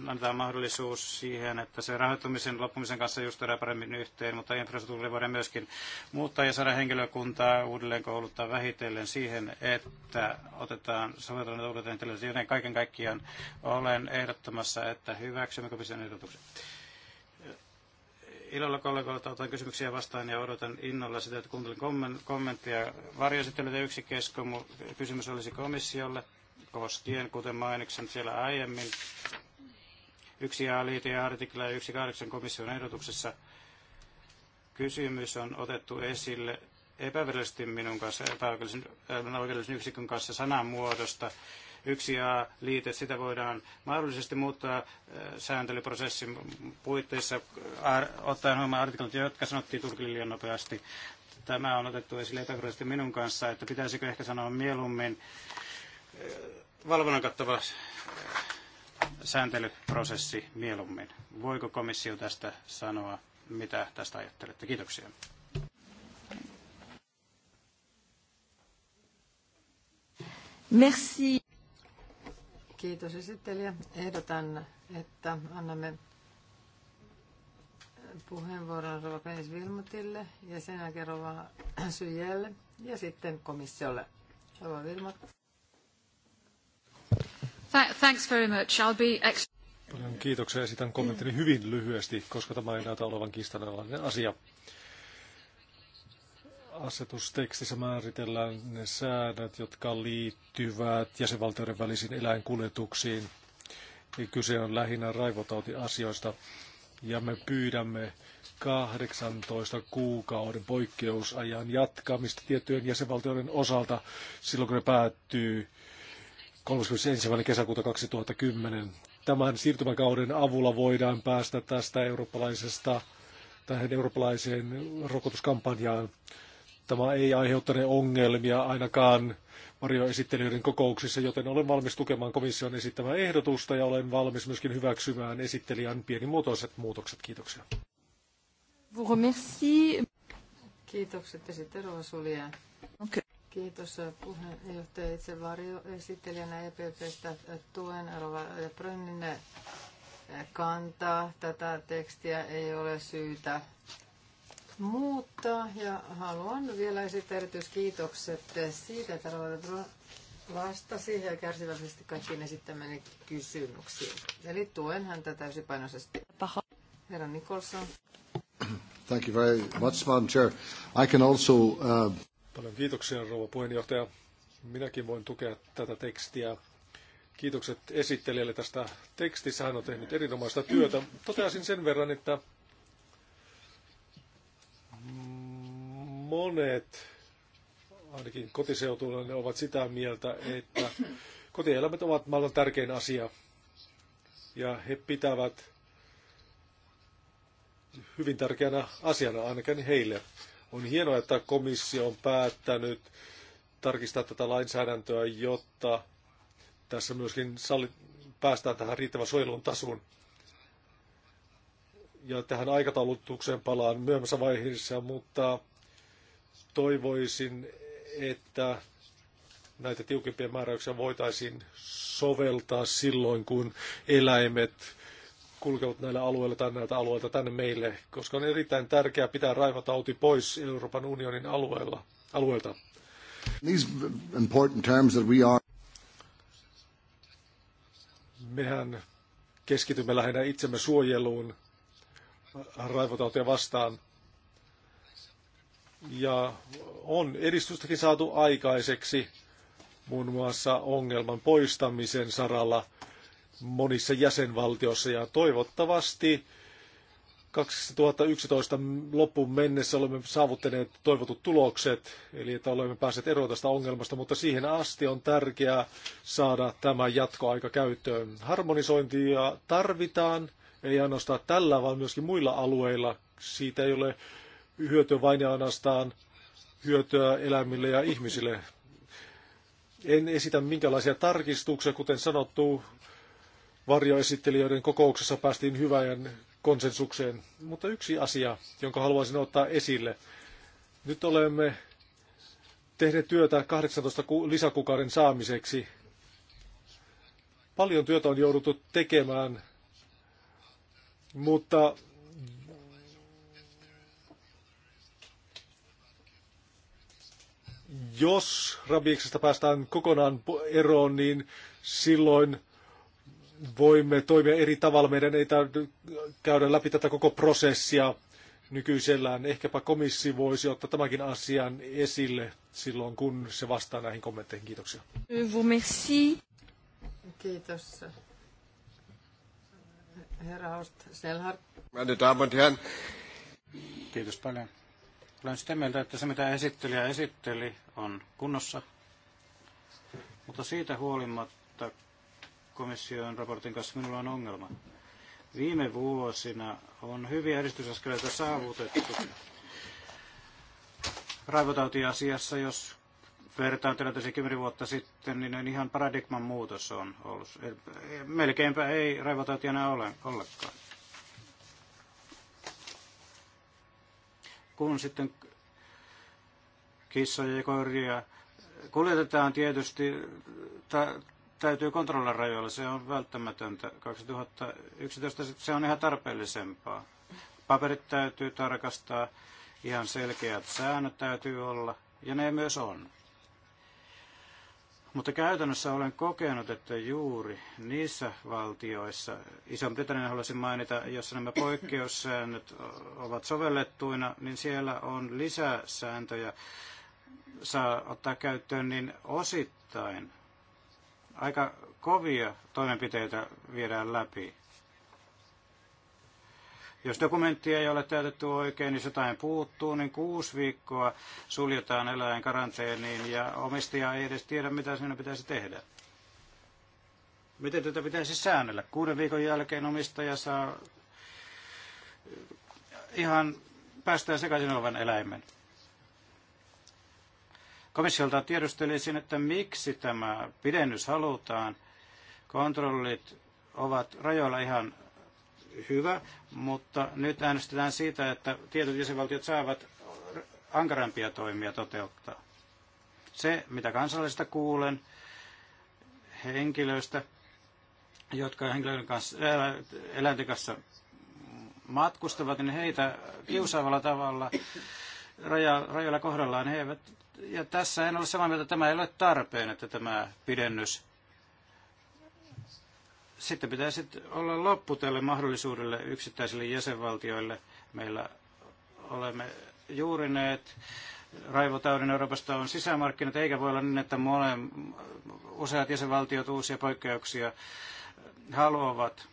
antaa mahdollisuus siihen, että se rahoittamisen loppumisen kanssa justeraa paremmin yhteen, mutta infrastruktuuri voidaan myöskin muuttaa ja saada henkilökuntaa uudelleen kouluttaa vähitellen siihen, että otetaan soveltaminen uudelleen joten kaiken kaikkiaan olen ehdottamassa, että hyväksymme komission ehdotuksen ilolla kollegoilta otan kysymyksiä vastaan ja odotan innolla sitä, että kuuntelen kommentteja. Varjoesittelytä yksi kesko, kysymys olisi komissiolle koskien, kuten mainitsin siellä aiemmin, yksi A-liite ja artikla 1.8 komission ehdotuksessa. Kysymys on otettu esille epävirallisesti minun kanssa, epäoikeudellisen yksikön kanssa sanamuodosta Yksi a liite, sitä voidaan mahdollisesti muuttaa äh, sääntelyprosessin puitteissa ottaen huomioon artiklat, jotka sanottiin Turkille liian nopeasti. Tämä on otettu esille epäkohtaisesti minun kanssa, että pitäisikö ehkä sanoa mieluummin äh, valvonnan kattava äh, sääntelyprosessi mieluummin. Voiko komissio tästä sanoa, mitä tästä ajattelette? Kiitoksia. Merci. Kiitos esittelijä. Ehdotan, että annamme puheenvuoron Rova Penis Vilmutille ja sen jälkeen Rova Syjälle ja sitten komissiolle. Rova Vilmut. Thanks very much. I'll be ex- Paljon kiitoksia. Esitän kommenttini hyvin lyhyesti, koska tämä ei näytä olevan kiistanalainen asia asetustekstissä määritellään ne säännöt, jotka liittyvät jäsenvaltioiden välisiin eläinkuljetuksiin. Kyse on lähinnä raivotautiasioista ja me pyydämme 18 kuukauden poikkeusajan jatkamista tiettyjen jäsenvaltioiden osalta silloin, kun ne päättyy 31. kesäkuuta 2010. Tämän siirtymäkauden avulla voidaan päästä tästä eurooppalaisesta tähän eurooppalaiseen rokotuskampanjaan Tämä ei aiheuttanut ongelmia ainakaan varjoesittelyiden kokouksissa, joten olen valmis tukemaan komission esittämää ehdotusta ja olen valmis myöskin hyväksymään esittelijän pienimuotoiset muutokset. Kiitoksia. Kiitokset ja sitten Rosulia. Okay. Kiitos äh, puheenjohtaja itse varjoesittelijänä EPPstä äh, tuen Rova Brönnin äh, kantaa. Tätä tekstiä ei ole syytä muuttaa. Ja haluan vielä esittää erityiskiitokset siitä, että Roland vastasi ja kärsivällisesti kaikkiin esittämäni kysymyksiin. Eli tuen häntä täysipainoisesti. Paho. Herra Nikolson. Thank you very much, Madam Chair. I can also... Uh... Paljon kiitoksia, rouva puheenjohtaja. Minäkin voin tukea tätä tekstiä. Kiitokset esittelijälle tästä tekstistä. Hän on tehnyt erinomaista työtä. Toteasin sen verran, että monet, ainakin kotiseutuilla, ne ovat sitä mieltä, että kotieläimet ovat maailman tärkein asia. Ja he pitävät hyvin tärkeänä asiana ainakin heille. On hienoa, että komissio on päättänyt tarkistaa tätä lainsäädäntöä, jotta tässä myöskin salli, päästään tähän riittävän suojelun tasoon. Ja tähän aikataulutukseen palaan myöhemmässä vaiheessa, mutta toivoisin, että näitä tiukempia määräyksiä voitaisiin soveltaa silloin, kun eläimet kulkevat näillä alueilla tai näiltä alueilta tänne meille, koska on erittäin tärkeää pitää raivatauti pois Euroopan unionin alueella, alueelta. These important terms that we are... Mehän keskitymme lähinnä itsemme suojeluun raivotautia vastaan – ja on edistystäkin saatu aikaiseksi muun muassa ongelman poistamisen saralla monissa jäsenvaltioissa ja toivottavasti 2011 loppuun mennessä olemme saavuttaneet toivotut tulokset, eli että olemme päässeet eroon tästä ongelmasta, mutta siihen asti on tärkeää saada tämä jatkoaika käyttöön. Harmonisointia tarvitaan, ei ainoastaan tällä, vaan myöskin muilla alueilla. Siitä ei ole hyötyä vain ja ainoastaan hyötyä eläimille ja ihmisille. En esitä minkälaisia tarkistuksia, kuten sanottu, varjoesittelijöiden kokouksessa päästiin hyvään konsensukseen. Mutta yksi asia, jonka haluaisin ottaa esille. Nyt olemme tehneet työtä 18 lisäkuukauden saamiseksi. Paljon työtä on jouduttu tekemään, mutta Jos rabiksesta päästään kokonaan eroon, niin silloin voimme toimia eri tavalla. Meidän ei täytyy käydä läpi tätä koko prosessia nykyisellään. Ehkäpä komissi voisi ottaa tämänkin asian esille silloin, kun se vastaa näihin kommentteihin. Kiitoksia. Merci. Kiitos. Herra Host Selhard. Meine Damen und Herren. Kiitos paljon. Olen sitä mieltä, että se mitä esittelijä esitteli on kunnossa, mutta siitä huolimatta komission raportin kanssa minulla on ongelma. Viime vuosina on hyviä edistysaskeleita saavutettu raivotautiasiassa, jos vertaan tilanteeseen kymmenen vuotta sitten, niin ihan paradigman muutos on ollut. Melkeinpä ei raivotautia enää ole ollenkaan. kun sitten kissoja ja koiria kuljetetaan tietysti, ta, täytyy kontrollilla rajoilla, se on välttämätöntä. 2011 se on ihan tarpeellisempaa. Paperit täytyy tarkastaa, ihan selkeät säännöt täytyy olla, ja ne myös on. Mutta käytännössä olen kokenut, että juuri niissä valtioissa, Iso-Britannia haluaisin mainita, jossa nämä poikkeussäännöt ovat sovellettuina, niin siellä on lisäsääntöjä saa ottaa käyttöön, niin osittain aika kovia toimenpiteitä viedään läpi. Jos dokumentti ei ole täytetty oikein, niin jotain puuttuu, niin kuusi viikkoa suljetaan eläin karanteeniin ja omistaja ei edes tiedä, mitä siinä pitäisi tehdä. Miten tätä pitäisi säännellä? Kuuden viikon jälkeen omistaja saa ihan päästään sekaisin olevan eläimen. Komissiolta tiedustelisin, että miksi tämä pidennys halutaan. Kontrollit ovat rajoilla ihan hyvä, mutta nyt äänestetään siitä, että tietyt jäsenvaltiot saavat ankarampia toimia toteuttaa. Se, mitä kansallista kuulen henkilöistä, jotka henkilöiden kanssa, äh, eläinten kanssa matkustavat, niin heitä kiusaavalla tavalla raja, rajoilla kohdellaan. He eivät, ja tässä en ole samaa mieltä, että tämä ei ole tarpeen, että tämä pidennys sitten pitäisi olla loppu tälle mahdollisuudelle yksittäisille jäsenvaltioille. Meillä olemme juurineet raivotaudin Euroopasta on sisämarkkinat, eikä voi olla niin, että useat jäsenvaltiot uusia poikkeuksia haluavat,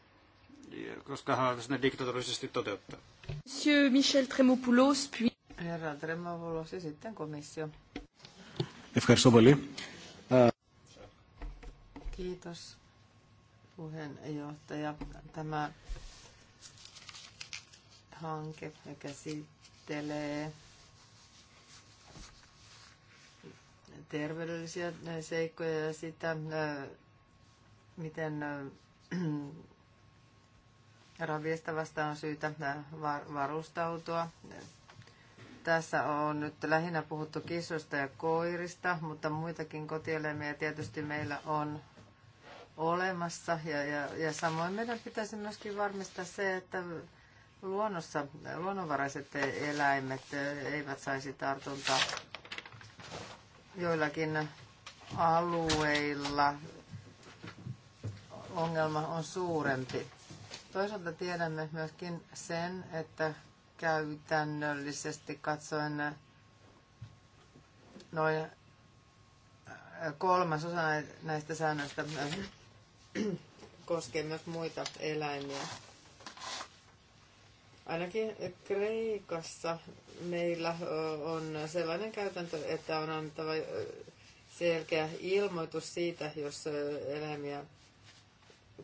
koska haluavat ne diktatorisesti toteuttaa. Monsieur Michel Tremopoulos, puis... Herra Tremopoulos ja sitten komissio. Kiitos puheenjohtaja. Tämä hanke käsittelee terveydellisiä seikkoja ja sitä, miten äh, raviesta vastaan on syytä äh, varustautua. Tässä on nyt lähinnä puhuttu kissoista ja koirista, mutta muitakin kotieläimiä tietysti meillä on olemassa. Ja, ja, ja samoin meidän pitäisi myöskin varmistaa se, että luonnossa luonnonvaraiset eläimet eivät saisi tartuntaa joillakin alueilla. Ongelma on suurempi. Toisaalta tiedämme myöskin sen, että käytännöllisesti katsoen noin kolmasosa näistä säännöistä koskee myös muita eläimiä. Ainakin Kreikassa meillä on sellainen käytäntö, että on annettava selkeä ilmoitus siitä, jos eläimiä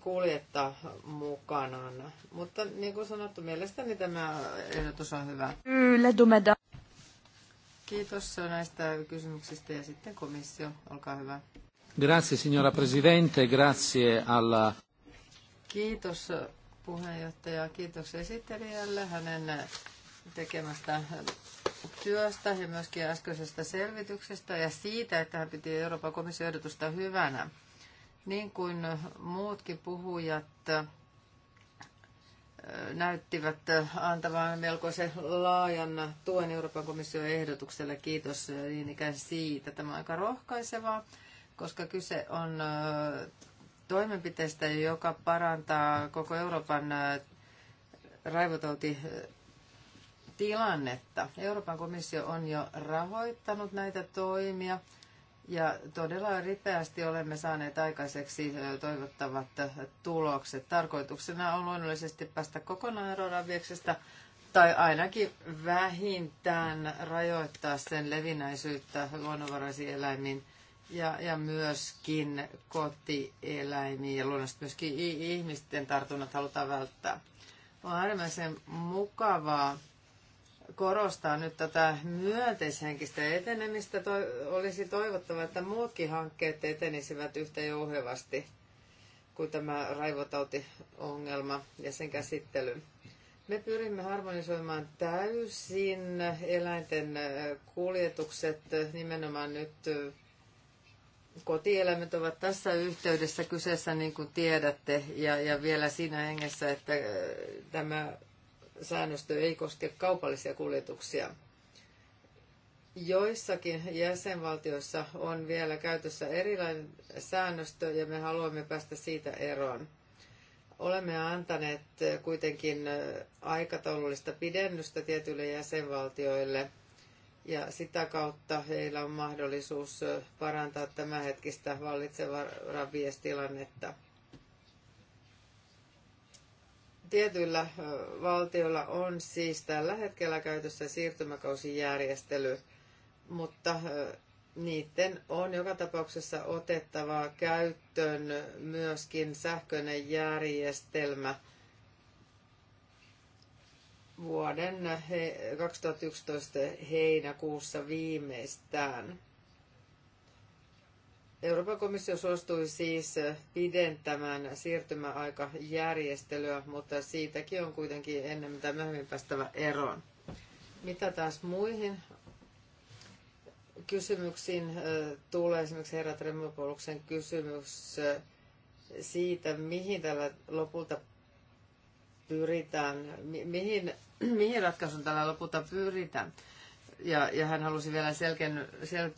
kuljettaa mukanaan. Mutta niin kuin sanottu, mielestäni tämä ehdotus on hyvä. Kiitos näistä kysymyksistä ja sitten komissio, olkaa hyvä. Grazie signora Presidente, grazie alla... Kiitos puheenjohtaja, kiitos esittelijälle hänen tekemästä työstä ja myöskin äskeisestä selvityksestä ja siitä, että hän piti Euroopan komission ehdotusta hyvänä. Niin kuin muutkin puhujat näyttivät antavan melkoisen laajan tuen Euroopan komission ehdotukselle. Kiitos niin ikään siitä. Tämä on aika rohkaisevaa koska kyse on toimenpiteestä, joka parantaa koko Euroopan raivotauti tilannetta. Euroopan komissio on jo rahoittanut näitä toimia ja todella ripeästi olemme saaneet aikaiseksi toivottavat tulokset. Tarkoituksena on luonnollisesti päästä kokonaan eroon tai ainakin vähintään rajoittaa sen levinäisyyttä luonnonvaraisiin eläimiin – ja, ja myöskin kotieläimiin ja luonnollisesti myöskin ihmisten tartunnat halutaan välttää. On äärimmäisen mukavaa korostaa nyt tätä myönteishenkistä etenemistä. Toi, olisi toivottava, että muutkin hankkeet etenisivät yhtä jouhevasti kuin tämä raivotautiongelma ja sen käsittely. Me pyrimme harmonisoimaan täysin eläinten kuljetukset nimenomaan nyt kotieläimet ovat tässä yhteydessä kyseessä, niin kuin tiedätte, ja, ja vielä siinä hengessä, että äh, tämä säännöstö ei koske kaupallisia kuljetuksia. Joissakin jäsenvaltioissa on vielä käytössä erilainen säännöstö, ja me haluamme päästä siitä eroon. Olemme antaneet kuitenkin äh, aikataulullista pidennystä tietyille jäsenvaltioille – ja sitä kautta heillä on mahdollisuus parantaa hetkistä vallitsevaa rabiestilannetta. Tietyillä valtioilla on siis tällä hetkellä käytössä siirtymäkausijärjestely, mutta niiden on joka tapauksessa otettava käyttöön myöskin sähköinen järjestelmä – vuoden 2011 heinäkuussa viimeistään. Euroopan komissio suostui siis pidentämään siirtymäaikajärjestelyä, mutta siitäkin on kuitenkin ennen mitä myöhemmin päästävä eroon. Mitä taas muihin kysymyksiin tulee, esimerkiksi herra Tremopoluksen kysymys siitä, mihin tällä lopulta pyritään, mi- mihin, mihin ratkaisun tällä lopulta pyritään. Ja, ja hän halusi vielä selken, sel,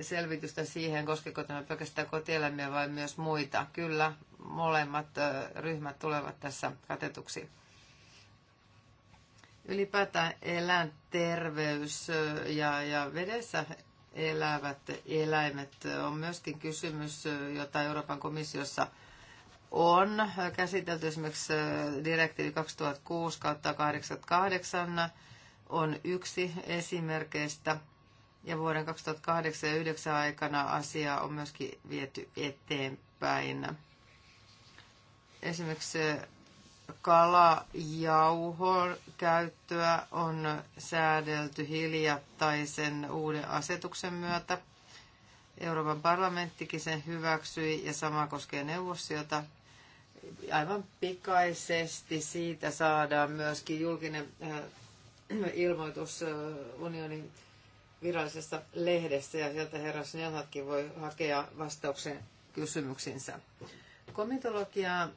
selvitystä siihen, koskeeko tämä pelkästään kotieläimiä vai myös muita. Kyllä, molemmat ryhmät tulevat tässä katetuksi. Ylipäätään eläinterveys ja, ja vedessä elävät eläimet on myöskin kysymys, jota Euroopan komissiossa – on käsitelty esimerkiksi direktiivi 2006-88 on yksi esimerkkeistä ja vuoden 2008 ja 2009 aikana asia on myöskin viety eteenpäin. Esimerkiksi kalajauhon käyttöä on säädelty hiljattaisen uuden asetuksen myötä. Euroopan parlamenttikin sen hyväksyi ja sama koskee neuvostiota aivan pikaisesti siitä saadaan myöskin julkinen äh, ilmoitus äh, unionin virallisessa lehdessä ja sieltä herra Snellhatkin voi hakea vastauksen kysymyksinsä. Komitologia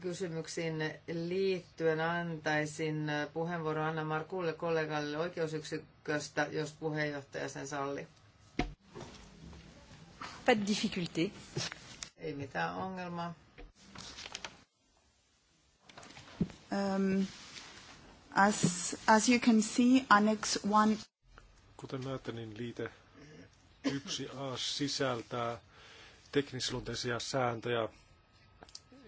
kysymyksiin liittyen antaisin puheenvuoron Anna Markulle kollegalle oikeusyksiköstä, jos puheenjohtaja sen salli. Pas de difficulté. Ei mitään ongelmaa. Um, as, as you can see, Annex one... Kuten näette, niin liite 1a sisältää teknisluonteisia sääntöjä,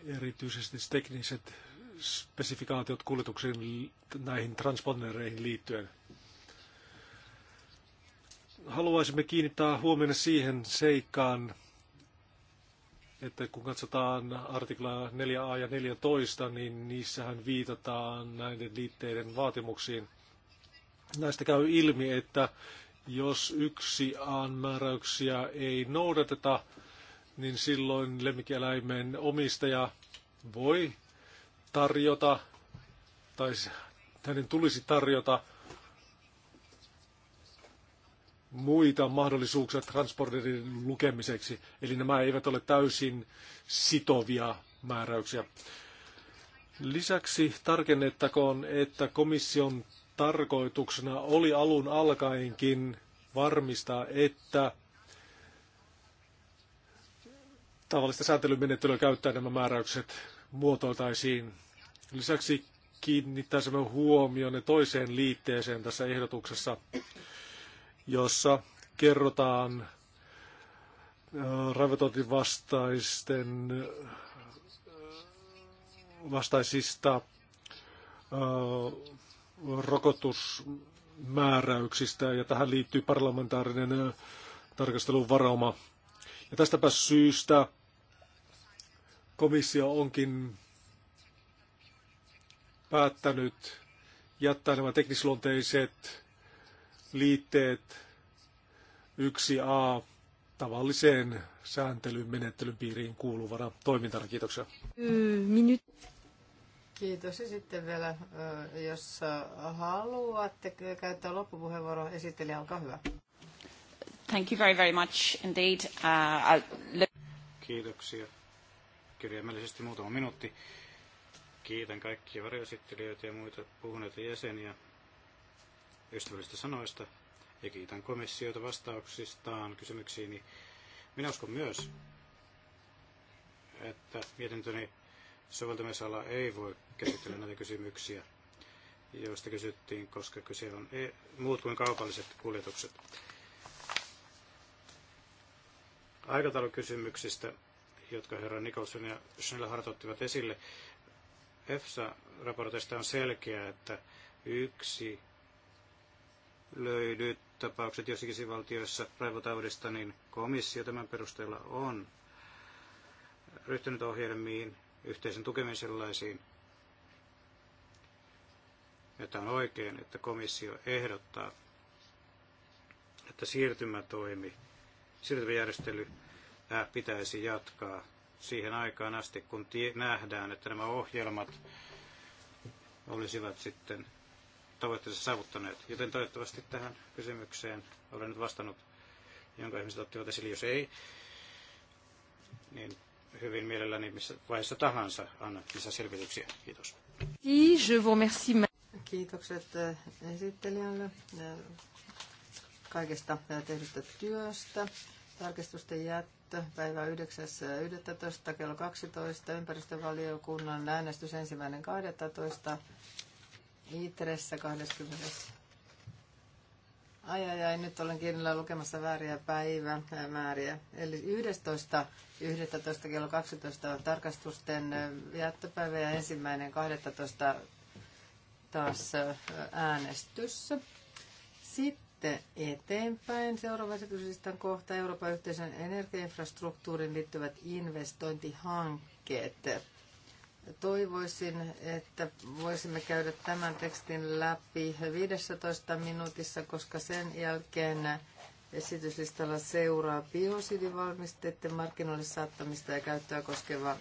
erityisesti tekniset spesifikaatiot kuljetuksiin näihin transpondereihin liittyen. Haluaisimme kiinnittää huomioon siihen seikkaan, että kun katsotaan artikla 4a ja 14, niin niissähän viitataan näiden liitteiden vaatimuksiin. Näistä käy ilmi, että jos yksi A-määräyksiä ei noudateta, niin silloin lemmikkieläimen omistaja voi tarjota, tai hänen tulisi tarjota muita mahdollisuuksia transporterin lukemiseksi. Eli nämä eivät ole täysin sitovia määräyksiä. Lisäksi tarkennettakoon, että komission tarkoituksena oli alun alkaenkin varmistaa, että tavallista sääntelymenettelyä käyttää nämä määräykset muotoiltaisiin. Lisäksi kiinnittäisimme huomioon toiseen liitteeseen tässä ehdotuksessa, jossa kerrotaan ravintotin vastaisten vastaisista rokotusmääräyksistä ja tähän liittyy parlamentaarinen tarkastelun varauma. Ja tästäpä syystä komissio onkin päättänyt jättää nämä teknisluonteiset liitteet 1a tavalliseen sääntelyn menettelyn piiriin kuuluvana toimintana. Kiitoksia. Minut. Kiitos. Ja sitten vielä, jos haluatte käyttää loppupuheenvuoron, esittelijä, olkaa hyvä. Thank you very, very much indeed. Uh, Kiitoksia. Kirjaimellisesti muutama minuutti. Kiitän kaikkia varjoesittelijöitä ja muita puhuneita jäseniä ystävällisistä sanoista ja kiitän komissiota vastauksistaan kysymyksiini. Minä uskon myös, että mietintöni soveltamisala ei voi käsitellä näitä kysymyksiä, joista kysyttiin, koska kyse on e- muut kuin kaupalliset kuljetukset. Aikataulukysymyksistä, jotka herra Nicholson ja Schnell ottivat esille, EFSA-raporteista on selkeää, että yksi löydyt tapaukset jossakin valtioissa raivotaudista, niin komissio tämän perusteella on ryhtynyt ohjelmiin yhteisen tukemisen sellaisiin, että on oikein, että komissio ehdottaa, että siirtymätoimi, siirtymäjärjestely pitäisi jatkaa siihen aikaan asti, kun nähdään, että nämä ohjelmat olisivat sitten tavoitteensa saavuttaneet. Joten toivottavasti tähän kysymykseen olen nyt vastannut, jonka ihmiset ottivat esille. Jos ei, niin hyvin mielelläni missä vaiheessa tahansa annan selvityksiä. Kiitos. Kiitokset äh, esittelijälle äh, kaikesta äh, tehdystä työstä. Tarkistusten jättö päivä 9.11. kello 12. Ympäristövaliokunnan äänestys 1.12. Itressä 20. Ai ai ai, nyt olen kiinniä lukemassa vääriä päivämääriä. Eli 11.11. kello 12 on tarkastusten jättöpäivä ja ensimmäinen 12 taas äänestys. Sitten eteenpäin. Seuraava on kohta Euroopan yhteisön energiainfrastruktuurin liittyvät investointihankkeet. Toivoisin, että voisimme käydä tämän tekstin läpi 15 minuutissa, koska sen jälkeen esityslistalla seuraa biosidivalmisteiden markkinoille saattamista ja käyttöä koskeva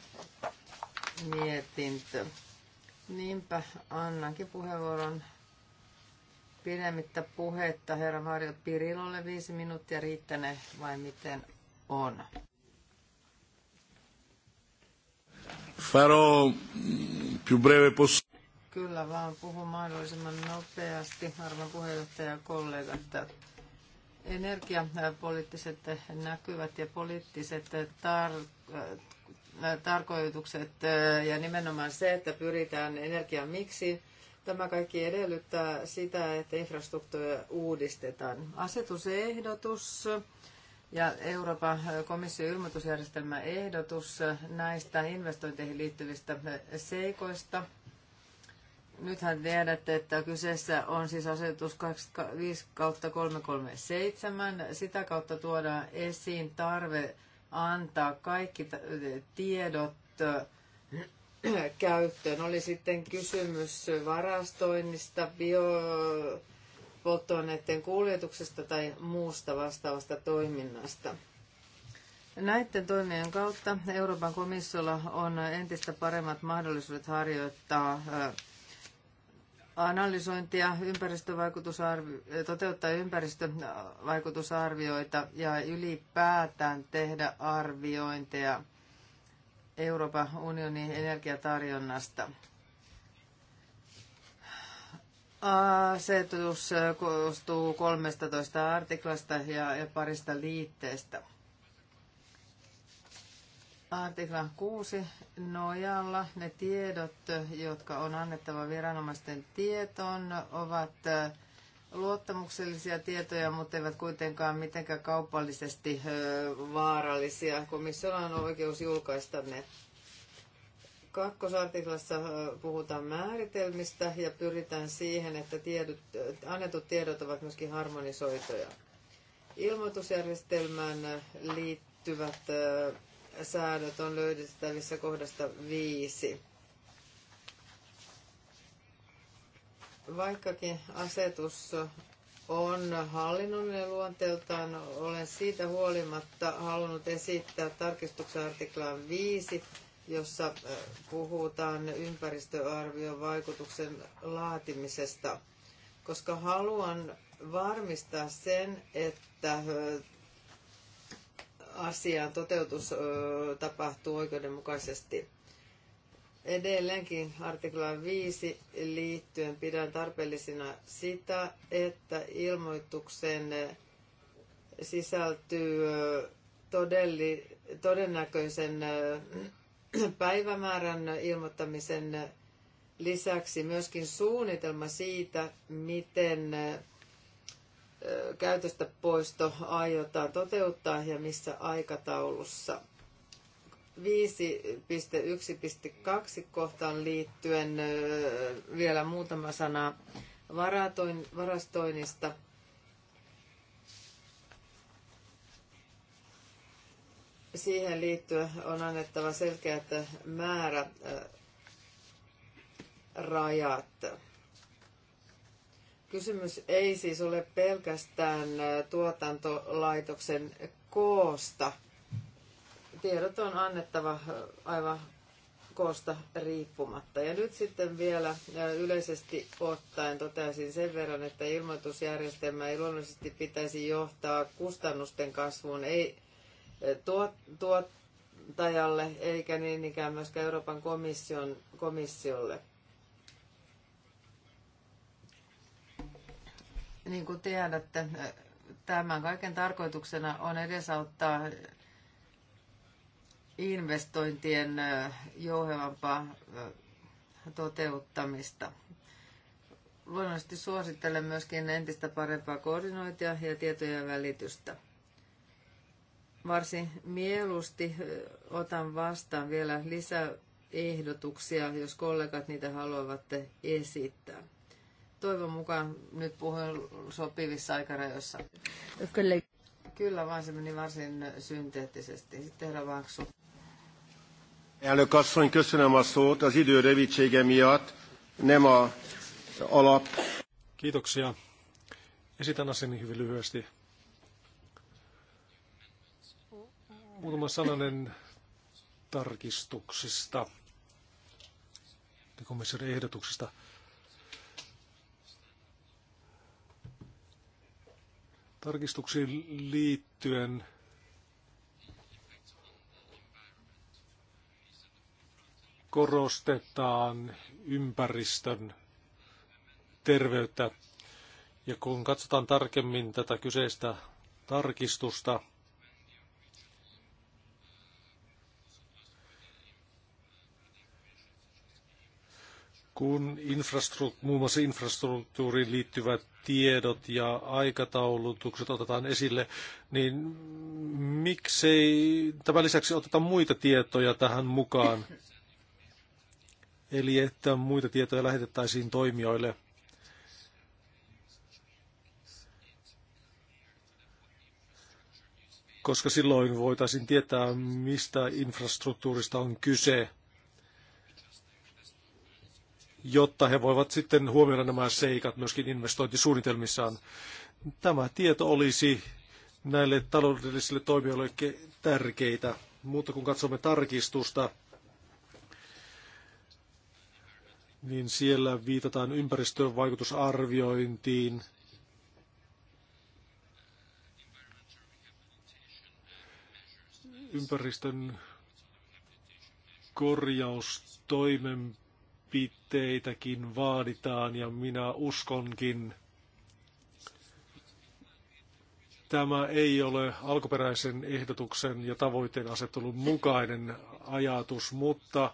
mietintö. Niinpä annankin puheenvuoron pidemmittä puhetta herra Marjo Pirilolle. Viisi minuuttia riittäne vai miten on? Farò mm, più breve possibile. Kyllä vaan, puhun mahdollisimman nopeasti, arvon puheenjohtaja ja kollegat. Energiapoliittiset näkyvät ja poliittiset tar- äh, tarkoitukset äh, ja nimenomaan se, että pyritään energian miksi. Tämä kaikki edellyttää sitä, että infrastruktuuria uudistetaan. Asetusehdotus ja Euroopan komission ilmoitusjärjestelmä ehdotus näistä investointeihin liittyvistä seikoista. Nythän tiedätte, että kyseessä on siis asetus 25 337. Sitä kautta tuodaan esiin tarve antaa kaikki tiedot äh, käyttöön. Oli sitten kysymys varastoinnista, bio polttoaineiden kuljetuksesta tai muusta vastaavasta toiminnasta. Näiden toimien kautta Euroopan komissiolla on entistä paremmat mahdollisuudet harjoittaa analysointia, ympäristövaikutusarvio, toteuttaa ympäristövaikutusarvioita ja ylipäätään tehdä arviointeja Euroopan unionin energiatarjonnasta. Asetus äh, koostuu 13 artiklasta ja, ja parista liitteestä. Artikla 6 nojalla ne tiedot, jotka on annettava viranomaisten tietoon, ovat äh, luottamuksellisia tietoja, mutta eivät kuitenkaan mitenkään kaupallisesti äh, vaarallisia. Komissiolla on oikeus julkaista ne Kakkosartiklassa puhutaan määritelmistä ja pyritään siihen, että tiedot, annetut tiedot ovat myöskin harmonisoituja. Ilmoitusjärjestelmään liittyvät säädöt on löydettävissä kohdasta viisi. Vaikkakin asetus on hallinnollinen luonteeltaan, olen siitä huolimatta halunnut esittää tarkistuksen artiklaan 5 jossa äh, puhutaan ympäristöarvion vaikutuksen laatimisesta, koska haluan varmistaa sen, että äh, asian toteutus äh, tapahtuu oikeudenmukaisesti. Edelleenkin artiklaan 5 liittyen pidän tarpeellisena sitä, että ilmoituksen sisältyy todelli, todennäköisen päivämäärän ilmoittamisen lisäksi myöskin suunnitelma siitä, miten käytöstä poisto aiotaan toteuttaa ja missä aikataulussa. 5.1.2 kohtaan liittyen vielä muutama sana varastoinnista – siihen liittyen on annettava selkeät määrät rajat. Kysymys ei siis ole pelkästään tuotantolaitoksen koosta. Tiedot on annettava aivan koosta riippumatta. Ja nyt sitten vielä yleisesti ottaen toteaisin sen verran, että ilmoitusjärjestelmä ei luonnollisesti pitäisi johtaa kustannusten kasvuun, ei tuot, tuottajalle, eikä niin ikään myöskään Euroopan komission, komissiolle. Niin kuin tiedätte, tämän kaiken tarkoituksena on edesauttaa investointien jouhevampaa toteuttamista. Luonnollisesti suosittelen myöskin entistä parempaa koordinointia ja tietojen välitystä varsin mieluusti otan vastaan vielä lisää ehdotuksia, jos kollegat niitä haluavat esittää. Toivon mukaan nyt puhun sopivissa aikarajoissa. Kyllä. Kyllä vaan se meni varsin synteettisesti. Sitten herra Vaksu. Elnök asszony, köszönöm a szót. Az idő rövidsége miatt nem a alap. Kiitoksia. Esitän asiani hyvin lyhyesti. Muutama sananen tarkistuksista ja komission ehdotuksista. Tarkistuksiin liittyen korostetaan ympäristön terveyttä. Ja kun katsotaan tarkemmin tätä kyseistä tarkistusta, kun muun muassa infrastruktuuriin liittyvät tiedot ja aikataulutukset otetaan esille, niin miksei tämän lisäksi oteta muita tietoja tähän mukaan? Eli että muita tietoja lähetettäisiin toimijoille. Koska silloin voitaisiin tietää, mistä infrastruktuurista on kyse – jotta he voivat sitten huomioida nämä seikat myöskin investointisuunnitelmissaan. Tämä tieto olisi näille taloudellisille toimijoille tärkeitä, mutta kun katsomme tarkistusta, niin siellä viitataan ympäristön vaikutusarviointiin. Ympäristön korjaustoimenpiteisiin toimenpiteitäkin vaaditaan ja minä uskonkin, tämä ei ole alkuperäisen ehdotuksen ja tavoitteen asettelun mukainen ajatus, mutta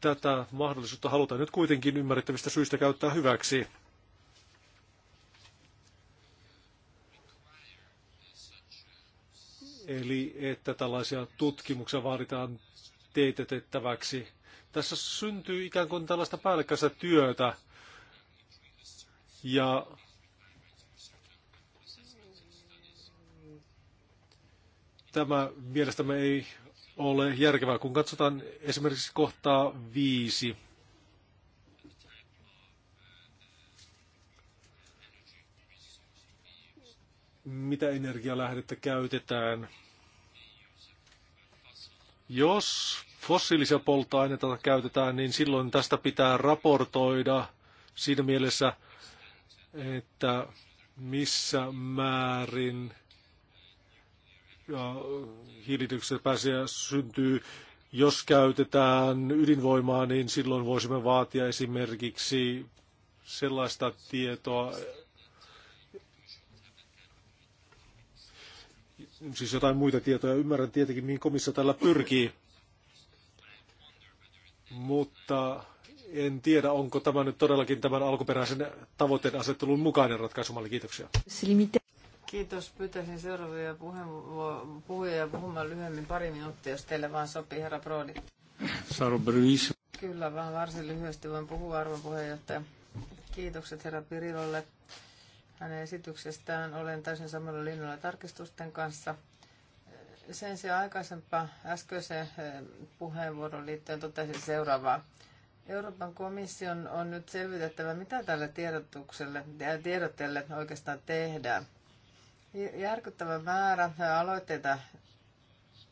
tätä mahdollisuutta halutaan nyt kuitenkin ymmärrettävistä syistä käyttää hyväksi. Eli että tällaisia tutkimuksia vaaditaan teetetettäväksi tässä syntyy ikään kuin tällaista päällekkäistä työtä ja tämä mielestämme ei ole järkevää, kun katsotaan esimerkiksi kohtaa viisi. Mitä energialähdettä käytetään? Jos fossiilisia polttoaineita käytetään, niin silloin tästä pitää raportoida siinä mielessä, että missä määrin hiilidioksidin pääsee syntyy. Jos käytetään ydinvoimaa, niin silloin voisimme vaatia esimerkiksi sellaista tietoa, siis jotain muita tietoja. Ymmärrän tietenkin, mihin komissio tällä pyrkii mutta en tiedä, onko tämä nyt todellakin tämän alkuperäisen tavoitteen asettelun mukainen ratkaisumalli. Kiitoksia. Kiitos. Pyytäisin seuraavia puhujia puhumaan lyhyemmin pari minuuttia, jos teille vaan sopii, herra Brodi. Kyllä, vaan varsin lyhyesti voin puhua, arvon puheenjohtaja. Kiitokset herra Pirilolle hänen esityksestään. Olen täysin samalla linjalla tarkistusten kanssa. Sen sijaan aikaisempaan äskeiseen eh, puheenvuoroon liittyen totesin seuraavaa. Euroopan komission on nyt selvitettävä, mitä tälle tiedotukselle ja tiedotteelle oikeastaan tehdään. Järkyttävä määrä aloitteita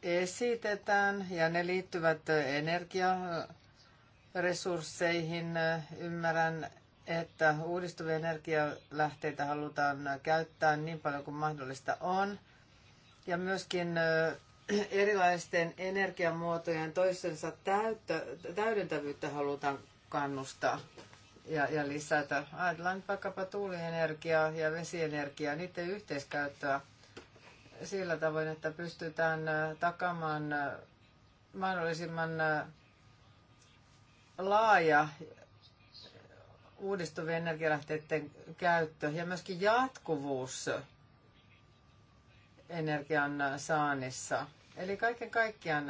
esitetään ja ne liittyvät eh, energiaresursseihin. Ymmärrän, että uudistuvia energialähteitä halutaan käyttää niin paljon kuin mahdollista on – ja myöskin erilaisten energiamuotojen toistensa täyttä, täydentävyyttä halutaan kannustaa ja, ja lisätä. Ajatellaan vaikkapa tuulienergiaa ja vesienergiaa, niiden yhteiskäyttöä sillä tavoin, että pystytään takamaan mahdollisimman laaja uudistuvien energialähteiden käyttö ja myöskin jatkuvuus energian saannissa. Eli kaiken kaikkiaan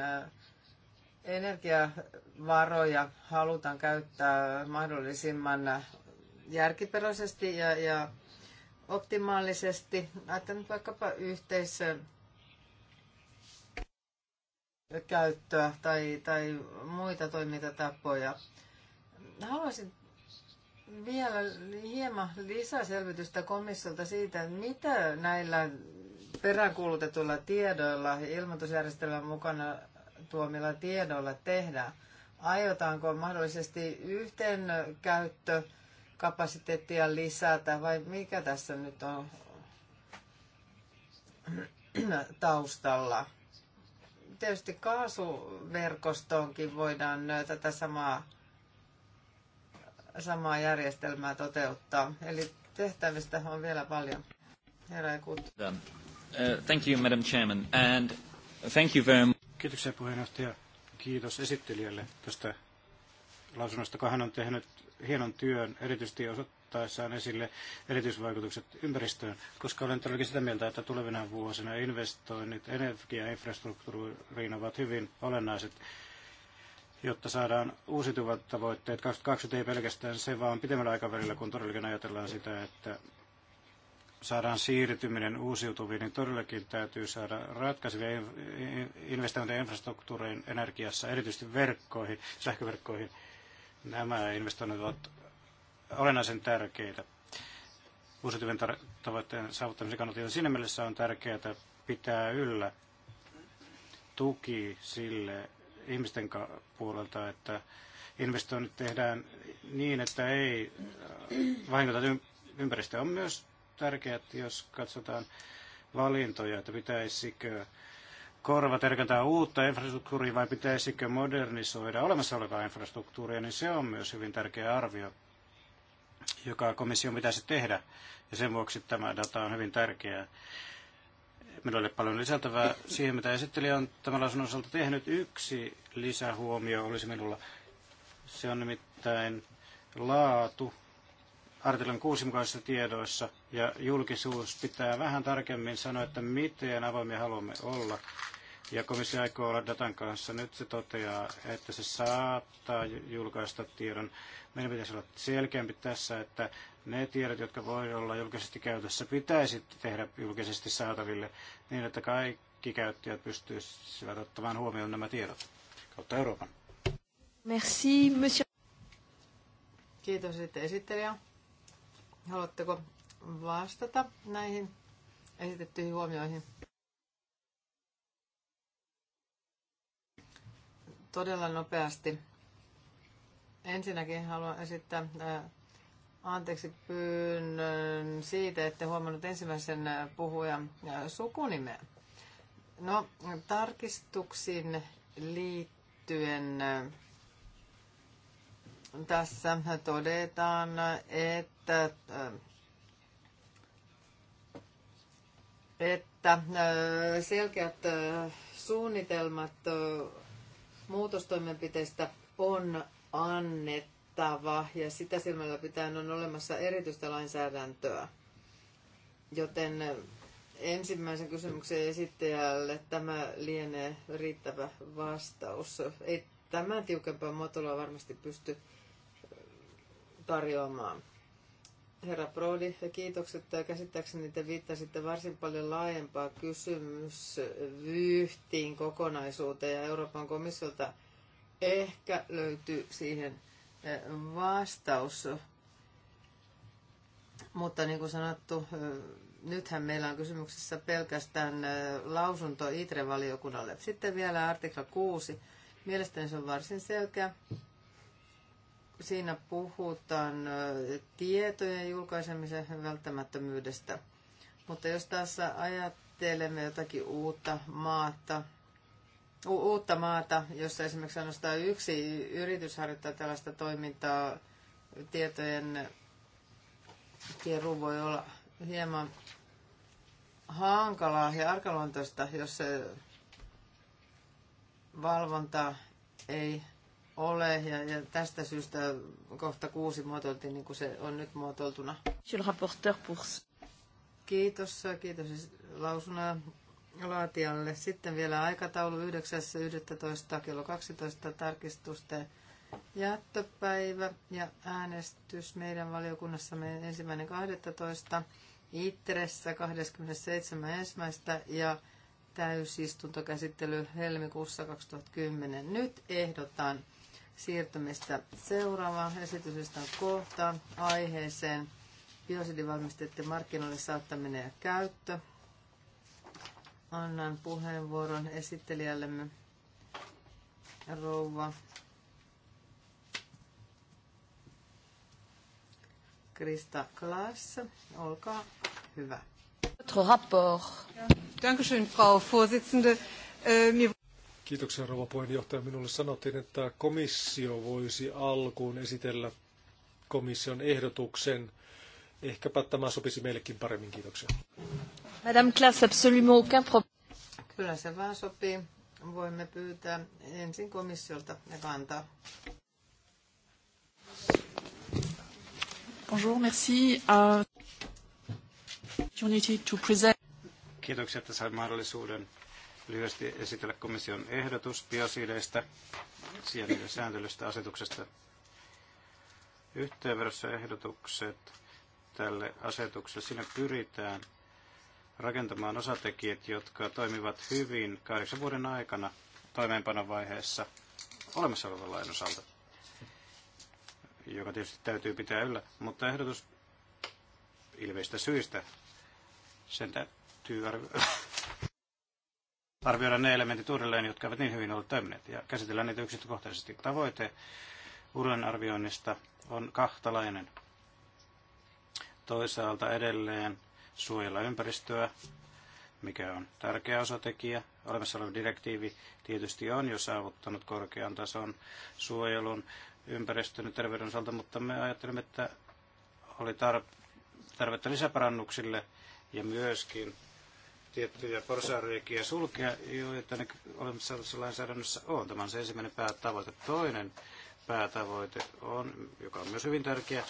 energiavaroja halutaan käyttää mahdollisimman järkiperäisesti ja, ja optimaalisesti. Ajattelen vaikkapa yhteisön käyttöä tai, tai muita toimintatapoja. Haluaisin vielä hieman lisäselvitystä komissiolta siitä, mitä näillä peräänkuulutetulla tiedoilla, ilmoitusjärjestelmän mukana tuomilla tiedoilla tehdä Aiotaanko mahdollisesti yhteen käyttö kapasiteettia lisätä vai mikä tässä nyt on taustalla? Tietysti kaasuverkostoonkin voidaan tätä samaa, samaa järjestelmää toteuttaa. Eli tehtävistä on vielä paljon. Herra Kut. Uh, thank you, Madam Chairman, and thank you very much. Kiitoksia puheenjohtaja. Kiitos esittelijälle tästä lausunnosta, kun hän on tehnyt hienon työn, erityisesti osoittaessaan esille erityisvaikutukset ympäristöön, koska olen todellakin sitä mieltä, että tulevina vuosina investoinnit energiainfrastruktuuriin ovat hyvin olennaiset, jotta saadaan uusiutuvat tavoitteet 2020 ei pelkästään se, vaan pitemmällä aikavälillä, kun todellakin ajatellaan sitä, että saadaan siirtyminen uusiutuviin, niin todellakin täytyy saada ratkaisevia investointeja infrastruktuuriin energiassa, erityisesti verkkoihin, sähköverkkoihin. Nämä investoinnit ovat olennaisen tärkeitä uusiutuvien tavoitteen saavuttamisen kannalta. Ja siinä mielessä on tärkeää pitää yllä tuki sille ihmisten puolelta, että investoinnit tehdään niin, että ei äh, vahingota ympäristöä. On myös että jos katsotaan valintoja, että pitäisikö korvata rakentaa uutta infrastruktuuria vai pitäisikö modernisoida olemassa olevaa infrastruktuuria, niin se on myös hyvin tärkeä arvio, joka komissio pitäisi tehdä. Ja sen vuoksi tämä data on hyvin tärkeää. Meillä oli paljon lisältävää siihen, mitä esittelijä on tämän lausunnon osalta tehnyt. Yksi lisähuomio olisi minulla. Se on nimittäin laatu artiklan 6 mukaisissa tiedoissa ja julkisuus pitää vähän tarkemmin sanoa, että miten avoimia haluamme olla. Ja komissio aikoo olla datan kanssa. Nyt se toteaa, että se saattaa julkaista tiedon. Meidän pitäisi olla selkeämpi tässä, että ne tiedot, jotka voi olla julkisesti käytössä, pitäisi tehdä julkisesti saataville niin, että kaikki käyttäjät pystyisivät ottamaan huomioon nämä tiedot kautta Euroopan. Merci, monsieur. Kiitos sitten esittelijä. Haluatteko vastata näihin esitettyihin huomioihin? Todella nopeasti. Ensinnäkin haluan esittää äh, anteeksi pyynnön siitä, että huomannut ensimmäisen äh, puhujan äh, sukunimeä. No, tarkistuksiin liittyen tässä todetaan, että, että äh, selkeät äh, suunnitelmat äh, muutostoimenpiteistä on annettava ja sitä silmällä pitäen on olemassa erityistä lainsäädäntöä. Joten ensimmäisen kysymyksen esittäjälle tämä lienee riittävä vastaus. Ei tämän tiukempaa muotoilua varmasti pysty tarjoamaan. Herra Brody, kiitokset. Käsittääkseni te viittasitte varsin paljon laajempaa kysymysvyyhtiin kokonaisuuteen ja Euroopan komissiolta ehkä löytyy siihen eh, vastaus. Mutta niin kuin sanottu, eh, nythän meillä on kysymyksessä pelkästään eh, lausunto ITRE-valiokunnalle. Sitten vielä artikla 6. Mielestäni se on varsin selkeä Siinä puhutaan tietojen julkaisemisen välttämättömyydestä. Mutta jos tässä ajattelemme jotakin uutta maata, u- uutta maata, jossa esimerkiksi ainoastaan yksi yritys harjoittaa tällaista toimintaa, tietojen keruu voi olla hieman hankalaa ja arkaluontoista, jos se valvonta ei ole. Ja, ja tästä syystä kohta kuusi muotoiltiin niin kuin se on nyt muotoiltuna. Kiitos, kiitos lausuna laatijalle. Sitten vielä aikataulu 9.11. kello 12 tarkistusten jättöpäivä ja äänestys meidän valiokunnassamme ensimmäinen 12. Itteressä 27.1. ja täysistuntokäsittely helmikuussa 2010. Nyt ehdotan, siirtymistä seuraava esityslistan kohtaan aiheeseen biosidivalmisteiden markkinoille saattaminen ja käyttö. Annan puheenvuoron esittelijällemme rouva Krista Klaas. Olkaa hyvä. Rapport. Dankeschön, Frau Vorsitzende. Äh, mir Kiitoksia rouva puheenjohtaja. Minulle sanottiin, että komissio voisi alkuun esitellä komission ehdotuksen. Ehkäpä tämä sopisi meillekin paremmin. Kiitoksia. Madame Klasse, absolument aucun problème. Kyllä se vaan sopii. Voimme pyytää ensin komissiolta ja kantaa. Bonjour, merci. Uh, opportunity to present. Kiitoksia, että sain mahdollisuuden lyhyesti esitellä komission ehdotus biosiideistä ja sääntelystä asetuksesta. Yhteenvedossa ehdotukset tälle asetukselle. Siinä pyritään rakentamaan osatekijät, jotka toimivat hyvin kahdeksan vuoden aikana toimeenpanovaiheessa olemassa olevan lain osalta, joka tietysti täytyy pitää yllä, mutta ehdotus ilmeistä syistä sen täytyy arvioida arvioida ne elementit uudelleen, jotka eivät niin hyvin ole toimineet, ja käsitellä niitä yksityiskohtaisesti. Tavoite uuden arvioinnista on kahtalainen. Toisaalta edelleen suojella ympäristöä, mikä on tärkeä osatekijä. Olemassa oleva direktiivi tietysti on jo saavuttanut korkean tason suojelun ympäristön ja terveyden osalta, mutta me ajattelimme, että oli tarvetta lisäparannuksille ja myöskin tiettyjä porsaanreikiä sulkea, joita ne olemassa olevassa lainsäädännössä on. Tämä on se ensimmäinen päätavoite. Toinen päätavoite, on, joka on myös hyvin tärkeä,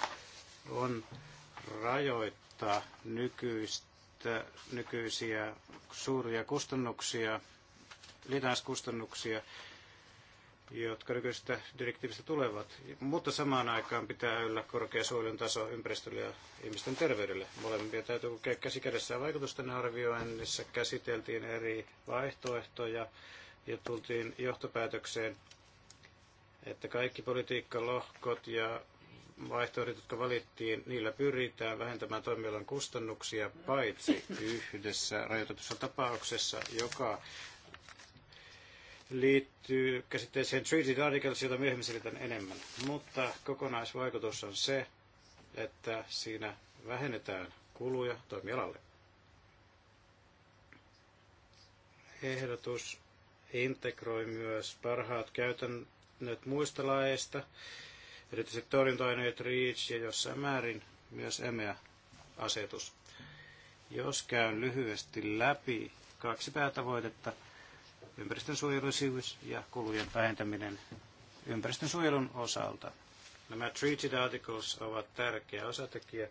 on rajoittaa nykyistä, nykyisiä suuria kustannuksia, liitänäiskustannuksia, jotka nykyisestä direktiivistä tulevat, mutta samaan aikaan pitää yllä korkea suojelun taso ympäristölle ja ihmisten terveydelle. Molempia täytyy kokea käsi kädessä. Vaikutusten arvioinnissa käsiteltiin eri vaihtoehtoja ja tultiin johtopäätökseen, että kaikki politiikkalohkot ja vaihtoehdot, jotka valittiin, niillä pyritään vähentämään toimialan kustannuksia, paitsi yhdessä rajoitetussa tapauksessa, joka liittyy käsitteeseen treated articles, jota myöhemmin selitän enemmän. Mutta kokonaisvaikutus on se, että siinä vähennetään kuluja toimialalle. Ehdotus integroi myös parhaat käytännöt muista laeista, erityisesti torjunta-aineet REACH ja jossain määrin myös EMEA-asetus. Jos käyn lyhyesti läpi kaksi päätavoitetta – ympäristönsuojelun sivuus ja kulujen vähentäminen ympäristönsuojelun osalta. Nämä treated articles ovat tärkeä osatekijä,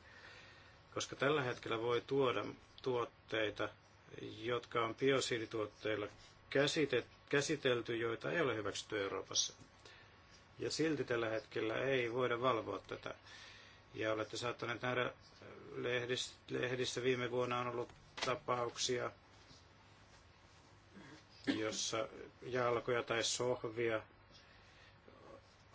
koska tällä hetkellä voi tuoda tuotteita, jotka on biosiilituotteilla käsitelty, joita ei ole hyväksytty Euroopassa. Ja silti tällä hetkellä ei voida valvoa tätä. Ja olette saattaneet nähdä lehdissä, lehdissä viime vuonna on ollut tapauksia jossa jalkoja tai sohvia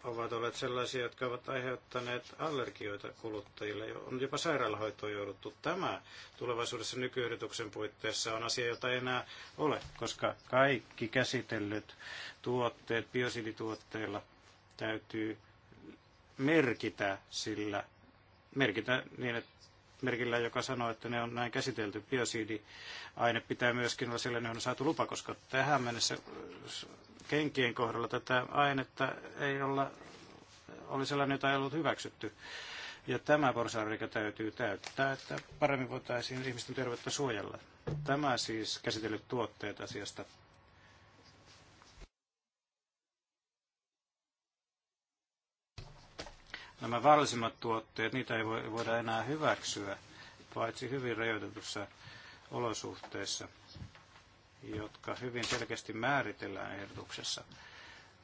ovat olleet sellaisia, jotka ovat aiheuttaneet allergioita kuluttajille. On jopa sairaalahoitoon jouduttu. Tämä tulevaisuudessa nykyyrityksen puitteissa on asia, jota ei enää ole, koska kaikki käsitellyt tuotteet biosidituotteilla täytyy merkitä sillä, merkitä niin, että merkillä, joka sanoo, että ne on näin käsitelty. Biosiidiaine pitää myöskin olla sellainen, johon on saatu lupa, koska tähän mennessä kenkien kohdalla tätä ainetta ei olla, oli sellainen, jota ei ollut hyväksytty. Ja tämä porsaanreikä täytyy täyttää, että paremmin voitaisiin ihmisten terveyttä suojella. Tämä siis käsitellyt tuotteet asiasta. Nämä vaarallisimmat tuotteet, niitä ei voida enää hyväksyä, paitsi hyvin rajoitetussa olosuhteissa, jotka hyvin selkeästi määritellään ehdotuksessa.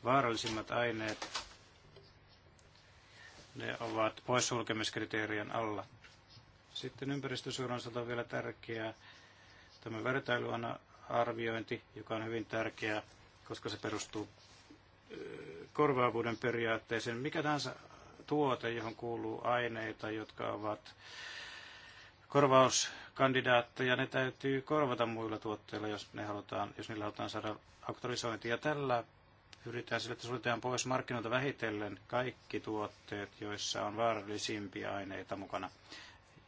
Vaarallisimmat aineet, ne ovat poissulkemiskriteerien alla. Sitten ympäristösuojelun osalta on vielä tärkeää tämä arviointi, joka on hyvin tärkeää, koska se perustuu korvaavuuden periaatteeseen. Mikä tahansa tuote, johon kuuluu aineita, jotka ovat korvauskandidaatteja, ne täytyy korvata muilla tuotteilla, jos, ne halutaan, jos niillä halutaan saada auktorisointi. Ja tällä pyritään sille, että suljetaan pois markkinoilta vähitellen kaikki tuotteet, joissa on vaarallisimpia aineita mukana.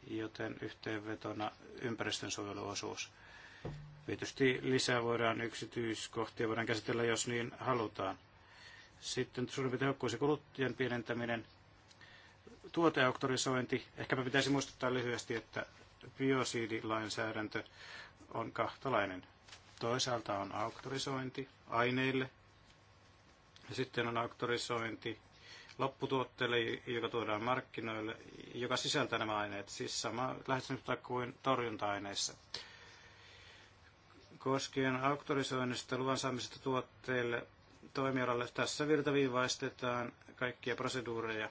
Joten yhteenvetona suojeluosuus. Tietysti lisää voidaan yksityiskohtia voidaan käsitellä, jos niin halutaan. Sitten suurempi tehokkuus ja kuluttajien pienentäminen tuoteauktorisointi. Ehkäpä pitäisi muistuttaa lyhyesti, että biosiidilainsäädäntö on kahtalainen. Toisaalta on auktorisointi aineille ja sitten on auktorisointi lopputuotteelle, joka tuodaan markkinoille, joka sisältää nämä aineet, siis sama lähes kuin torjunta-aineissa. Koskien auktorisoinnista luvan saamisesta tuotteille toimialalle, tässä virtaviivaistetaan kaikkia proseduureja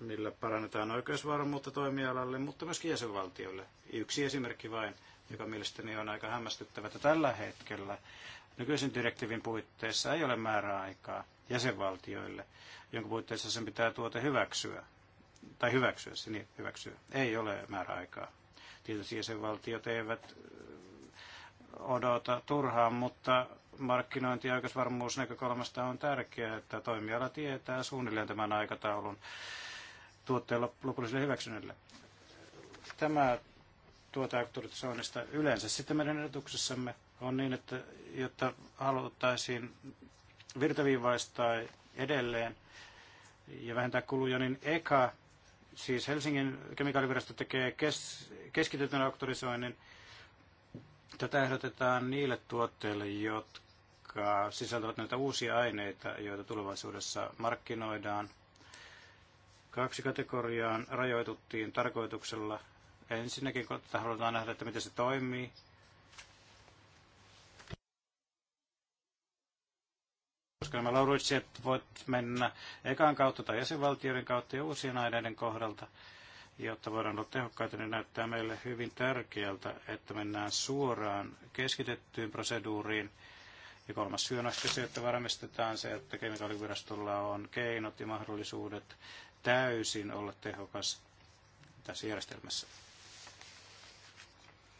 millä parannetaan oikeusvarmuutta toimialalle, mutta myöskin jäsenvaltioille. Yksi esimerkki vain, joka mielestäni on aika hämmästyttävä, että tällä hetkellä nykyisen direktiivin puitteissa ei ole määräaikaa jäsenvaltioille, jonka puitteissa sen pitää tuote hyväksyä. Tai hyväksyä, se niin hyväksyä. Ei ole määräaikaa. Tietysti jäsenvaltiot eivät odota turhaan, mutta markkinointi- ja oikeusvarmuusnäkökulmasta on tärkeää, että toimiala tietää suunnilleen tämän aikataulun tuotteen lopulliselle hyväksynnälle. Tämä tuota aktualisoinnista yleensä. Sitten meidän edutuksessamme on niin, että jotta haluttaisiin virtaviivaistaa edelleen ja vähentää kuluja, niin EKA, siis Helsingin kemikaalivirasto tekee kes, keskitytön auktorisoinnin. Tätä ehdotetaan niille tuotteille, jotka sisältävät näitä uusia aineita, joita tulevaisuudessa markkinoidaan – Kaksi kategoriaan rajoituttiin tarkoituksella. Ensinnäkin, kun halutaan nähdä, että miten se toimii, koska nämä lauruitsijat voivat mennä ekan kautta tai jäsenvaltioiden kautta ja uusien aineiden kohdalta, jotta voidaan olla tehokkaita, niin näyttää meille hyvin tärkeältä, että mennään suoraan keskitettyyn proseduuriin. Ja kolmas syy on se, että varmistetaan se, että kemikaalivirastolla on keinot ja mahdollisuudet täysin olla tehokas tässä järjestelmässä.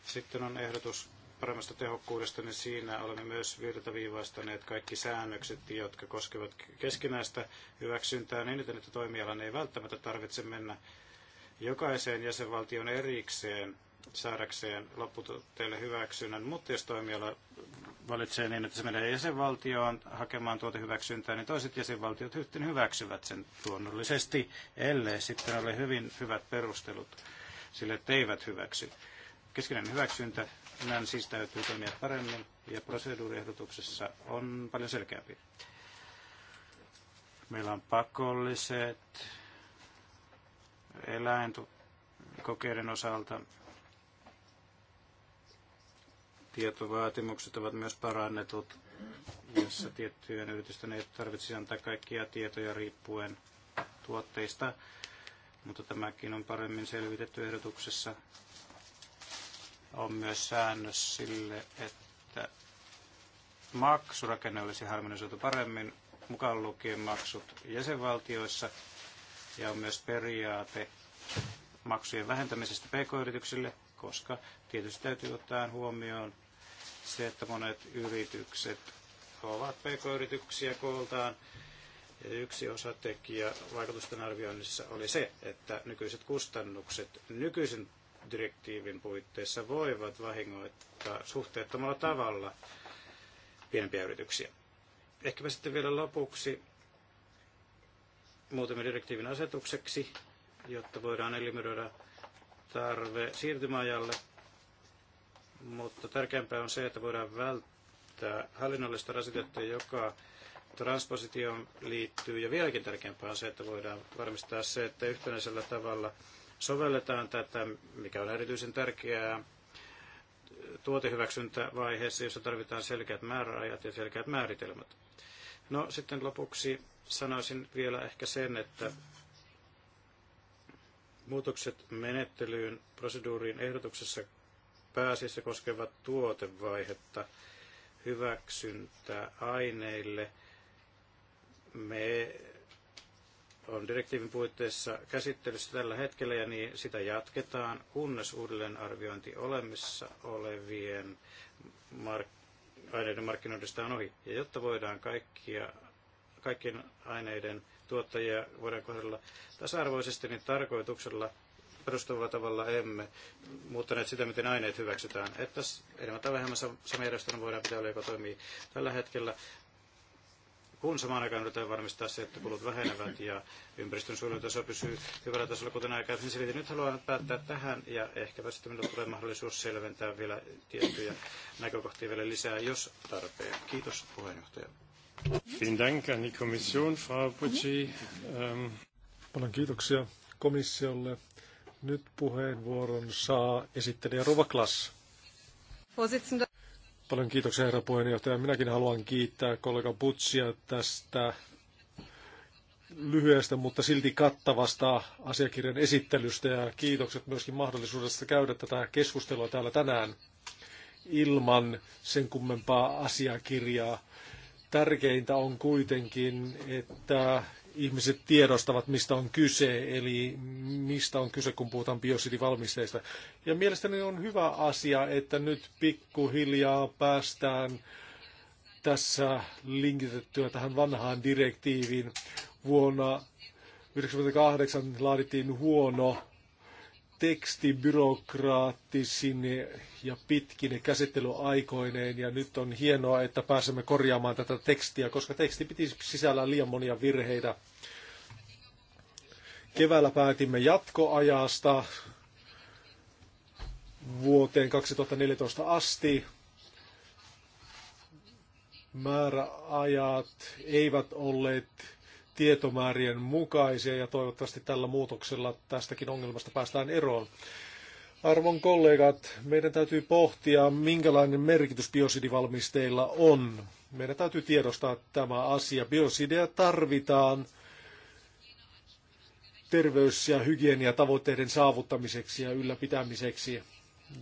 Sitten on ehdotus paremmasta tehokkuudesta, niin siinä olemme myös virtaviivaistaneet kaikki säännökset, jotka koskevat keskinäistä hyväksyntää niin, että toimialan ei välttämättä tarvitse mennä jokaiseen jäsenvaltion erikseen saadakseen lopputuotteelle hyväksynnän, mutta jos toimiala valitsee niin, että se menee jäsenvaltioon hakemaan tuotehyväksyntää, niin toiset jäsenvaltiot sitten hyväksyvät sen luonnollisesti, ellei sitten ole hyvin hyvät perustelut sille, että eivät hyväksy. Keskinäinen hyväksyntä näin siis täytyy toimia paremmin ja proseduuriehdotuksessa on paljon selkeämpi. Meillä on pakolliset eläinkokeiden osalta tietovaatimukset ovat myös parannetut, jossa tiettyjen yritysten ei tarvitse antaa kaikkia tietoja riippuen tuotteista, mutta tämäkin on paremmin selvitetty ehdotuksessa. On myös säännös sille, että maksurakenne olisi harmonisoitu paremmin, mukaan lukien maksut jäsenvaltioissa, ja on myös periaate maksujen vähentämisestä pk-yrityksille, koska tietysti täytyy ottaa huomioon se, että monet yritykset ovat pk-yrityksiä kooltaan. Ja yksi osatekijä vaikutusten arvioinnissa oli se, että nykyiset kustannukset nykyisen direktiivin puitteissa voivat vahingoittaa suhteettomalla tavalla pienempiä yrityksiä. Ehkäpä sitten vielä lopuksi muutamme direktiivin asetukseksi, jotta voidaan eliminoida tarve siirtymäajalle mutta tärkeämpää on se, että voidaan välttää hallinnollista rasitetta, joka transpositioon liittyy, ja vieläkin tärkeämpää on se, että voidaan varmistaa se, että yhtenäisellä tavalla sovelletaan tätä, mikä on erityisen tärkeää tuotehyväksyntävaiheessa, jossa tarvitaan selkeät määräajat ja selkeät määritelmät. No sitten lopuksi sanoisin vielä ehkä sen, että muutokset menettelyyn proseduuriin ehdotuksessa pääasiassa koskevat tuotevaihetta, hyväksyntää aineille. Me on direktiivin puitteissa käsittelyssä tällä hetkellä ja niin sitä jatketaan, kunnes uudelleenarviointi olemassa olevien mark- aineiden markkinoidesta on ohi. Ja jotta voidaan kaikkia, kaikkien aineiden tuottajia voidaan kohdella tasa-arvoisesti, niin tarkoituksella perustuvalla tavalla emme muuttaneet sitä, miten aineet hyväksytään. Että enemmän tai vähemmän sama järjestelmä voidaan pitää olla, joka toimii tällä hetkellä. Kun samaan aikaan yritetään varmistaa se, että kulut vähenevät ja ympäristön suojelutaso pysyy hyvällä tasolla, kuten aikaisemmin selitin. Nyt haluan päättää tähän ja ehkäpä sitten minulla tulee mahdollisuus selventää vielä tiettyjä näkökohtia vielä lisää, jos tarpeen. Kiitos puheenjohtaja. Vielen Dank an die Kommission, Frau Pucci. Ähm, Paljon kiitoksia komissiolle. Nyt puheenvuoron saa esittelijä Rova Klass. Paljon kiitoksia herra puheenjohtaja. Minäkin haluan kiittää kollega Butsia tästä lyhyestä, mutta silti kattavasta asiakirjan esittelystä ja kiitokset myöskin mahdollisuudesta käydä tätä keskustelua täällä tänään ilman sen kummempaa asiakirjaa. Tärkeintä on kuitenkin, että ihmiset tiedostavat, mistä on kyse, eli mistä on kyse, kun puhutaan biosidivalmisteista. Ja mielestäni on hyvä asia, että nyt pikkuhiljaa päästään tässä linkitettyä tähän vanhaan direktiiviin. Vuonna 1998 laadittiin huono teksti byrokraattisine ja pitkine käsittelyaikoineen ja nyt on hienoa, että pääsemme korjaamaan tätä tekstiä, koska teksti piti sisällään liian monia virheitä. Keväällä päätimme jatkoajasta vuoteen 2014 asti. Määräajat eivät olleet tietomäärien mukaisia ja toivottavasti tällä muutoksella tästäkin ongelmasta päästään eroon. Arvon kollegat, meidän täytyy pohtia, minkälainen merkitys biosidivalmisteilla on. Meidän täytyy tiedostaa tämä asia. Biosideja tarvitaan terveys- ja hygieniatavoitteiden saavuttamiseksi ja ylläpitämiseksi.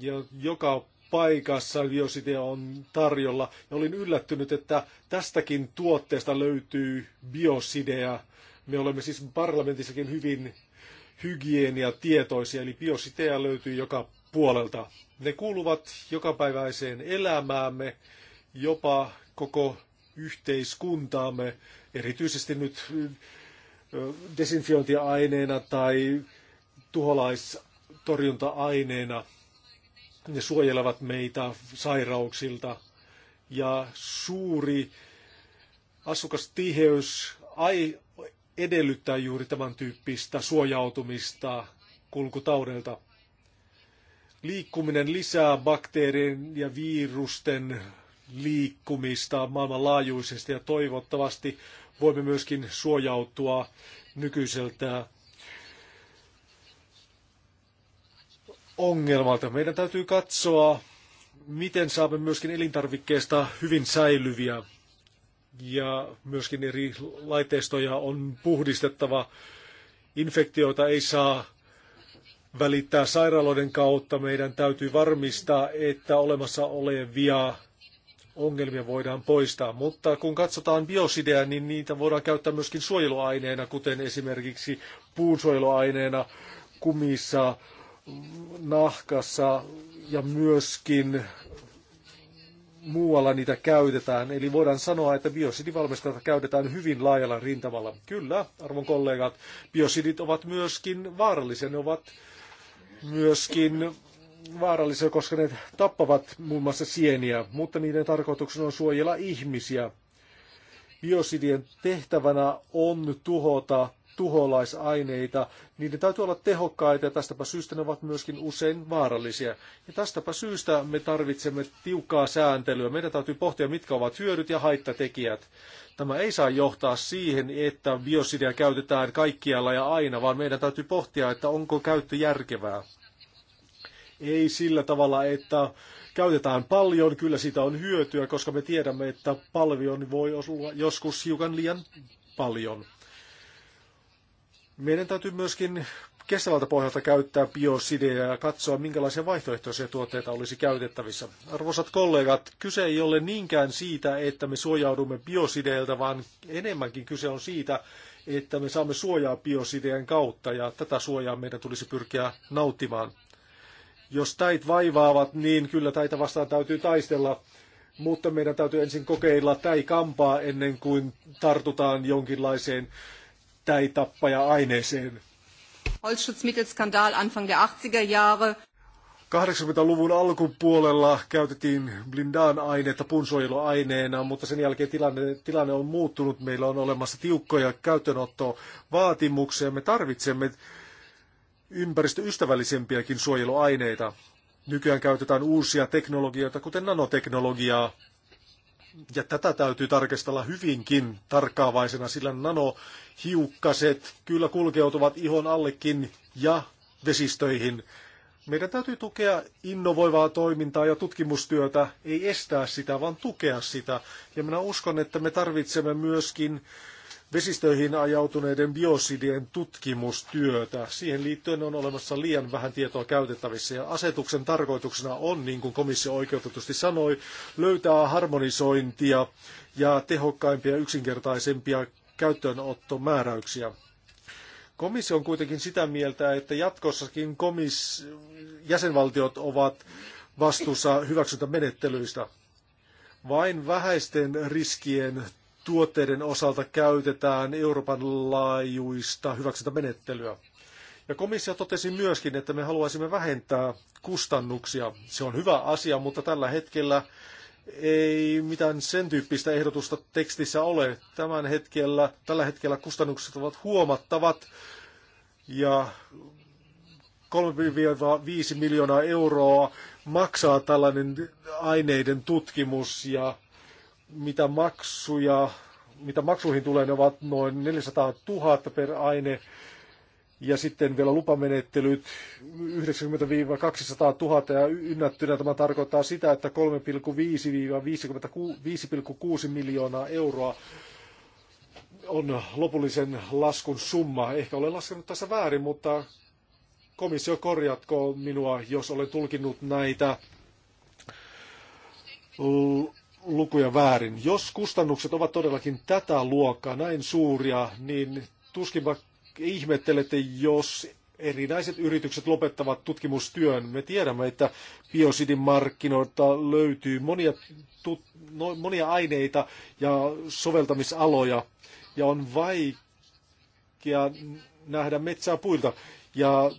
Ja joka paikassa, jos idea on tarjolla. Ja olin yllättynyt, että tästäkin tuotteesta löytyy biosidea. Me olemme siis parlamentissakin hyvin hygieniatietoisia, eli biosideja löytyy joka puolelta. Ne kuuluvat jokapäiväiseen elämäämme, jopa koko yhteiskuntaamme, erityisesti nyt desinfiointiaineena tai tuholaistorjunta-aineena – ne suojelevat meitä sairauksilta. Ja suuri asukastiheys ai, edellyttää juuri tämän tyyppistä suojautumista kulkutaudelta. Liikkuminen lisää bakteerien ja virusten liikkumista maailmanlaajuisesti ja toivottavasti voimme myöskin suojautua nykyiseltä ongelmalta. Meidän täytyy katsoa, miten saamme myöskin elintarvikkeista hyvin säilyviä ja myöskin eri laiteistoja on puhdistettava. Infektioita ei saa välittää sairaaloiden kautta. Meidän täytyy varmistaa, että olemassa olevia ongelmia voidaan poistaa. Mutta kun katsotaan biosideja, niin niitä voidaan käyttää myöskin suojeluaineena, kuten esimerkiksi puunsuojeluaineena kumissa, nahkassa ja myöskin muualla niitä käytetään. Eli voidaan sanoa, että biosidivalmistajat käytetään hyvin laajalla rintamalla. Kyllä, arvon kollegat, biosidit ovat myöskin vaarallisia. Ne ovat myöskin vaarallisia, koska ne tappavat muun muassa sieniä, mutta niiden tarkoituksena on suojella ihmisiä. Biosidien tehtävänä on tuhota tuholaisaineita, niiden täytyy olla tehokkaita ja tästäpä syystä ne ovat myöskin usein vaarallisia. Ja tästäpä syystä me tarvitsemme tiukkaa sääntelyä. Meidän täytyy pohtia, mitkä ovat hyödyt ja haittatekijät. Tämä ei saa johtaa siihen, että biosidia käytetään kaikkialla ja aina, vaan meidän täytyy pohtia, että onko käyttö järkevää. Ei sillä tavalla, että käytetään paljon, kyllä siitä on hyötyä, koska me tiedämme, että palvion voi olla joskus hiukan liian paljon. Meidän täytyy myöskin kestävältä pohjalta käyttää biosidejä ja katsoa, minkälaisia vaihtoehtoisia tuotteita olisi käytettävissä. Arvoisat kollegat, kyse ei ole niinkään siitä, että me suojaudumme biosideiltä, vaan enemmänkin kyse on siitä, että me saamme suojaa biosideen kautta ja tätä suojaa meidän tulisi pyrkiä nauttimaan. Jos täit vaivaavat, niin kyllä täitä vastaan täytyy taistella, mutta meidän täytyy ensin kokeilla täikampaa ennen kuin tartutaan jonkinlaiseen täitappaja-aineeseen. Holzschutzmittelskandal Anfang der 80er Jahre. 80-luvun alkupuolella käytettiin blindaan aineita punsuojeluaineena, mutta sen jälkeen tilanne, tilanne on muuttunut. Meillä on olemassa tiukkoja käyttöönottovaatimuksia. Me tarvitsemme ympäristöystävällisempiäkin suojeluaineita. Nykyään käytetään uusia teknologioita, kuten nanoteknologiaa. Ja tätä täytyy tarkastella hyvinkin tarkkaavaisena, sillä nanohiukkaset kyllä kulkeutuvat ihon allekin ja vesistöihin. Meidän täytyy tukea innovoivaa toimintaa ja tutkimustyötä, ei estää sitä, vaan tukea sitä. Ja minä uskon, että me tarvitsemme myöskin vesistöihin ajautuneiden biosidien tutkimustyötä. Siihen liittyen on olemassa liian vähän tietoa käytettävissä ja asetuksen tarkoituksena on, niin kuin komissio oikeutetusti sanoi, löytää harmonisointia ja tehokkaimpia ja yksinkertaisempia käyttöönottomääräyksiä. Komissio on kuitenkin sitä mieltä, että jatkossakin komis- jäsenvaltiot ovat vastuussa hyväksyntämenettelyistä. Vain vähäisten riskien tuotteiden osalta käytetään Euroopan laajuista hyväksyntämenettelyä. Ja komissio totesi myöskin, että me haluaisimme vähentää kustannuksia. Se on hyvä asia, mutta tällä hetkellä ei mitään sen tyyppistä ehdotusta tekstissä ole. Tämän hetkellä, tällä hetkellä kustannukset ovat huomattavat ja 3-5 miljoonaa euroa maksaa tällainen aineiden tutkimus ja mitä maksuja, mitä maksuihin tulee, ne ovat noin 400 000 per aine. Ja sitten vielä lupamenettelyt 90-200 000 ja ynnättynä tämä tarkoittaa sitä, että 3,5-5,6 miljoonaa euroa on lopullisen laskun summa. Ehkä olen laskenut tässä väärin, mutta komissio korjatko minua, jos olen tulkinnut näitä lukuja väärin. Jos kustannukset ovat todellakin tätä luokkaa, näin suuria, niin tuskinpa ihmettelette, jos erinäiset yritykset lopettavat tutkimustyön. Me tiedämme, että biosidin markkinoilta löytyy monia, tut, no, monia aineita ja soveltamisaloja, ja on vaikea nähdä metsää puilta. Ja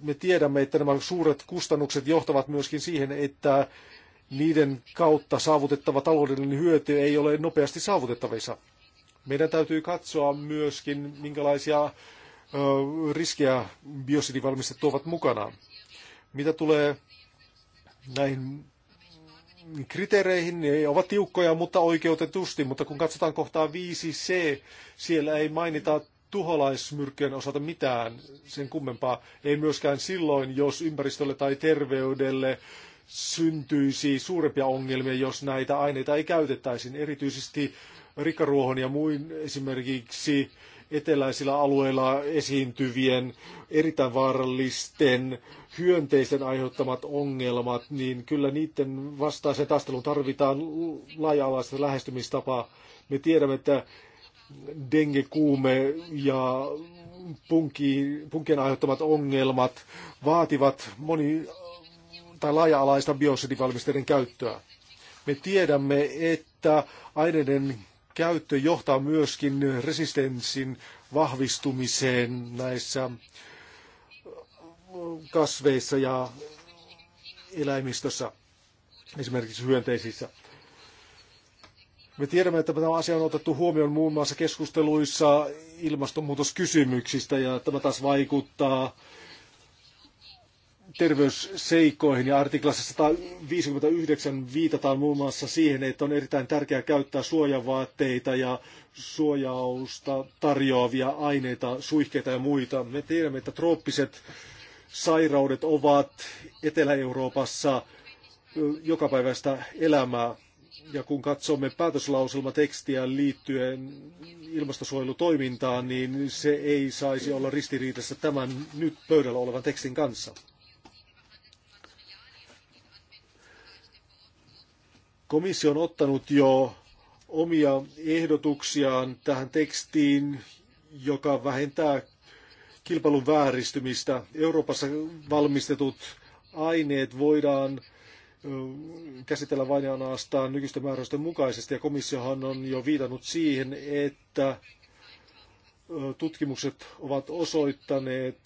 me tiedämme, että nämä suuret kustannukset johtavat myöskin siihen, että niiden kautta saavutettava taloudellinen hyöty ei ole nopeasti saavutettavissa. Meidän täytyy katsoa myöskin, minkälaisia riskejä biosidivalmisteet tuovat mukanaan. Mitä tulee näihin kriteereihin, ne ovat tiukkoja, mutta oikeutetusti. Mutta kun katsotaan kohtaa 5c, siellä ei mainita tuholaismyrkkyjen osalta mitään sen kummempaa. Ei myöskään silloin, jos ympäristölle tai terveydelle syntyisi suurempia ongelmia, jos näitä aineita ei käytettäisi. Erityisesti rikaruohon ja muin esimerkiksi eteläisillä alueilla esiintyvien erittäin vaarallisten hyönteisten aiheuttamat ongelmat, niin kyllä niiden vastaiseen taisteluun tarvitaan laaja-alaista lähestymistapaa. Me tiedämme, että dengue, kuume ja punki, punkien aiheuttamat ongelmat vaativat moni tai laaja-alaista biosidivalmisteiden käyttöä. Me tiedämme, että aineiden käyttö johtaa myöskin resistenssin vahvistumiseen näissä äh, kasveissa ja eläimistössä, esimerkiksi hyönteisissä. Me tiedämme, että tämä asia on otettu huomioon muun muassa keskusteluissa ilmastonmuutoskysymyksistä ja tämä taas vaikuttaa terveysseikoihin ja artiklassa 159 viitataan muun muassa siihen, että on erittäin tärkeää käyttää suojavaatteita ja suojausta tarjoavia aineita, suihkeita ja muita. Me tiedämme, että trooppiset sairaudet ovat Etelä-Euroopassa jokapäiväistä elämää. Ja kun katsomme päätöslauselmatekstiä liittyen ilmastosuojelutoimintaan, niin se ei saisi olla ristiriidassa tämän nyt pöydällä olevan tekstin kanssa. Komissio on ottanut jo omia ehdotuksiaan tähän tekstiin, joka vähentää kilpailun vääristymistä. Euroopassa valmistetut aineet voidaan käsitellä vain ja ainoastaan nykyisten määräysten mukaisesti, ja komissiohan on jo viitannut siihen, että tutkimukset ovat osoittaneet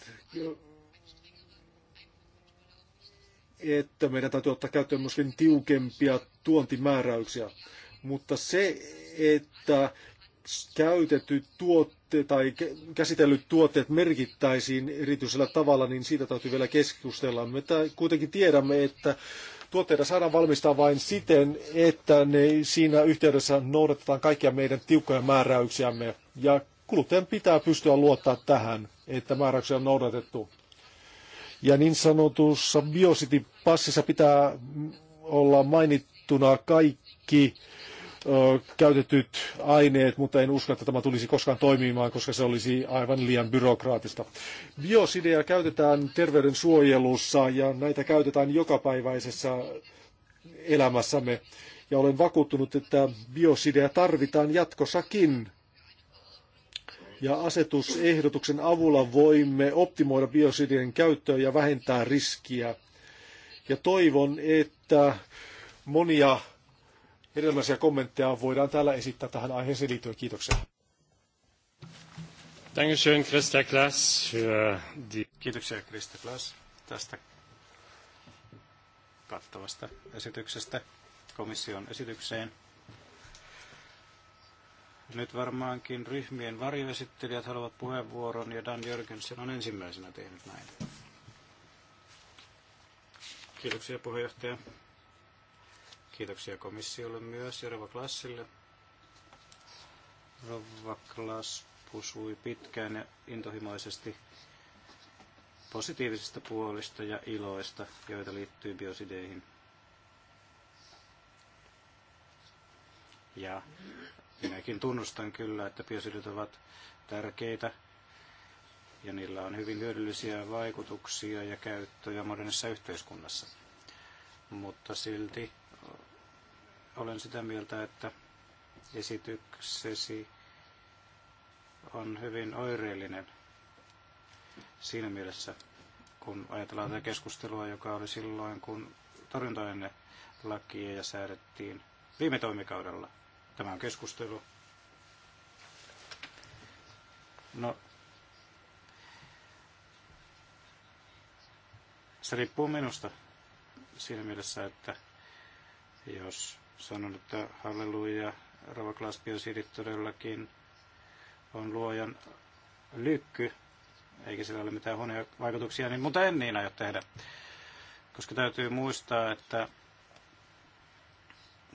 että meidän täytyy ottaa käyttöön myöskin tiukempia tuontimääräyksiä. Mutta se, että käytetyt tuotteet tai käsitellyt tuotteet merkittäisiin erityisellä tavalla, niin siitä täytyy vielä keskustella. Me kuitenkin tiedämme, että tuotteita saadaan valmistaa vain siten, että ne siinä yhteydessä noudatetaan kaikkia meidän tiukkoja määräyksiämme. Ja kuluttajan pitää pystyä luottaa tähän, että määräyksiä on noudatettu. Ja niin sanotussa biocity passissa pitää olla mainittuna kaikki ö, käytetyt aineet, mutta en usko, että tämä tulisi koskaan toimimaan, koska se olisi aivan liian byrokraattista. Biosideja käytetään terveydensuojelussa ja näitä käytetään jokapäiväisessä elämässämme. Ja olen vakuuttunut, että biosideja tarvitaan jatkossakin ja asetusehdotuksen avulla voimme optimoida biosidien käyttöä ja vähentää riskiä. Ja toivon, että monia erilaisia kommentteja voidaan täällä esittää tähän aiheeseen liittyen. Kiitoksia. Dankeschön, Christa Klaas. Kiitoksia, Krista Klaas, tästä kattavasta esityksestä komission esitykseen. Nyt varmaankin ryhmien varjoesittelijät haluavat puheenvuoron ja Dan Jörgensen on ensimmäisenä tehnyt näin. Kiitoksia puheenjohtaja. Kiitoksia komissiolle myös ja Rova Klassille. Rova Klass pusui pitkään ja intohimoisesti positiivisista puolista ja iloista, joita liittyy biosideihin. Ja Minäkin tunnustan kyllä, että biosidit ovat tärkeitä ja niillä on hyvin hyödyllisiä vaikutuksia ja käyttöjä modernissa yhteiskunnassa. Mutta silti olen sitä mieltä, että esityksesi on hyvin oireellinen siinä mielessä, kun ajatellaan tätä keskustelua, joka oli silloin, kun torjuntainen lakia ja säädettiin viime toimikaudella – Tämä on keskustelu. No, se riippuu minusta siinä mielessä, että jos sanon, että halleluja, Rova Klaspion todellakin on luojan lykky, eikä sillä ole mitään huonoja vaikutuksia, niin, mutta en niin aio tehdä. Koska täytyy muistaa, että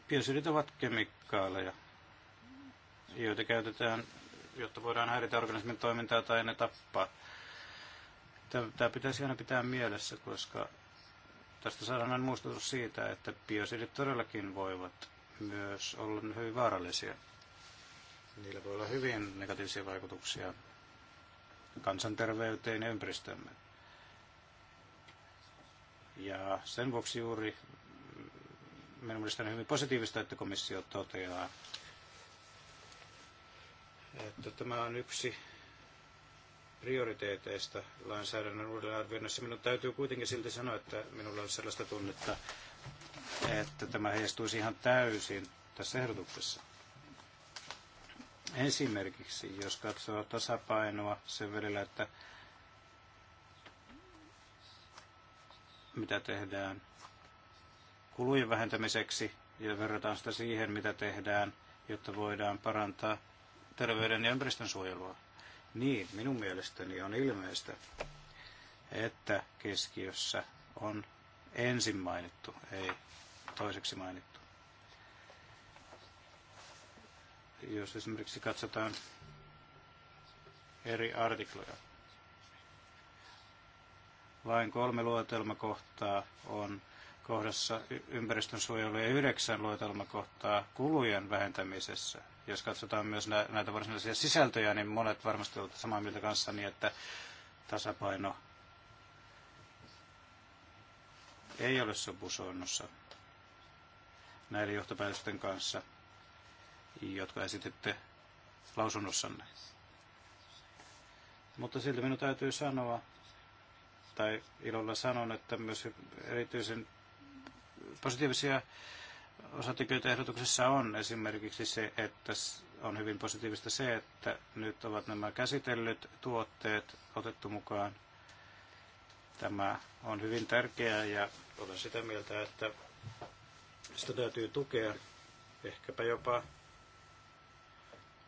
Biosydit ovat kemikaaleja, joita käytetään, jotta voidaan häiritä organismin toimintaa tai ne tappaa. Tämä pitäisi aina pitää mielessä, koska tästä saadaan aina muistutus siitä, että biosidit todellakin voivat myös olla hyvin vaarallisia. Niillä voi olla hyvin negatiivisia vaikutuksia kansanterveyteen ja ympäristöömme. Ja sen vuoksi juuri minun mielestäni on hyvin positiivista, että komissio toteaa, että tämä on yksi prioriteeteista lainsäädännön uudelleenarvioinnissa. Minun täytyy kuitenkin silti sanoa, että minulla on sellaista tunnetta, että tämä heijastuisi ihan täysin tässä ehdotuksessa. Esimerkiksi, jos katsoo tasapainoa sen välillä, että mitä tehdään kulujen vähentämiseksi ja verrataan sitä siihen, mitä tehdään, jotta voidaan parantaa terveyden ja ympäristön suojelua. Niin, minun mielestäni on ilmeistä, että keskiössä on ensin mainittu, ei toiseksi mainittu. Jos esimerkiksi katsotaan eri artikloja, vain kolme luotelmakohtaa on kohdassa ympäristönsuojelu ja yhdeksän luetelmakohtaa kulujen vähentämisessä. Jos katsotaan myös näitä varsinaisia sisältöjä, niin monet varmasti ovat samaa mieltä kanssani, että tasapaino ei ole sopusoinnussa näiden johtopäätösten kanssa, jotka esititte lausunnossanne. Mutta silti minun täytyy sanoa, tai ilolla sanon, että myös erityisen positiivisia osatekijöitä ehdotuksessa on esimerkiksi se, että on hyvin positiivista se, että nyt ovat nämä käsitellyt tuotteet otettu mukaan. Tämä on hyvin tärkeää ja olen sitä mieltä, että sitä täytyy tukea, ehkäpä jopa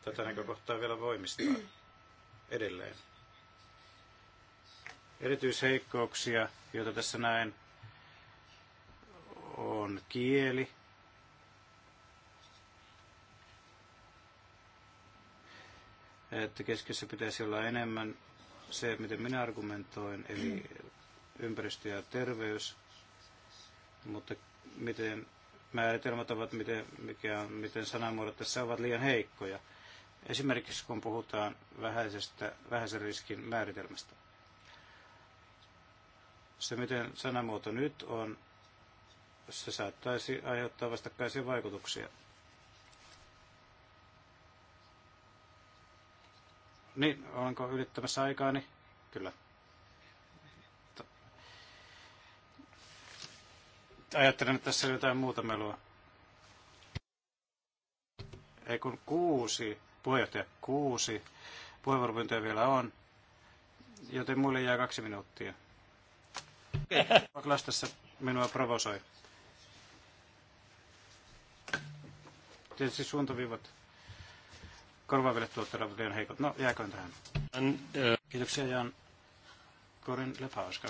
tätä näkökohtaa vielä voimistaa edelleen. Erityisheikkouksia, joita tässä näen, on kieli. Että keskiössä pitäisi olla enemmän se, miten minä argumentoin, eli ympäristö ja terveys, mutta miten määritelmät ovat, miten, mikä miten sanamuodot tässä ovat liian heikkoja. Esimerkiksi kun puhutaan vähäisestä, vähäisen riskin määritelmästä. Se, miten sanamuoto nyt on, se saattaisi aiheuttaa vastakkaisia vaikutuksia. Niin, olenko ylittämässä aikaani? Kyllä. Ajattelen, että tässä on jotain muuta melua. Ei kun kuusi, puheenjohtaja kuusi, puheenvuoropyyntöjä vielä on, joten muille jää kaksi minuuttia. Okay. tässä minua provosoi. Tietysti siis suuntaviivat korvaaville tuotteille ovat liian heikot. No, jääköön tähän. And, uh... Kiitoksia Jan. Corin Lepauska.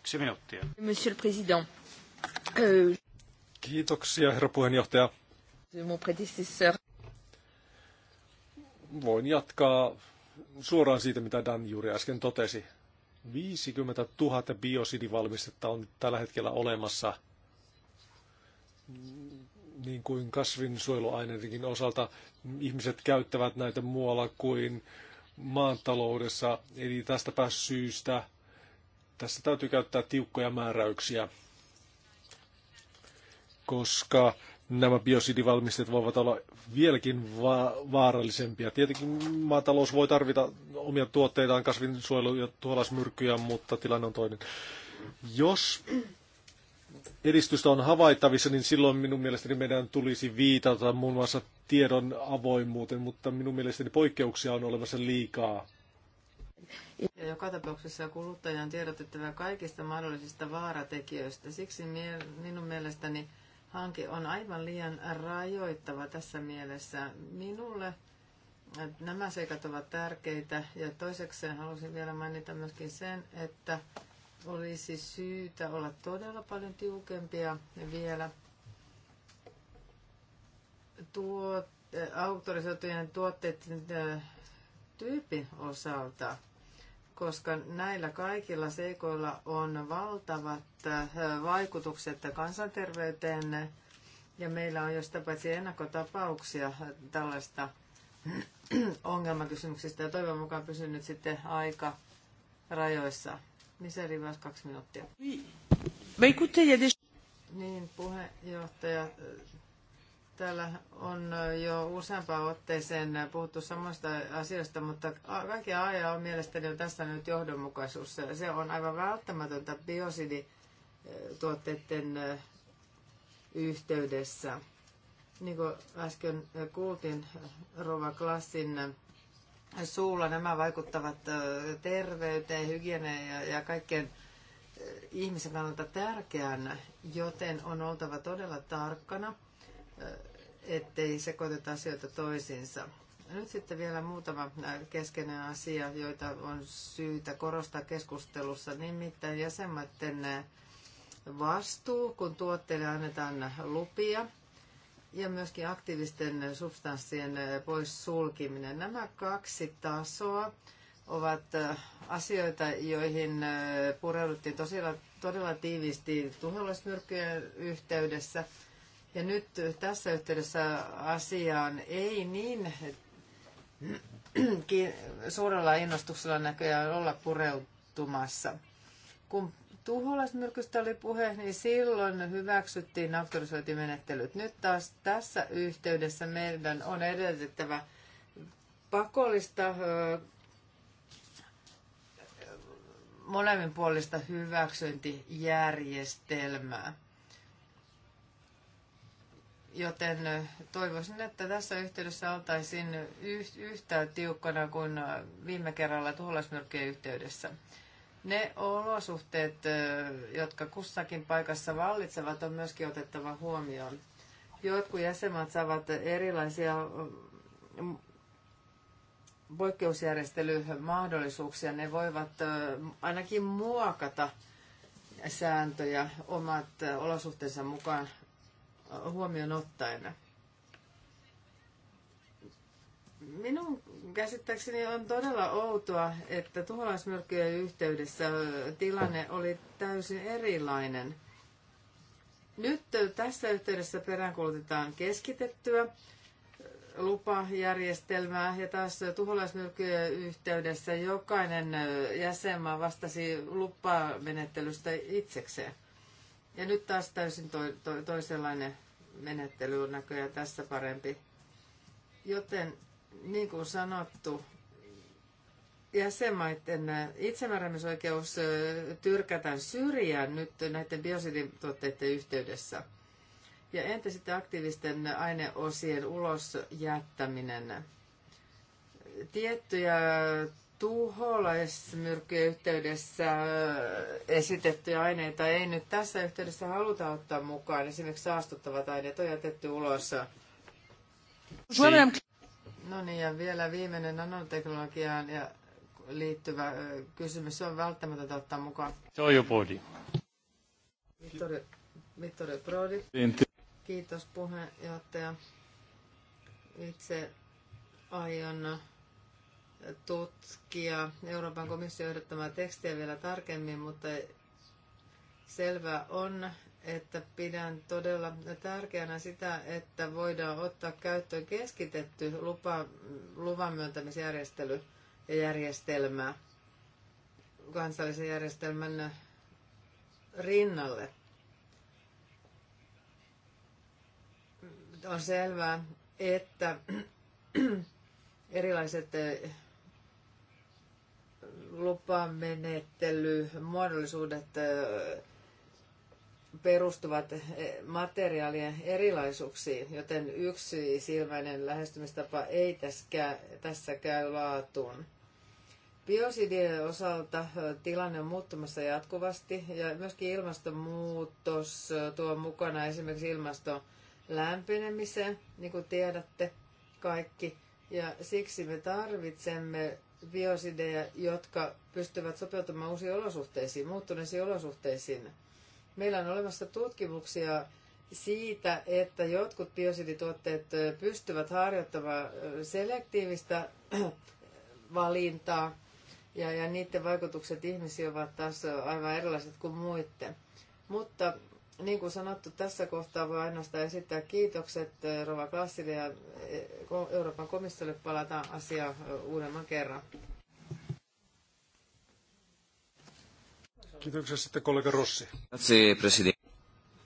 Yksi minuuttia. Monsieur le Président. Uh... Kiitoksia, herra puheenjohtaja. Mon Voin jatkaa suoraan siitä, mitä Dan juuri äsken totesi. 50 000 biosidivalmistetta on tällä hetkellä olemassa niin kuin kasvinsuojeluaineidenkin osalta ihmiset käyttävät näitä muualla kuin maantaloudessa. Eli tästäpä syystä tässä täytyy käyttää tiukkoja määräyksiä, koska nämä biosidivalmisteet voivat olla vieläkin va- vaarallisempia. Tietenkin maatalous voi tarvita omia tuotteitaan, kasvinsuojelu- ja tuholaismyrkkyjä, mutta tilanne on toinen. Jos edistystä on havaittavissa, niin silloin minun mielestäni meidän tulisi viitata muun muassa tiedon avoimuuteen, mutta minun mielestäni poikkeuksia on olemassa liikaa. Ja joka tapauksessa kuluttajan on tiedotettava kaikista mahdollisista vaaratekijöistä. Siksi minun mielestäni hanke on aivan liian rajoittava tässä mielessä. Minulle nämä seikat ovat tärkeitä ja toisekseen halusin vielä mainita myöskin sen, että olisi syytä olla todella paljon tiukempia vielä tuot, äh, autorisoitujen tuotteiden äh, tyypin osalta, koska näillä kaikilla seikoilla on valtavat äh, vaikutukset kansanterveyteen ja meillä on josta paitsi ennakkotapauksia tällaista ongelmakysymyksistä ja toivon mukaan pysynyt sitten aika rajoissa. Miseri niin myös kaksi minuuttia. Niin, puheenjohtaja. Täällä on jo useampaan otteeseen puhuttu samasta asiasta, mutta kaikkea ajaa on mielestäni jo tässä nyt johdonmukaisuus. Se on aivan välttämätöntä biosidituotteiden yhteydessä. Niin kuin äsken kuultiin Rova Klassin suulla. Nämä vaikuttavat terveyteen, hygieneen ja, ja kaikkeen ihmisen kannalta tärkeän, joten on oltava todella tarkkana, ettei sekoiteta asioita toisiinsa. Nyt sitten vielä muutama keskeinen asia, joita on syytä korostaa keskustelussa, nimittäin jäsenmaiden vastuu, kun tuotteille annetaan lupia – ja myöskin aktiivisten substanssien eh, poissulkiminen. Nämä kaksi tasoa ovat eh, asioita, joihin eh, pureuduttiin tosiaan todella tiiviisti tuholaismyrkkyjen yhteydessä. Ja nyt tässä yhteydessä asiaan ei niin suurella innostuksella näköjään olla pureutumassa. Kun tuholaismyrkystä oli puhe, niin silloin hyväksyttiin auktorisointimenettelyt. Nyt taas tässä yhteydessä meidän on edellytettävä pakollista molemminpuolista hyväksyntijärjestelmää. Joten toivoisin, että tässä yhteydessä oltaisiin yhtä tiukkana kuin viime kerralla tuholaismyrkkien yhteydessä. Ne olosuhteet, jotka kussakin paikassa vallitsevat, on myöskin otettava huomioon. Jotkut jäsenmaat saavat erilaisia mm, poikkeusjärjestelymahdollisuuksia. Ne voivat ainakin muokata sääntöjä omat olosuhteensa mukaan huomioon ottaen. Minun käsittääkseni on todella outoa, että tuholaismyrkkyjen yhteydessä tilanne oli täysin erilainen. Nyt tässä yhteydessä peräänkuulutetaan keskitettyä lupajärjestelmää ja taas tuholaismyrkkyjen yhteydessä jokainen jäsenmaa vastasi lupamenettelystä itsekseen. Ja nyt taas täysin to, to, toisenlainen menettely on näköjään tässä parempi. Joten niin kuin sanottu, jäsenmaiden itsemääräämisoikeus tyrkätään syrjään nyt näiden biosidituotteiden yhteydessä. Ja entä sitten aktiivisten aineosien ulos jättäminen? Tiettyjä tuholaismyrkkyjen yhteydessä esitettyjä aineita ei nyt tässä yhteydessä haluta ottaa mukaan. Esimerkiksi saastuttavat aineet on jätetty ulos. Si- No niin, ja vielä viimeinen nanoteknologiaan ja liittyvä kysymys. Se on välttämätöntä ottaa mukaan. Se on jo Brodi. Vittorio, Vittorio Kiitos puheenjohtaja. Itse aion tutkia Euroopan komission ehdottamaa tekstiä vielä tarkemmin, mutta selvä on, että pidän todella tärkeänä sitä, että voidaan ottaa käyttöön keskitetty lupa, luvan myöntämisjärjestely ja järjestelmä kansallisen järjestelmän rinnalle. On selvää, että erilaiset eh, lupamenettelymuodollisuudet eh, perustuvat eh, materiaalien erilaisuuksiin, joten yksi silmäinen lähestymistapa ei tässä käy laatuun. Biosidien osalta eh, tilanne on muuttumassa jatkuvasti ja myöskin ilmastonmuutos eh, tuo mukana esimerkiksi ilmaston lämpenemiseen, niin kuin tiedätte kaikki. Ja siksi me tarvitsemme biosideja, jotka pystyvät sopeutumaan uusiin olosuhteisiin, muuttuneisiin olosuhteisiin. Meillä on olemassa tutkimuksia siitä, että jotkut biosidituotteet pystyvät harjoittamaan selektiivistä valintaa ja, ja niiden vaikutukset ihmisiin ovat taas aivan erilaiset kuin muiden. Mutta niin kuin sanottu, tässä kohtaa voi ainoastaan esittää kiitokset Rova Klassille ja e, Euroopan komissiolle palataan asiaan uudemman kerran. Kiitoksia sitten kollega Rossi.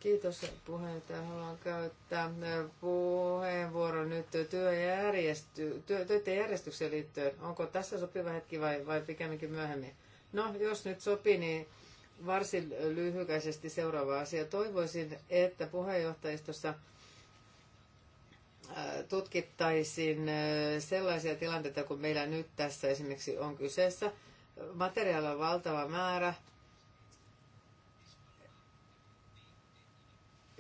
Kiitos puheenjohtaja. Haluan käyttää äh, puheenvuoron nyt työjärjesty, työ, töiden liittyen. Onko tässä sopiva hetki vai, vai pikemminkin myöhemmin? No, jos nyt sopii, niin varsin lyhykäisesti seuraava asia. Toivoisin, että puheenjohtajistossa äh, tutkittaisiin äh, sellaisia tilanteita, kun meillä nyt tässä esimerkiksi on kyseessä. Materiaalia on valtava määrä,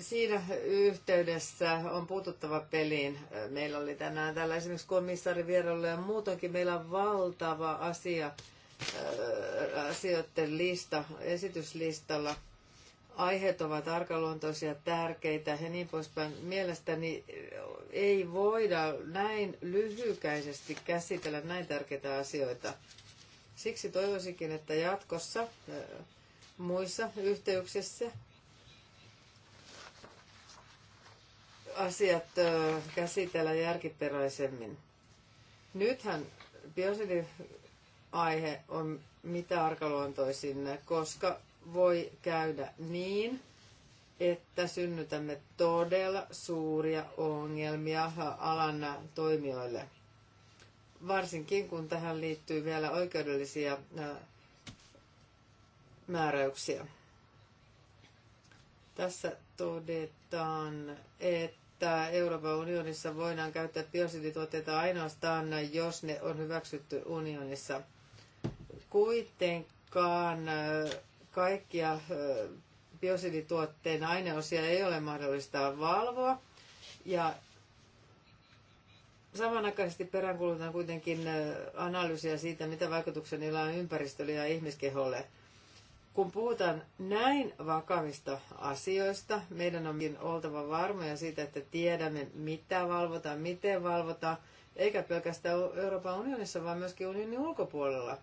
siinä yhteydessä on puututtava peliin. Meillä oli tänään täällä esimerkiksi komissaari vierailu ja muutenkin meillä on valtava asia äh, asioiden lista esityslistalla. Aiheet ovat arkaluontoisia, tärkeitä ja niin poispäin. Mielestäni ei voida näin lyhykäisesti käsitellä näin tärkeitä asioita. Siksi toivoisinkin, että jatkossa äh, muissa yhteyksissä asiat käsitellä järkiperäisemmin. Nythän aihe, on mitä arkaluontoisin, koska voi käydä niin, että synnytämme todella suuria ongelmia alan toimijoille. Varsinkin kun tähän liittyy vielä oikeudellisia määräyksiä. Tässä todetaan, että että Euroopan unionissa voidaan käyttää biosidituotteita ainoastaan, jos ne on hyväksytty unionissa. Kuitenkaan kaikkia biosidituotteen aineosia ei ole mahdollista valvoa. Ja samanaikaisesti peräänkulutan kuitenkin analyysiä siitä, mitä vaikutuksia niillä on ympäristölle ja ihmiskeholle – kun puhutaan näin vakavista asioista, meidän onkin oltava varmoja siitä, että tiedämme, mitä valvotaan, miten valvotaan, eikä pelkästään Euroopan unionissa, vaan myöskin unionin ulkopuolella.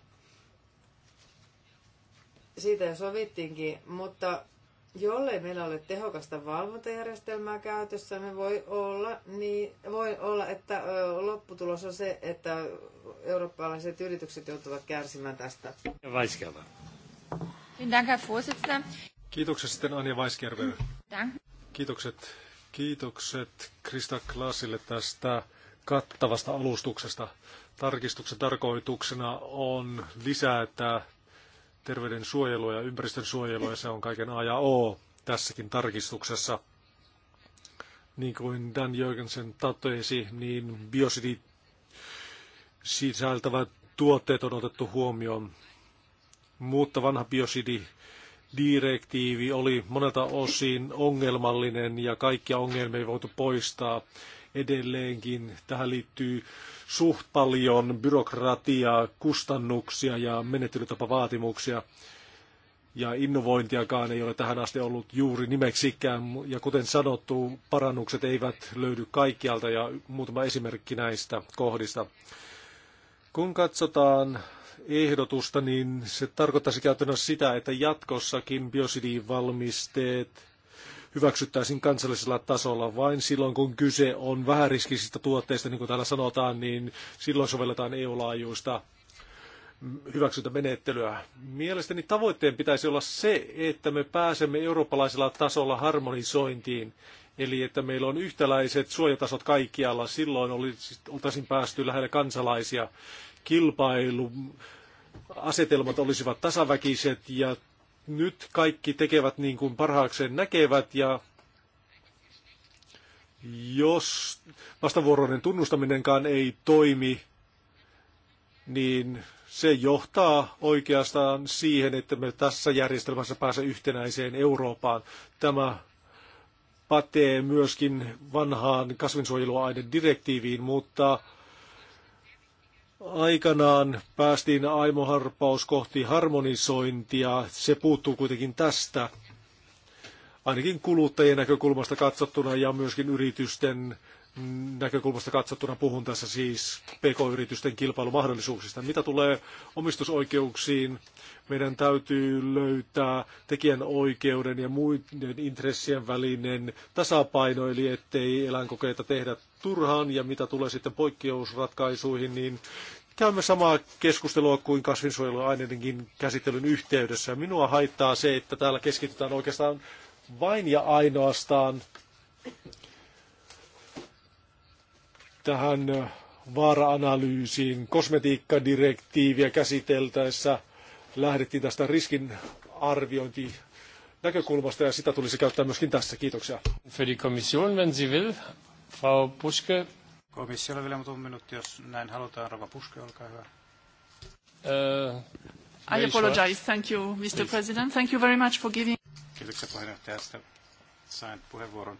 Siitä jo sovittiinkin, mutta jollei meillä ole tehokasta valvontajärjestelmää käytössä, me voi olla, niin voi olla, että lopputulos on se, että eurooppalaiset yritykset joutuvat kärsimään tästä. Vaiskava. Kiitokset sitten Anja Kiitokset, kiitokset Krista Klaasille tästä kattavasta alustuksesta. Tarkistuksen tarkoituksena on lisätä terveyden suojelua ja ympäristön suojelua, ja se on kaiken A ja O tässäkin tarkistuksessa. Niin kuin Dan Jörgensen totesi, niin biosidit sisältävät tuotteet on otettu huomioon mutta vanha biosididirektiivi oli monelta osin ongelmallinen ja kaikkia ongelmia ei voitu poistaa edelleenkin. Tähän liittyy suht paljon byrokratiaa, kustannuksia ja menettelytapavaatimuksia. Ja innovointiakaan ei ole tähän asti ollut juuri nimeksikään. Ja kuten sanottu, parannukset eivät löydy kaikkialta ja muutama esimerkki näistä kohdista. Kun katsotaan ehdotusta, niin se tarkoittaisi käytännössä sitä, että jatkossakin biosidivalmisteet hyväksyttäisiin kansallisella tasolla vain silloin, kun kyse on vähäriskisistä tuotteista, niin kuin täällä sanotaan, niin silloin sovelletaan EU-laajuista hyväksyntämenettelyä. Mielestäni tavoitteen pitäisi olla se, että me pääsemme eurooppalaisella tasolla harmonisointiin, eli että meillä on yhtäläiset suojatasot kaikkialla. Silloin olisi, oltaisiin päästy lähelle kansalaisia kilpailuasetelmat olisivat tasaväkiset ja nyt kaikki tekevät niin kuin parhaakseen näkevät ja jos vastavuoroinen tunnustaminenkaan ei toimi, niin se johtaa oikeastaan siihen, että me tässä järjestelmässä pääsemme yhtenäiseen Eurooppaan. Tämä pätee myöskin vanhaan direktiiviin mutta aikanaan päästiin aimoharppaus kohti harmonisointia. Se puuttuu kuitenkin tästä, ainakin kuluttajien näkökulmasta katsottuna ja myöskin yritysten näkökulmasta katsottuna puhun tässä siis PK-yritysten kilpailumahdollisuuksista. Mitä tulee omistusoikeuksiin, meidän täytyy löytää tekijänoikeuden ja muiden intressien välinen tasapaino, eli ettei eläinkokeita tehdä turhaan, ja mitä tulee sitten poikkeusratkaisuihin, niin käymme samaa keskustelua kuin kasvinsuojeluaineidenkin käsittelyn yhteydessä. Minua haittaa se, että täällä keskitytään oikeastaan vain ja ainoastaan tähän vaara-analyysiin. Kosmetiikkadirektiiviä käsiteltäessä lähdettiin tästä riskin arviointi näkökulmasta ja sitä tulisi käyttää myöskin tässä. Kiitoksia. Für die Kommission, wenn Sie will, Frau Puske. vielä muutama minuutti, jos näin halutaan. Rova Puske, olkaa hyvä. Uh, I apologize. Thank you, Mr. President. Thank you very much for giving... Kiitoksia puheenjohtajasta. Sain puheenvuoron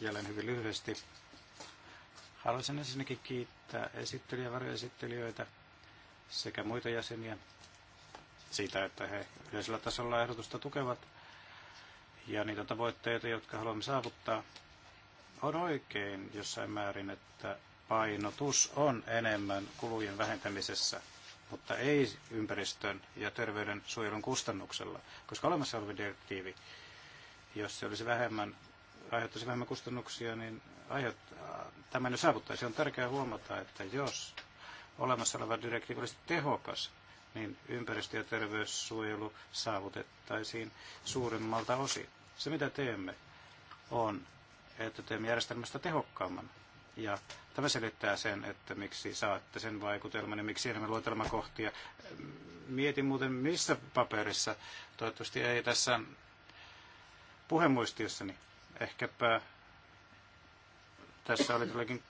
jälleen hyvin lyhyesti. Haluaisin ensinnäkin kiittää esittelijä, varjoesittelijöitä sekä muita jäseniä siitä, että he yleisellä tasolla ehdotusta tukevat ja niitä tavoitteita, jotka haluamme saavuttaa. On oikein jossain määrin, että painotus on enemmän kulujen vähentämisessä, mutta ei ympäristön ja suojelun kustannuksella, koska olemassa oleva direktiivi, jos se olisi vähemmän aiheuttaisi vähemmän kustannuksia, niin tämä nyt saavuttaisi. On tärkeää huomata, että jos olemassa oleva direktiivi olisi tehokas, niin ympäristö- ja terveyssuojelu saavutettaisiin suurimmalta osin. Se, mitä teemme, on, että teemme järjestelmästä tehokkaamman. Ja tämä selittää sen, että miksi saatte sen vaikutelman ja miksi enemmän luetelmakohtia. Mietin muuten, missä paperissa, toivottavasti ei tässä puhemuistiossani, Ehkäpä tässä oli todellakin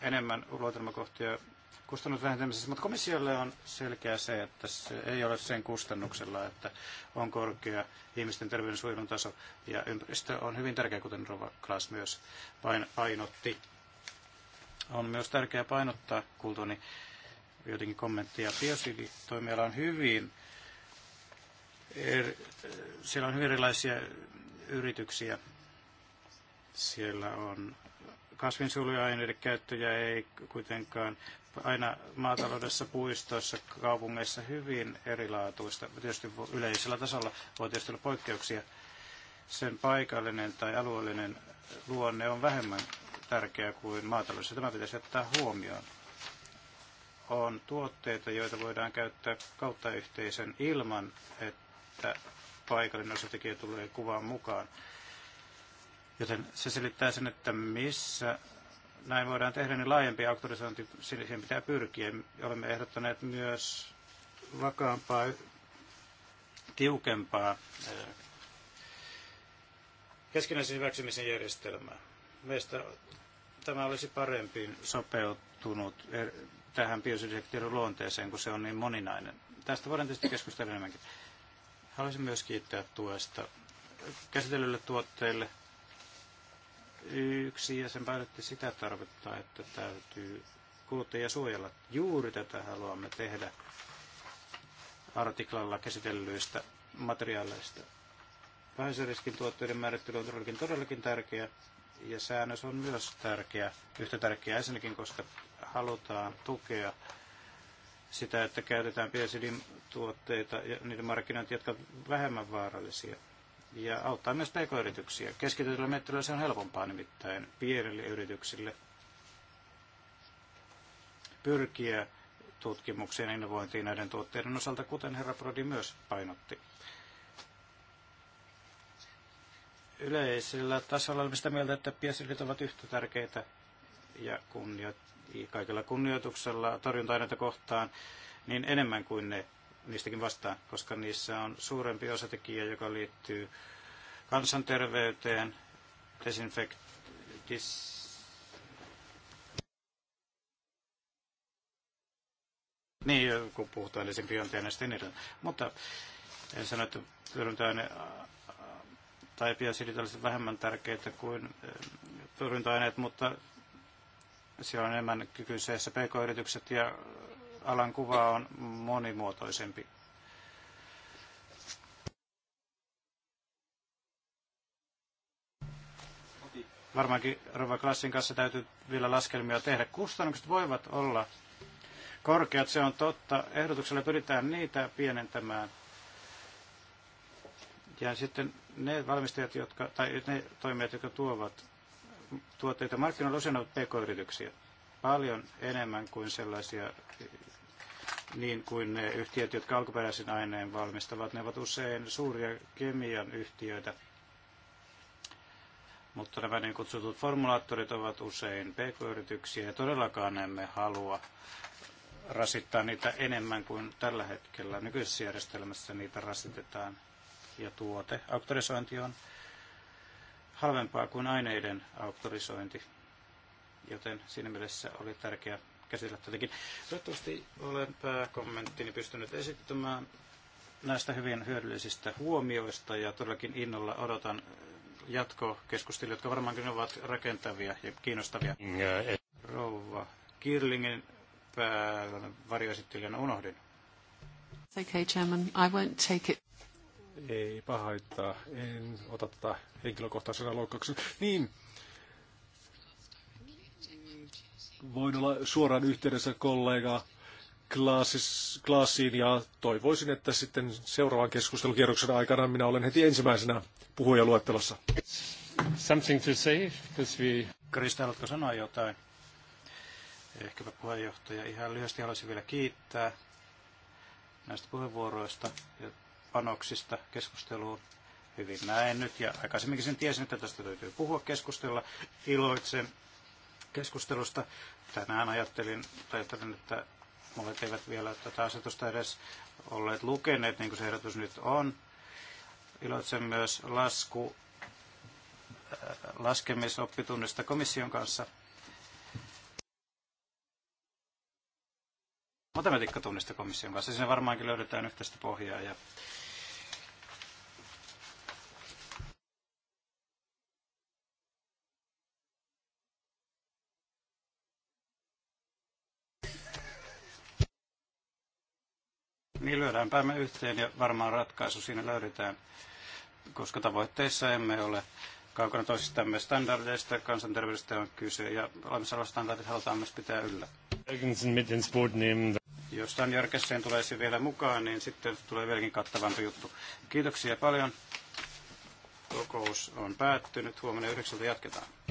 enemmän ulotelmakohtia kustannusvähentämisessä, mutta komissiolle on selkeä se, että se ei ole sen kustannuksella, että on korkea ihmisten terveydensuojelun taso ja ympäristö on hyvin tärkeä, kuten Rova Klaas myös pain, painotti. On myös tärkeää painottaa kuultuani jotenkin kommenttia. Biosiditoimiala on hyvin, er, siellä on hyvin erilaisia yrityksiä siellä on kasvinsuojeluaineiden käyttöjä ei kuitenkaan aina maataloudessa, puistoissa, kaupungeissa hyvin erilaatuista. Tietysti yleisellä tasolla voi tietysti olla poikkeuksia. Sen paikallinen tai alueellinen luonne on vähemmän tärkeä kuin maataloudessa. Tämä pitäisi ottaa huomioon. On tuotteita, joita voidaan käyttää kautta yhteisen ilman, että paikallinen osatekijä tulee kuvaan mukaan. Joten se selittää sen, että missä näin voidaan tehdä, niin laajempi auktorisointi, siihen pitää pyrkiä. Olemme ehdottaneet myös vakaampaa, tiukempaa eh, keskinäisen hyväksymisen järjestelmää. Meistä tämä olisi parempi sopeutunut eh, tähän biosydektiivin luonteeseen, kun se on niin moninainen. Tästä voidaan tietysti keskustella enemmänkin. Haluaisin myös kiittää tuesta käsitellylle tuotteille yksi jäsen painotti sitä tarvetta, että täytyy kuluttajia suojella. Juuri tätä haluamme tehdä artiklalla käsitellyistä materiaaleista. Vähäisen tuotteiden määrittely on todellakin, todellakin tärkeä ja säännös on myös tärkeä, yhtä tärkeä ensinnäkin, koska halutaan tukea sitä, että käytetään piensidin tuotteita ja niiden markkinointi, jotka ovat vähemmän vaarallisia – ja auttaa myös pk-yrityksiä. Keskitytyllä menettelyllä se on helpompaa nimittäin pienille yrityksille pyrkiä tutkimukseen ja innovointiin näiden tuotteiden osalta, kuten herra Prodi myös painotti. Yleisellä tasolla olemme sitä mieltä, että piensyrit ovat yhtä tärkeitä ja kunnio- kaikilla kunnioituksella torjunta kohtaan niin enemmän kuin ne niistäkin vastaan, koska niissä on suurempi osatekijä, joka liittyy kansanterveyteen, desinfektis, Niin, kun puhutaan desinfiointiaineista ja niin edelleen. Mutta en sano, että pyöryntäaine tai biosidit olisivat vähemmän tärkeitä kuin pyöryntäaineet, eh, mutta siellä on enemmän kykyisessä pk-yritykset ja alan kuva on monimuotoisempi. Varmaankin Rova Klassin kanssa täytyy vielä laskelmia tehdä. Kustannukset voivat olla korkeat, se on totta. Ehdotuksella pyritään niitä pienentämään. Ja sitten ne valmistajat, jotka, tai ne toimijat, jotka tuovat tuotteita markkinoille, usein ovat pk-yrityksiä paljon enemmän kuin sellaisia niin kuin ne yhtiöt, jotka alkuperäisen aineen valmistavat. Ne ovat usein suuria kemian yhtiöitä, mutta nämä niin kutsutut formulaattorit ovat usein pk-yrityksiä ja todellakaan emme halua rasittaa niitä enemmän kuin tällä hetkellä. Nykyisessä järjestelmässä niitä rasitetaan ja tuote. Auktorisointi on halvempaa kuin aineiden auktorisointi, joten siinä mielessä oli tärkeää käsitellä tietenkin. Toivottavasti olen pääkommenttini pystynyt esittämään näistä hyvin hyödyllisistä huomioista ja todellakin innolla odotan jatkokeskustelua, jotka varmaankin ovat rakentavia ja kiinnostavia. Eh. Rouva Kirlingin varjoesittelijänä unohdin. okay, Chairman. I won't take it. Ei pahaittaa. En ota tätä henkilökohtaisena loukkauksena. Niin, voin olla suoraan yhteydessä kollega Klaasis, Klaasiin ja toivoisin, että sitten seuraavan keskustelukierroksen aikana minä olen heti ensimmäisenä puhujaluettelossa. Something to say, because we... Krista, haluatko sanoa jotain? Ehkäpä puheenjohtaja. Ihan lyhyesti haluaisin vielä kiittää näistä puheenvuoroista ja panoksista keskusteluun. Hyvin näen nyt ja aikaisemminkin sen tiesin, että tästä täytyy puhua keskustella. Iloitsen keskustelusta. Tänään ajattelin, ajattelin että molemmat eivät vielä tätä asetusta edes olleet lukeneet, niin kuin se ehdotus nyt on. Iloitsen myös lasku, äh, laskemisoppitunnista komission kanssa. Matematiikkatunnista komission kanssa. Siinä varmaankin löydetään yhteistä pohjaa ja Lyödään päämme yhteen ja varmaan ratkaisu siinä löydetään, koska tavoitteissa emme ole kaukana toisistamme standardeista, kansanterveydestä on kyse ja olemassa olevat standardit halutaan myös pitää yllä. Jos tämän järkesseen tulee se vielä mukaan, niin sitten tulee vieläkin kattavampi juttu. Kiitoksia paljon. Kokous on päättynyt. Huomenna yhdeksältä jatketaan.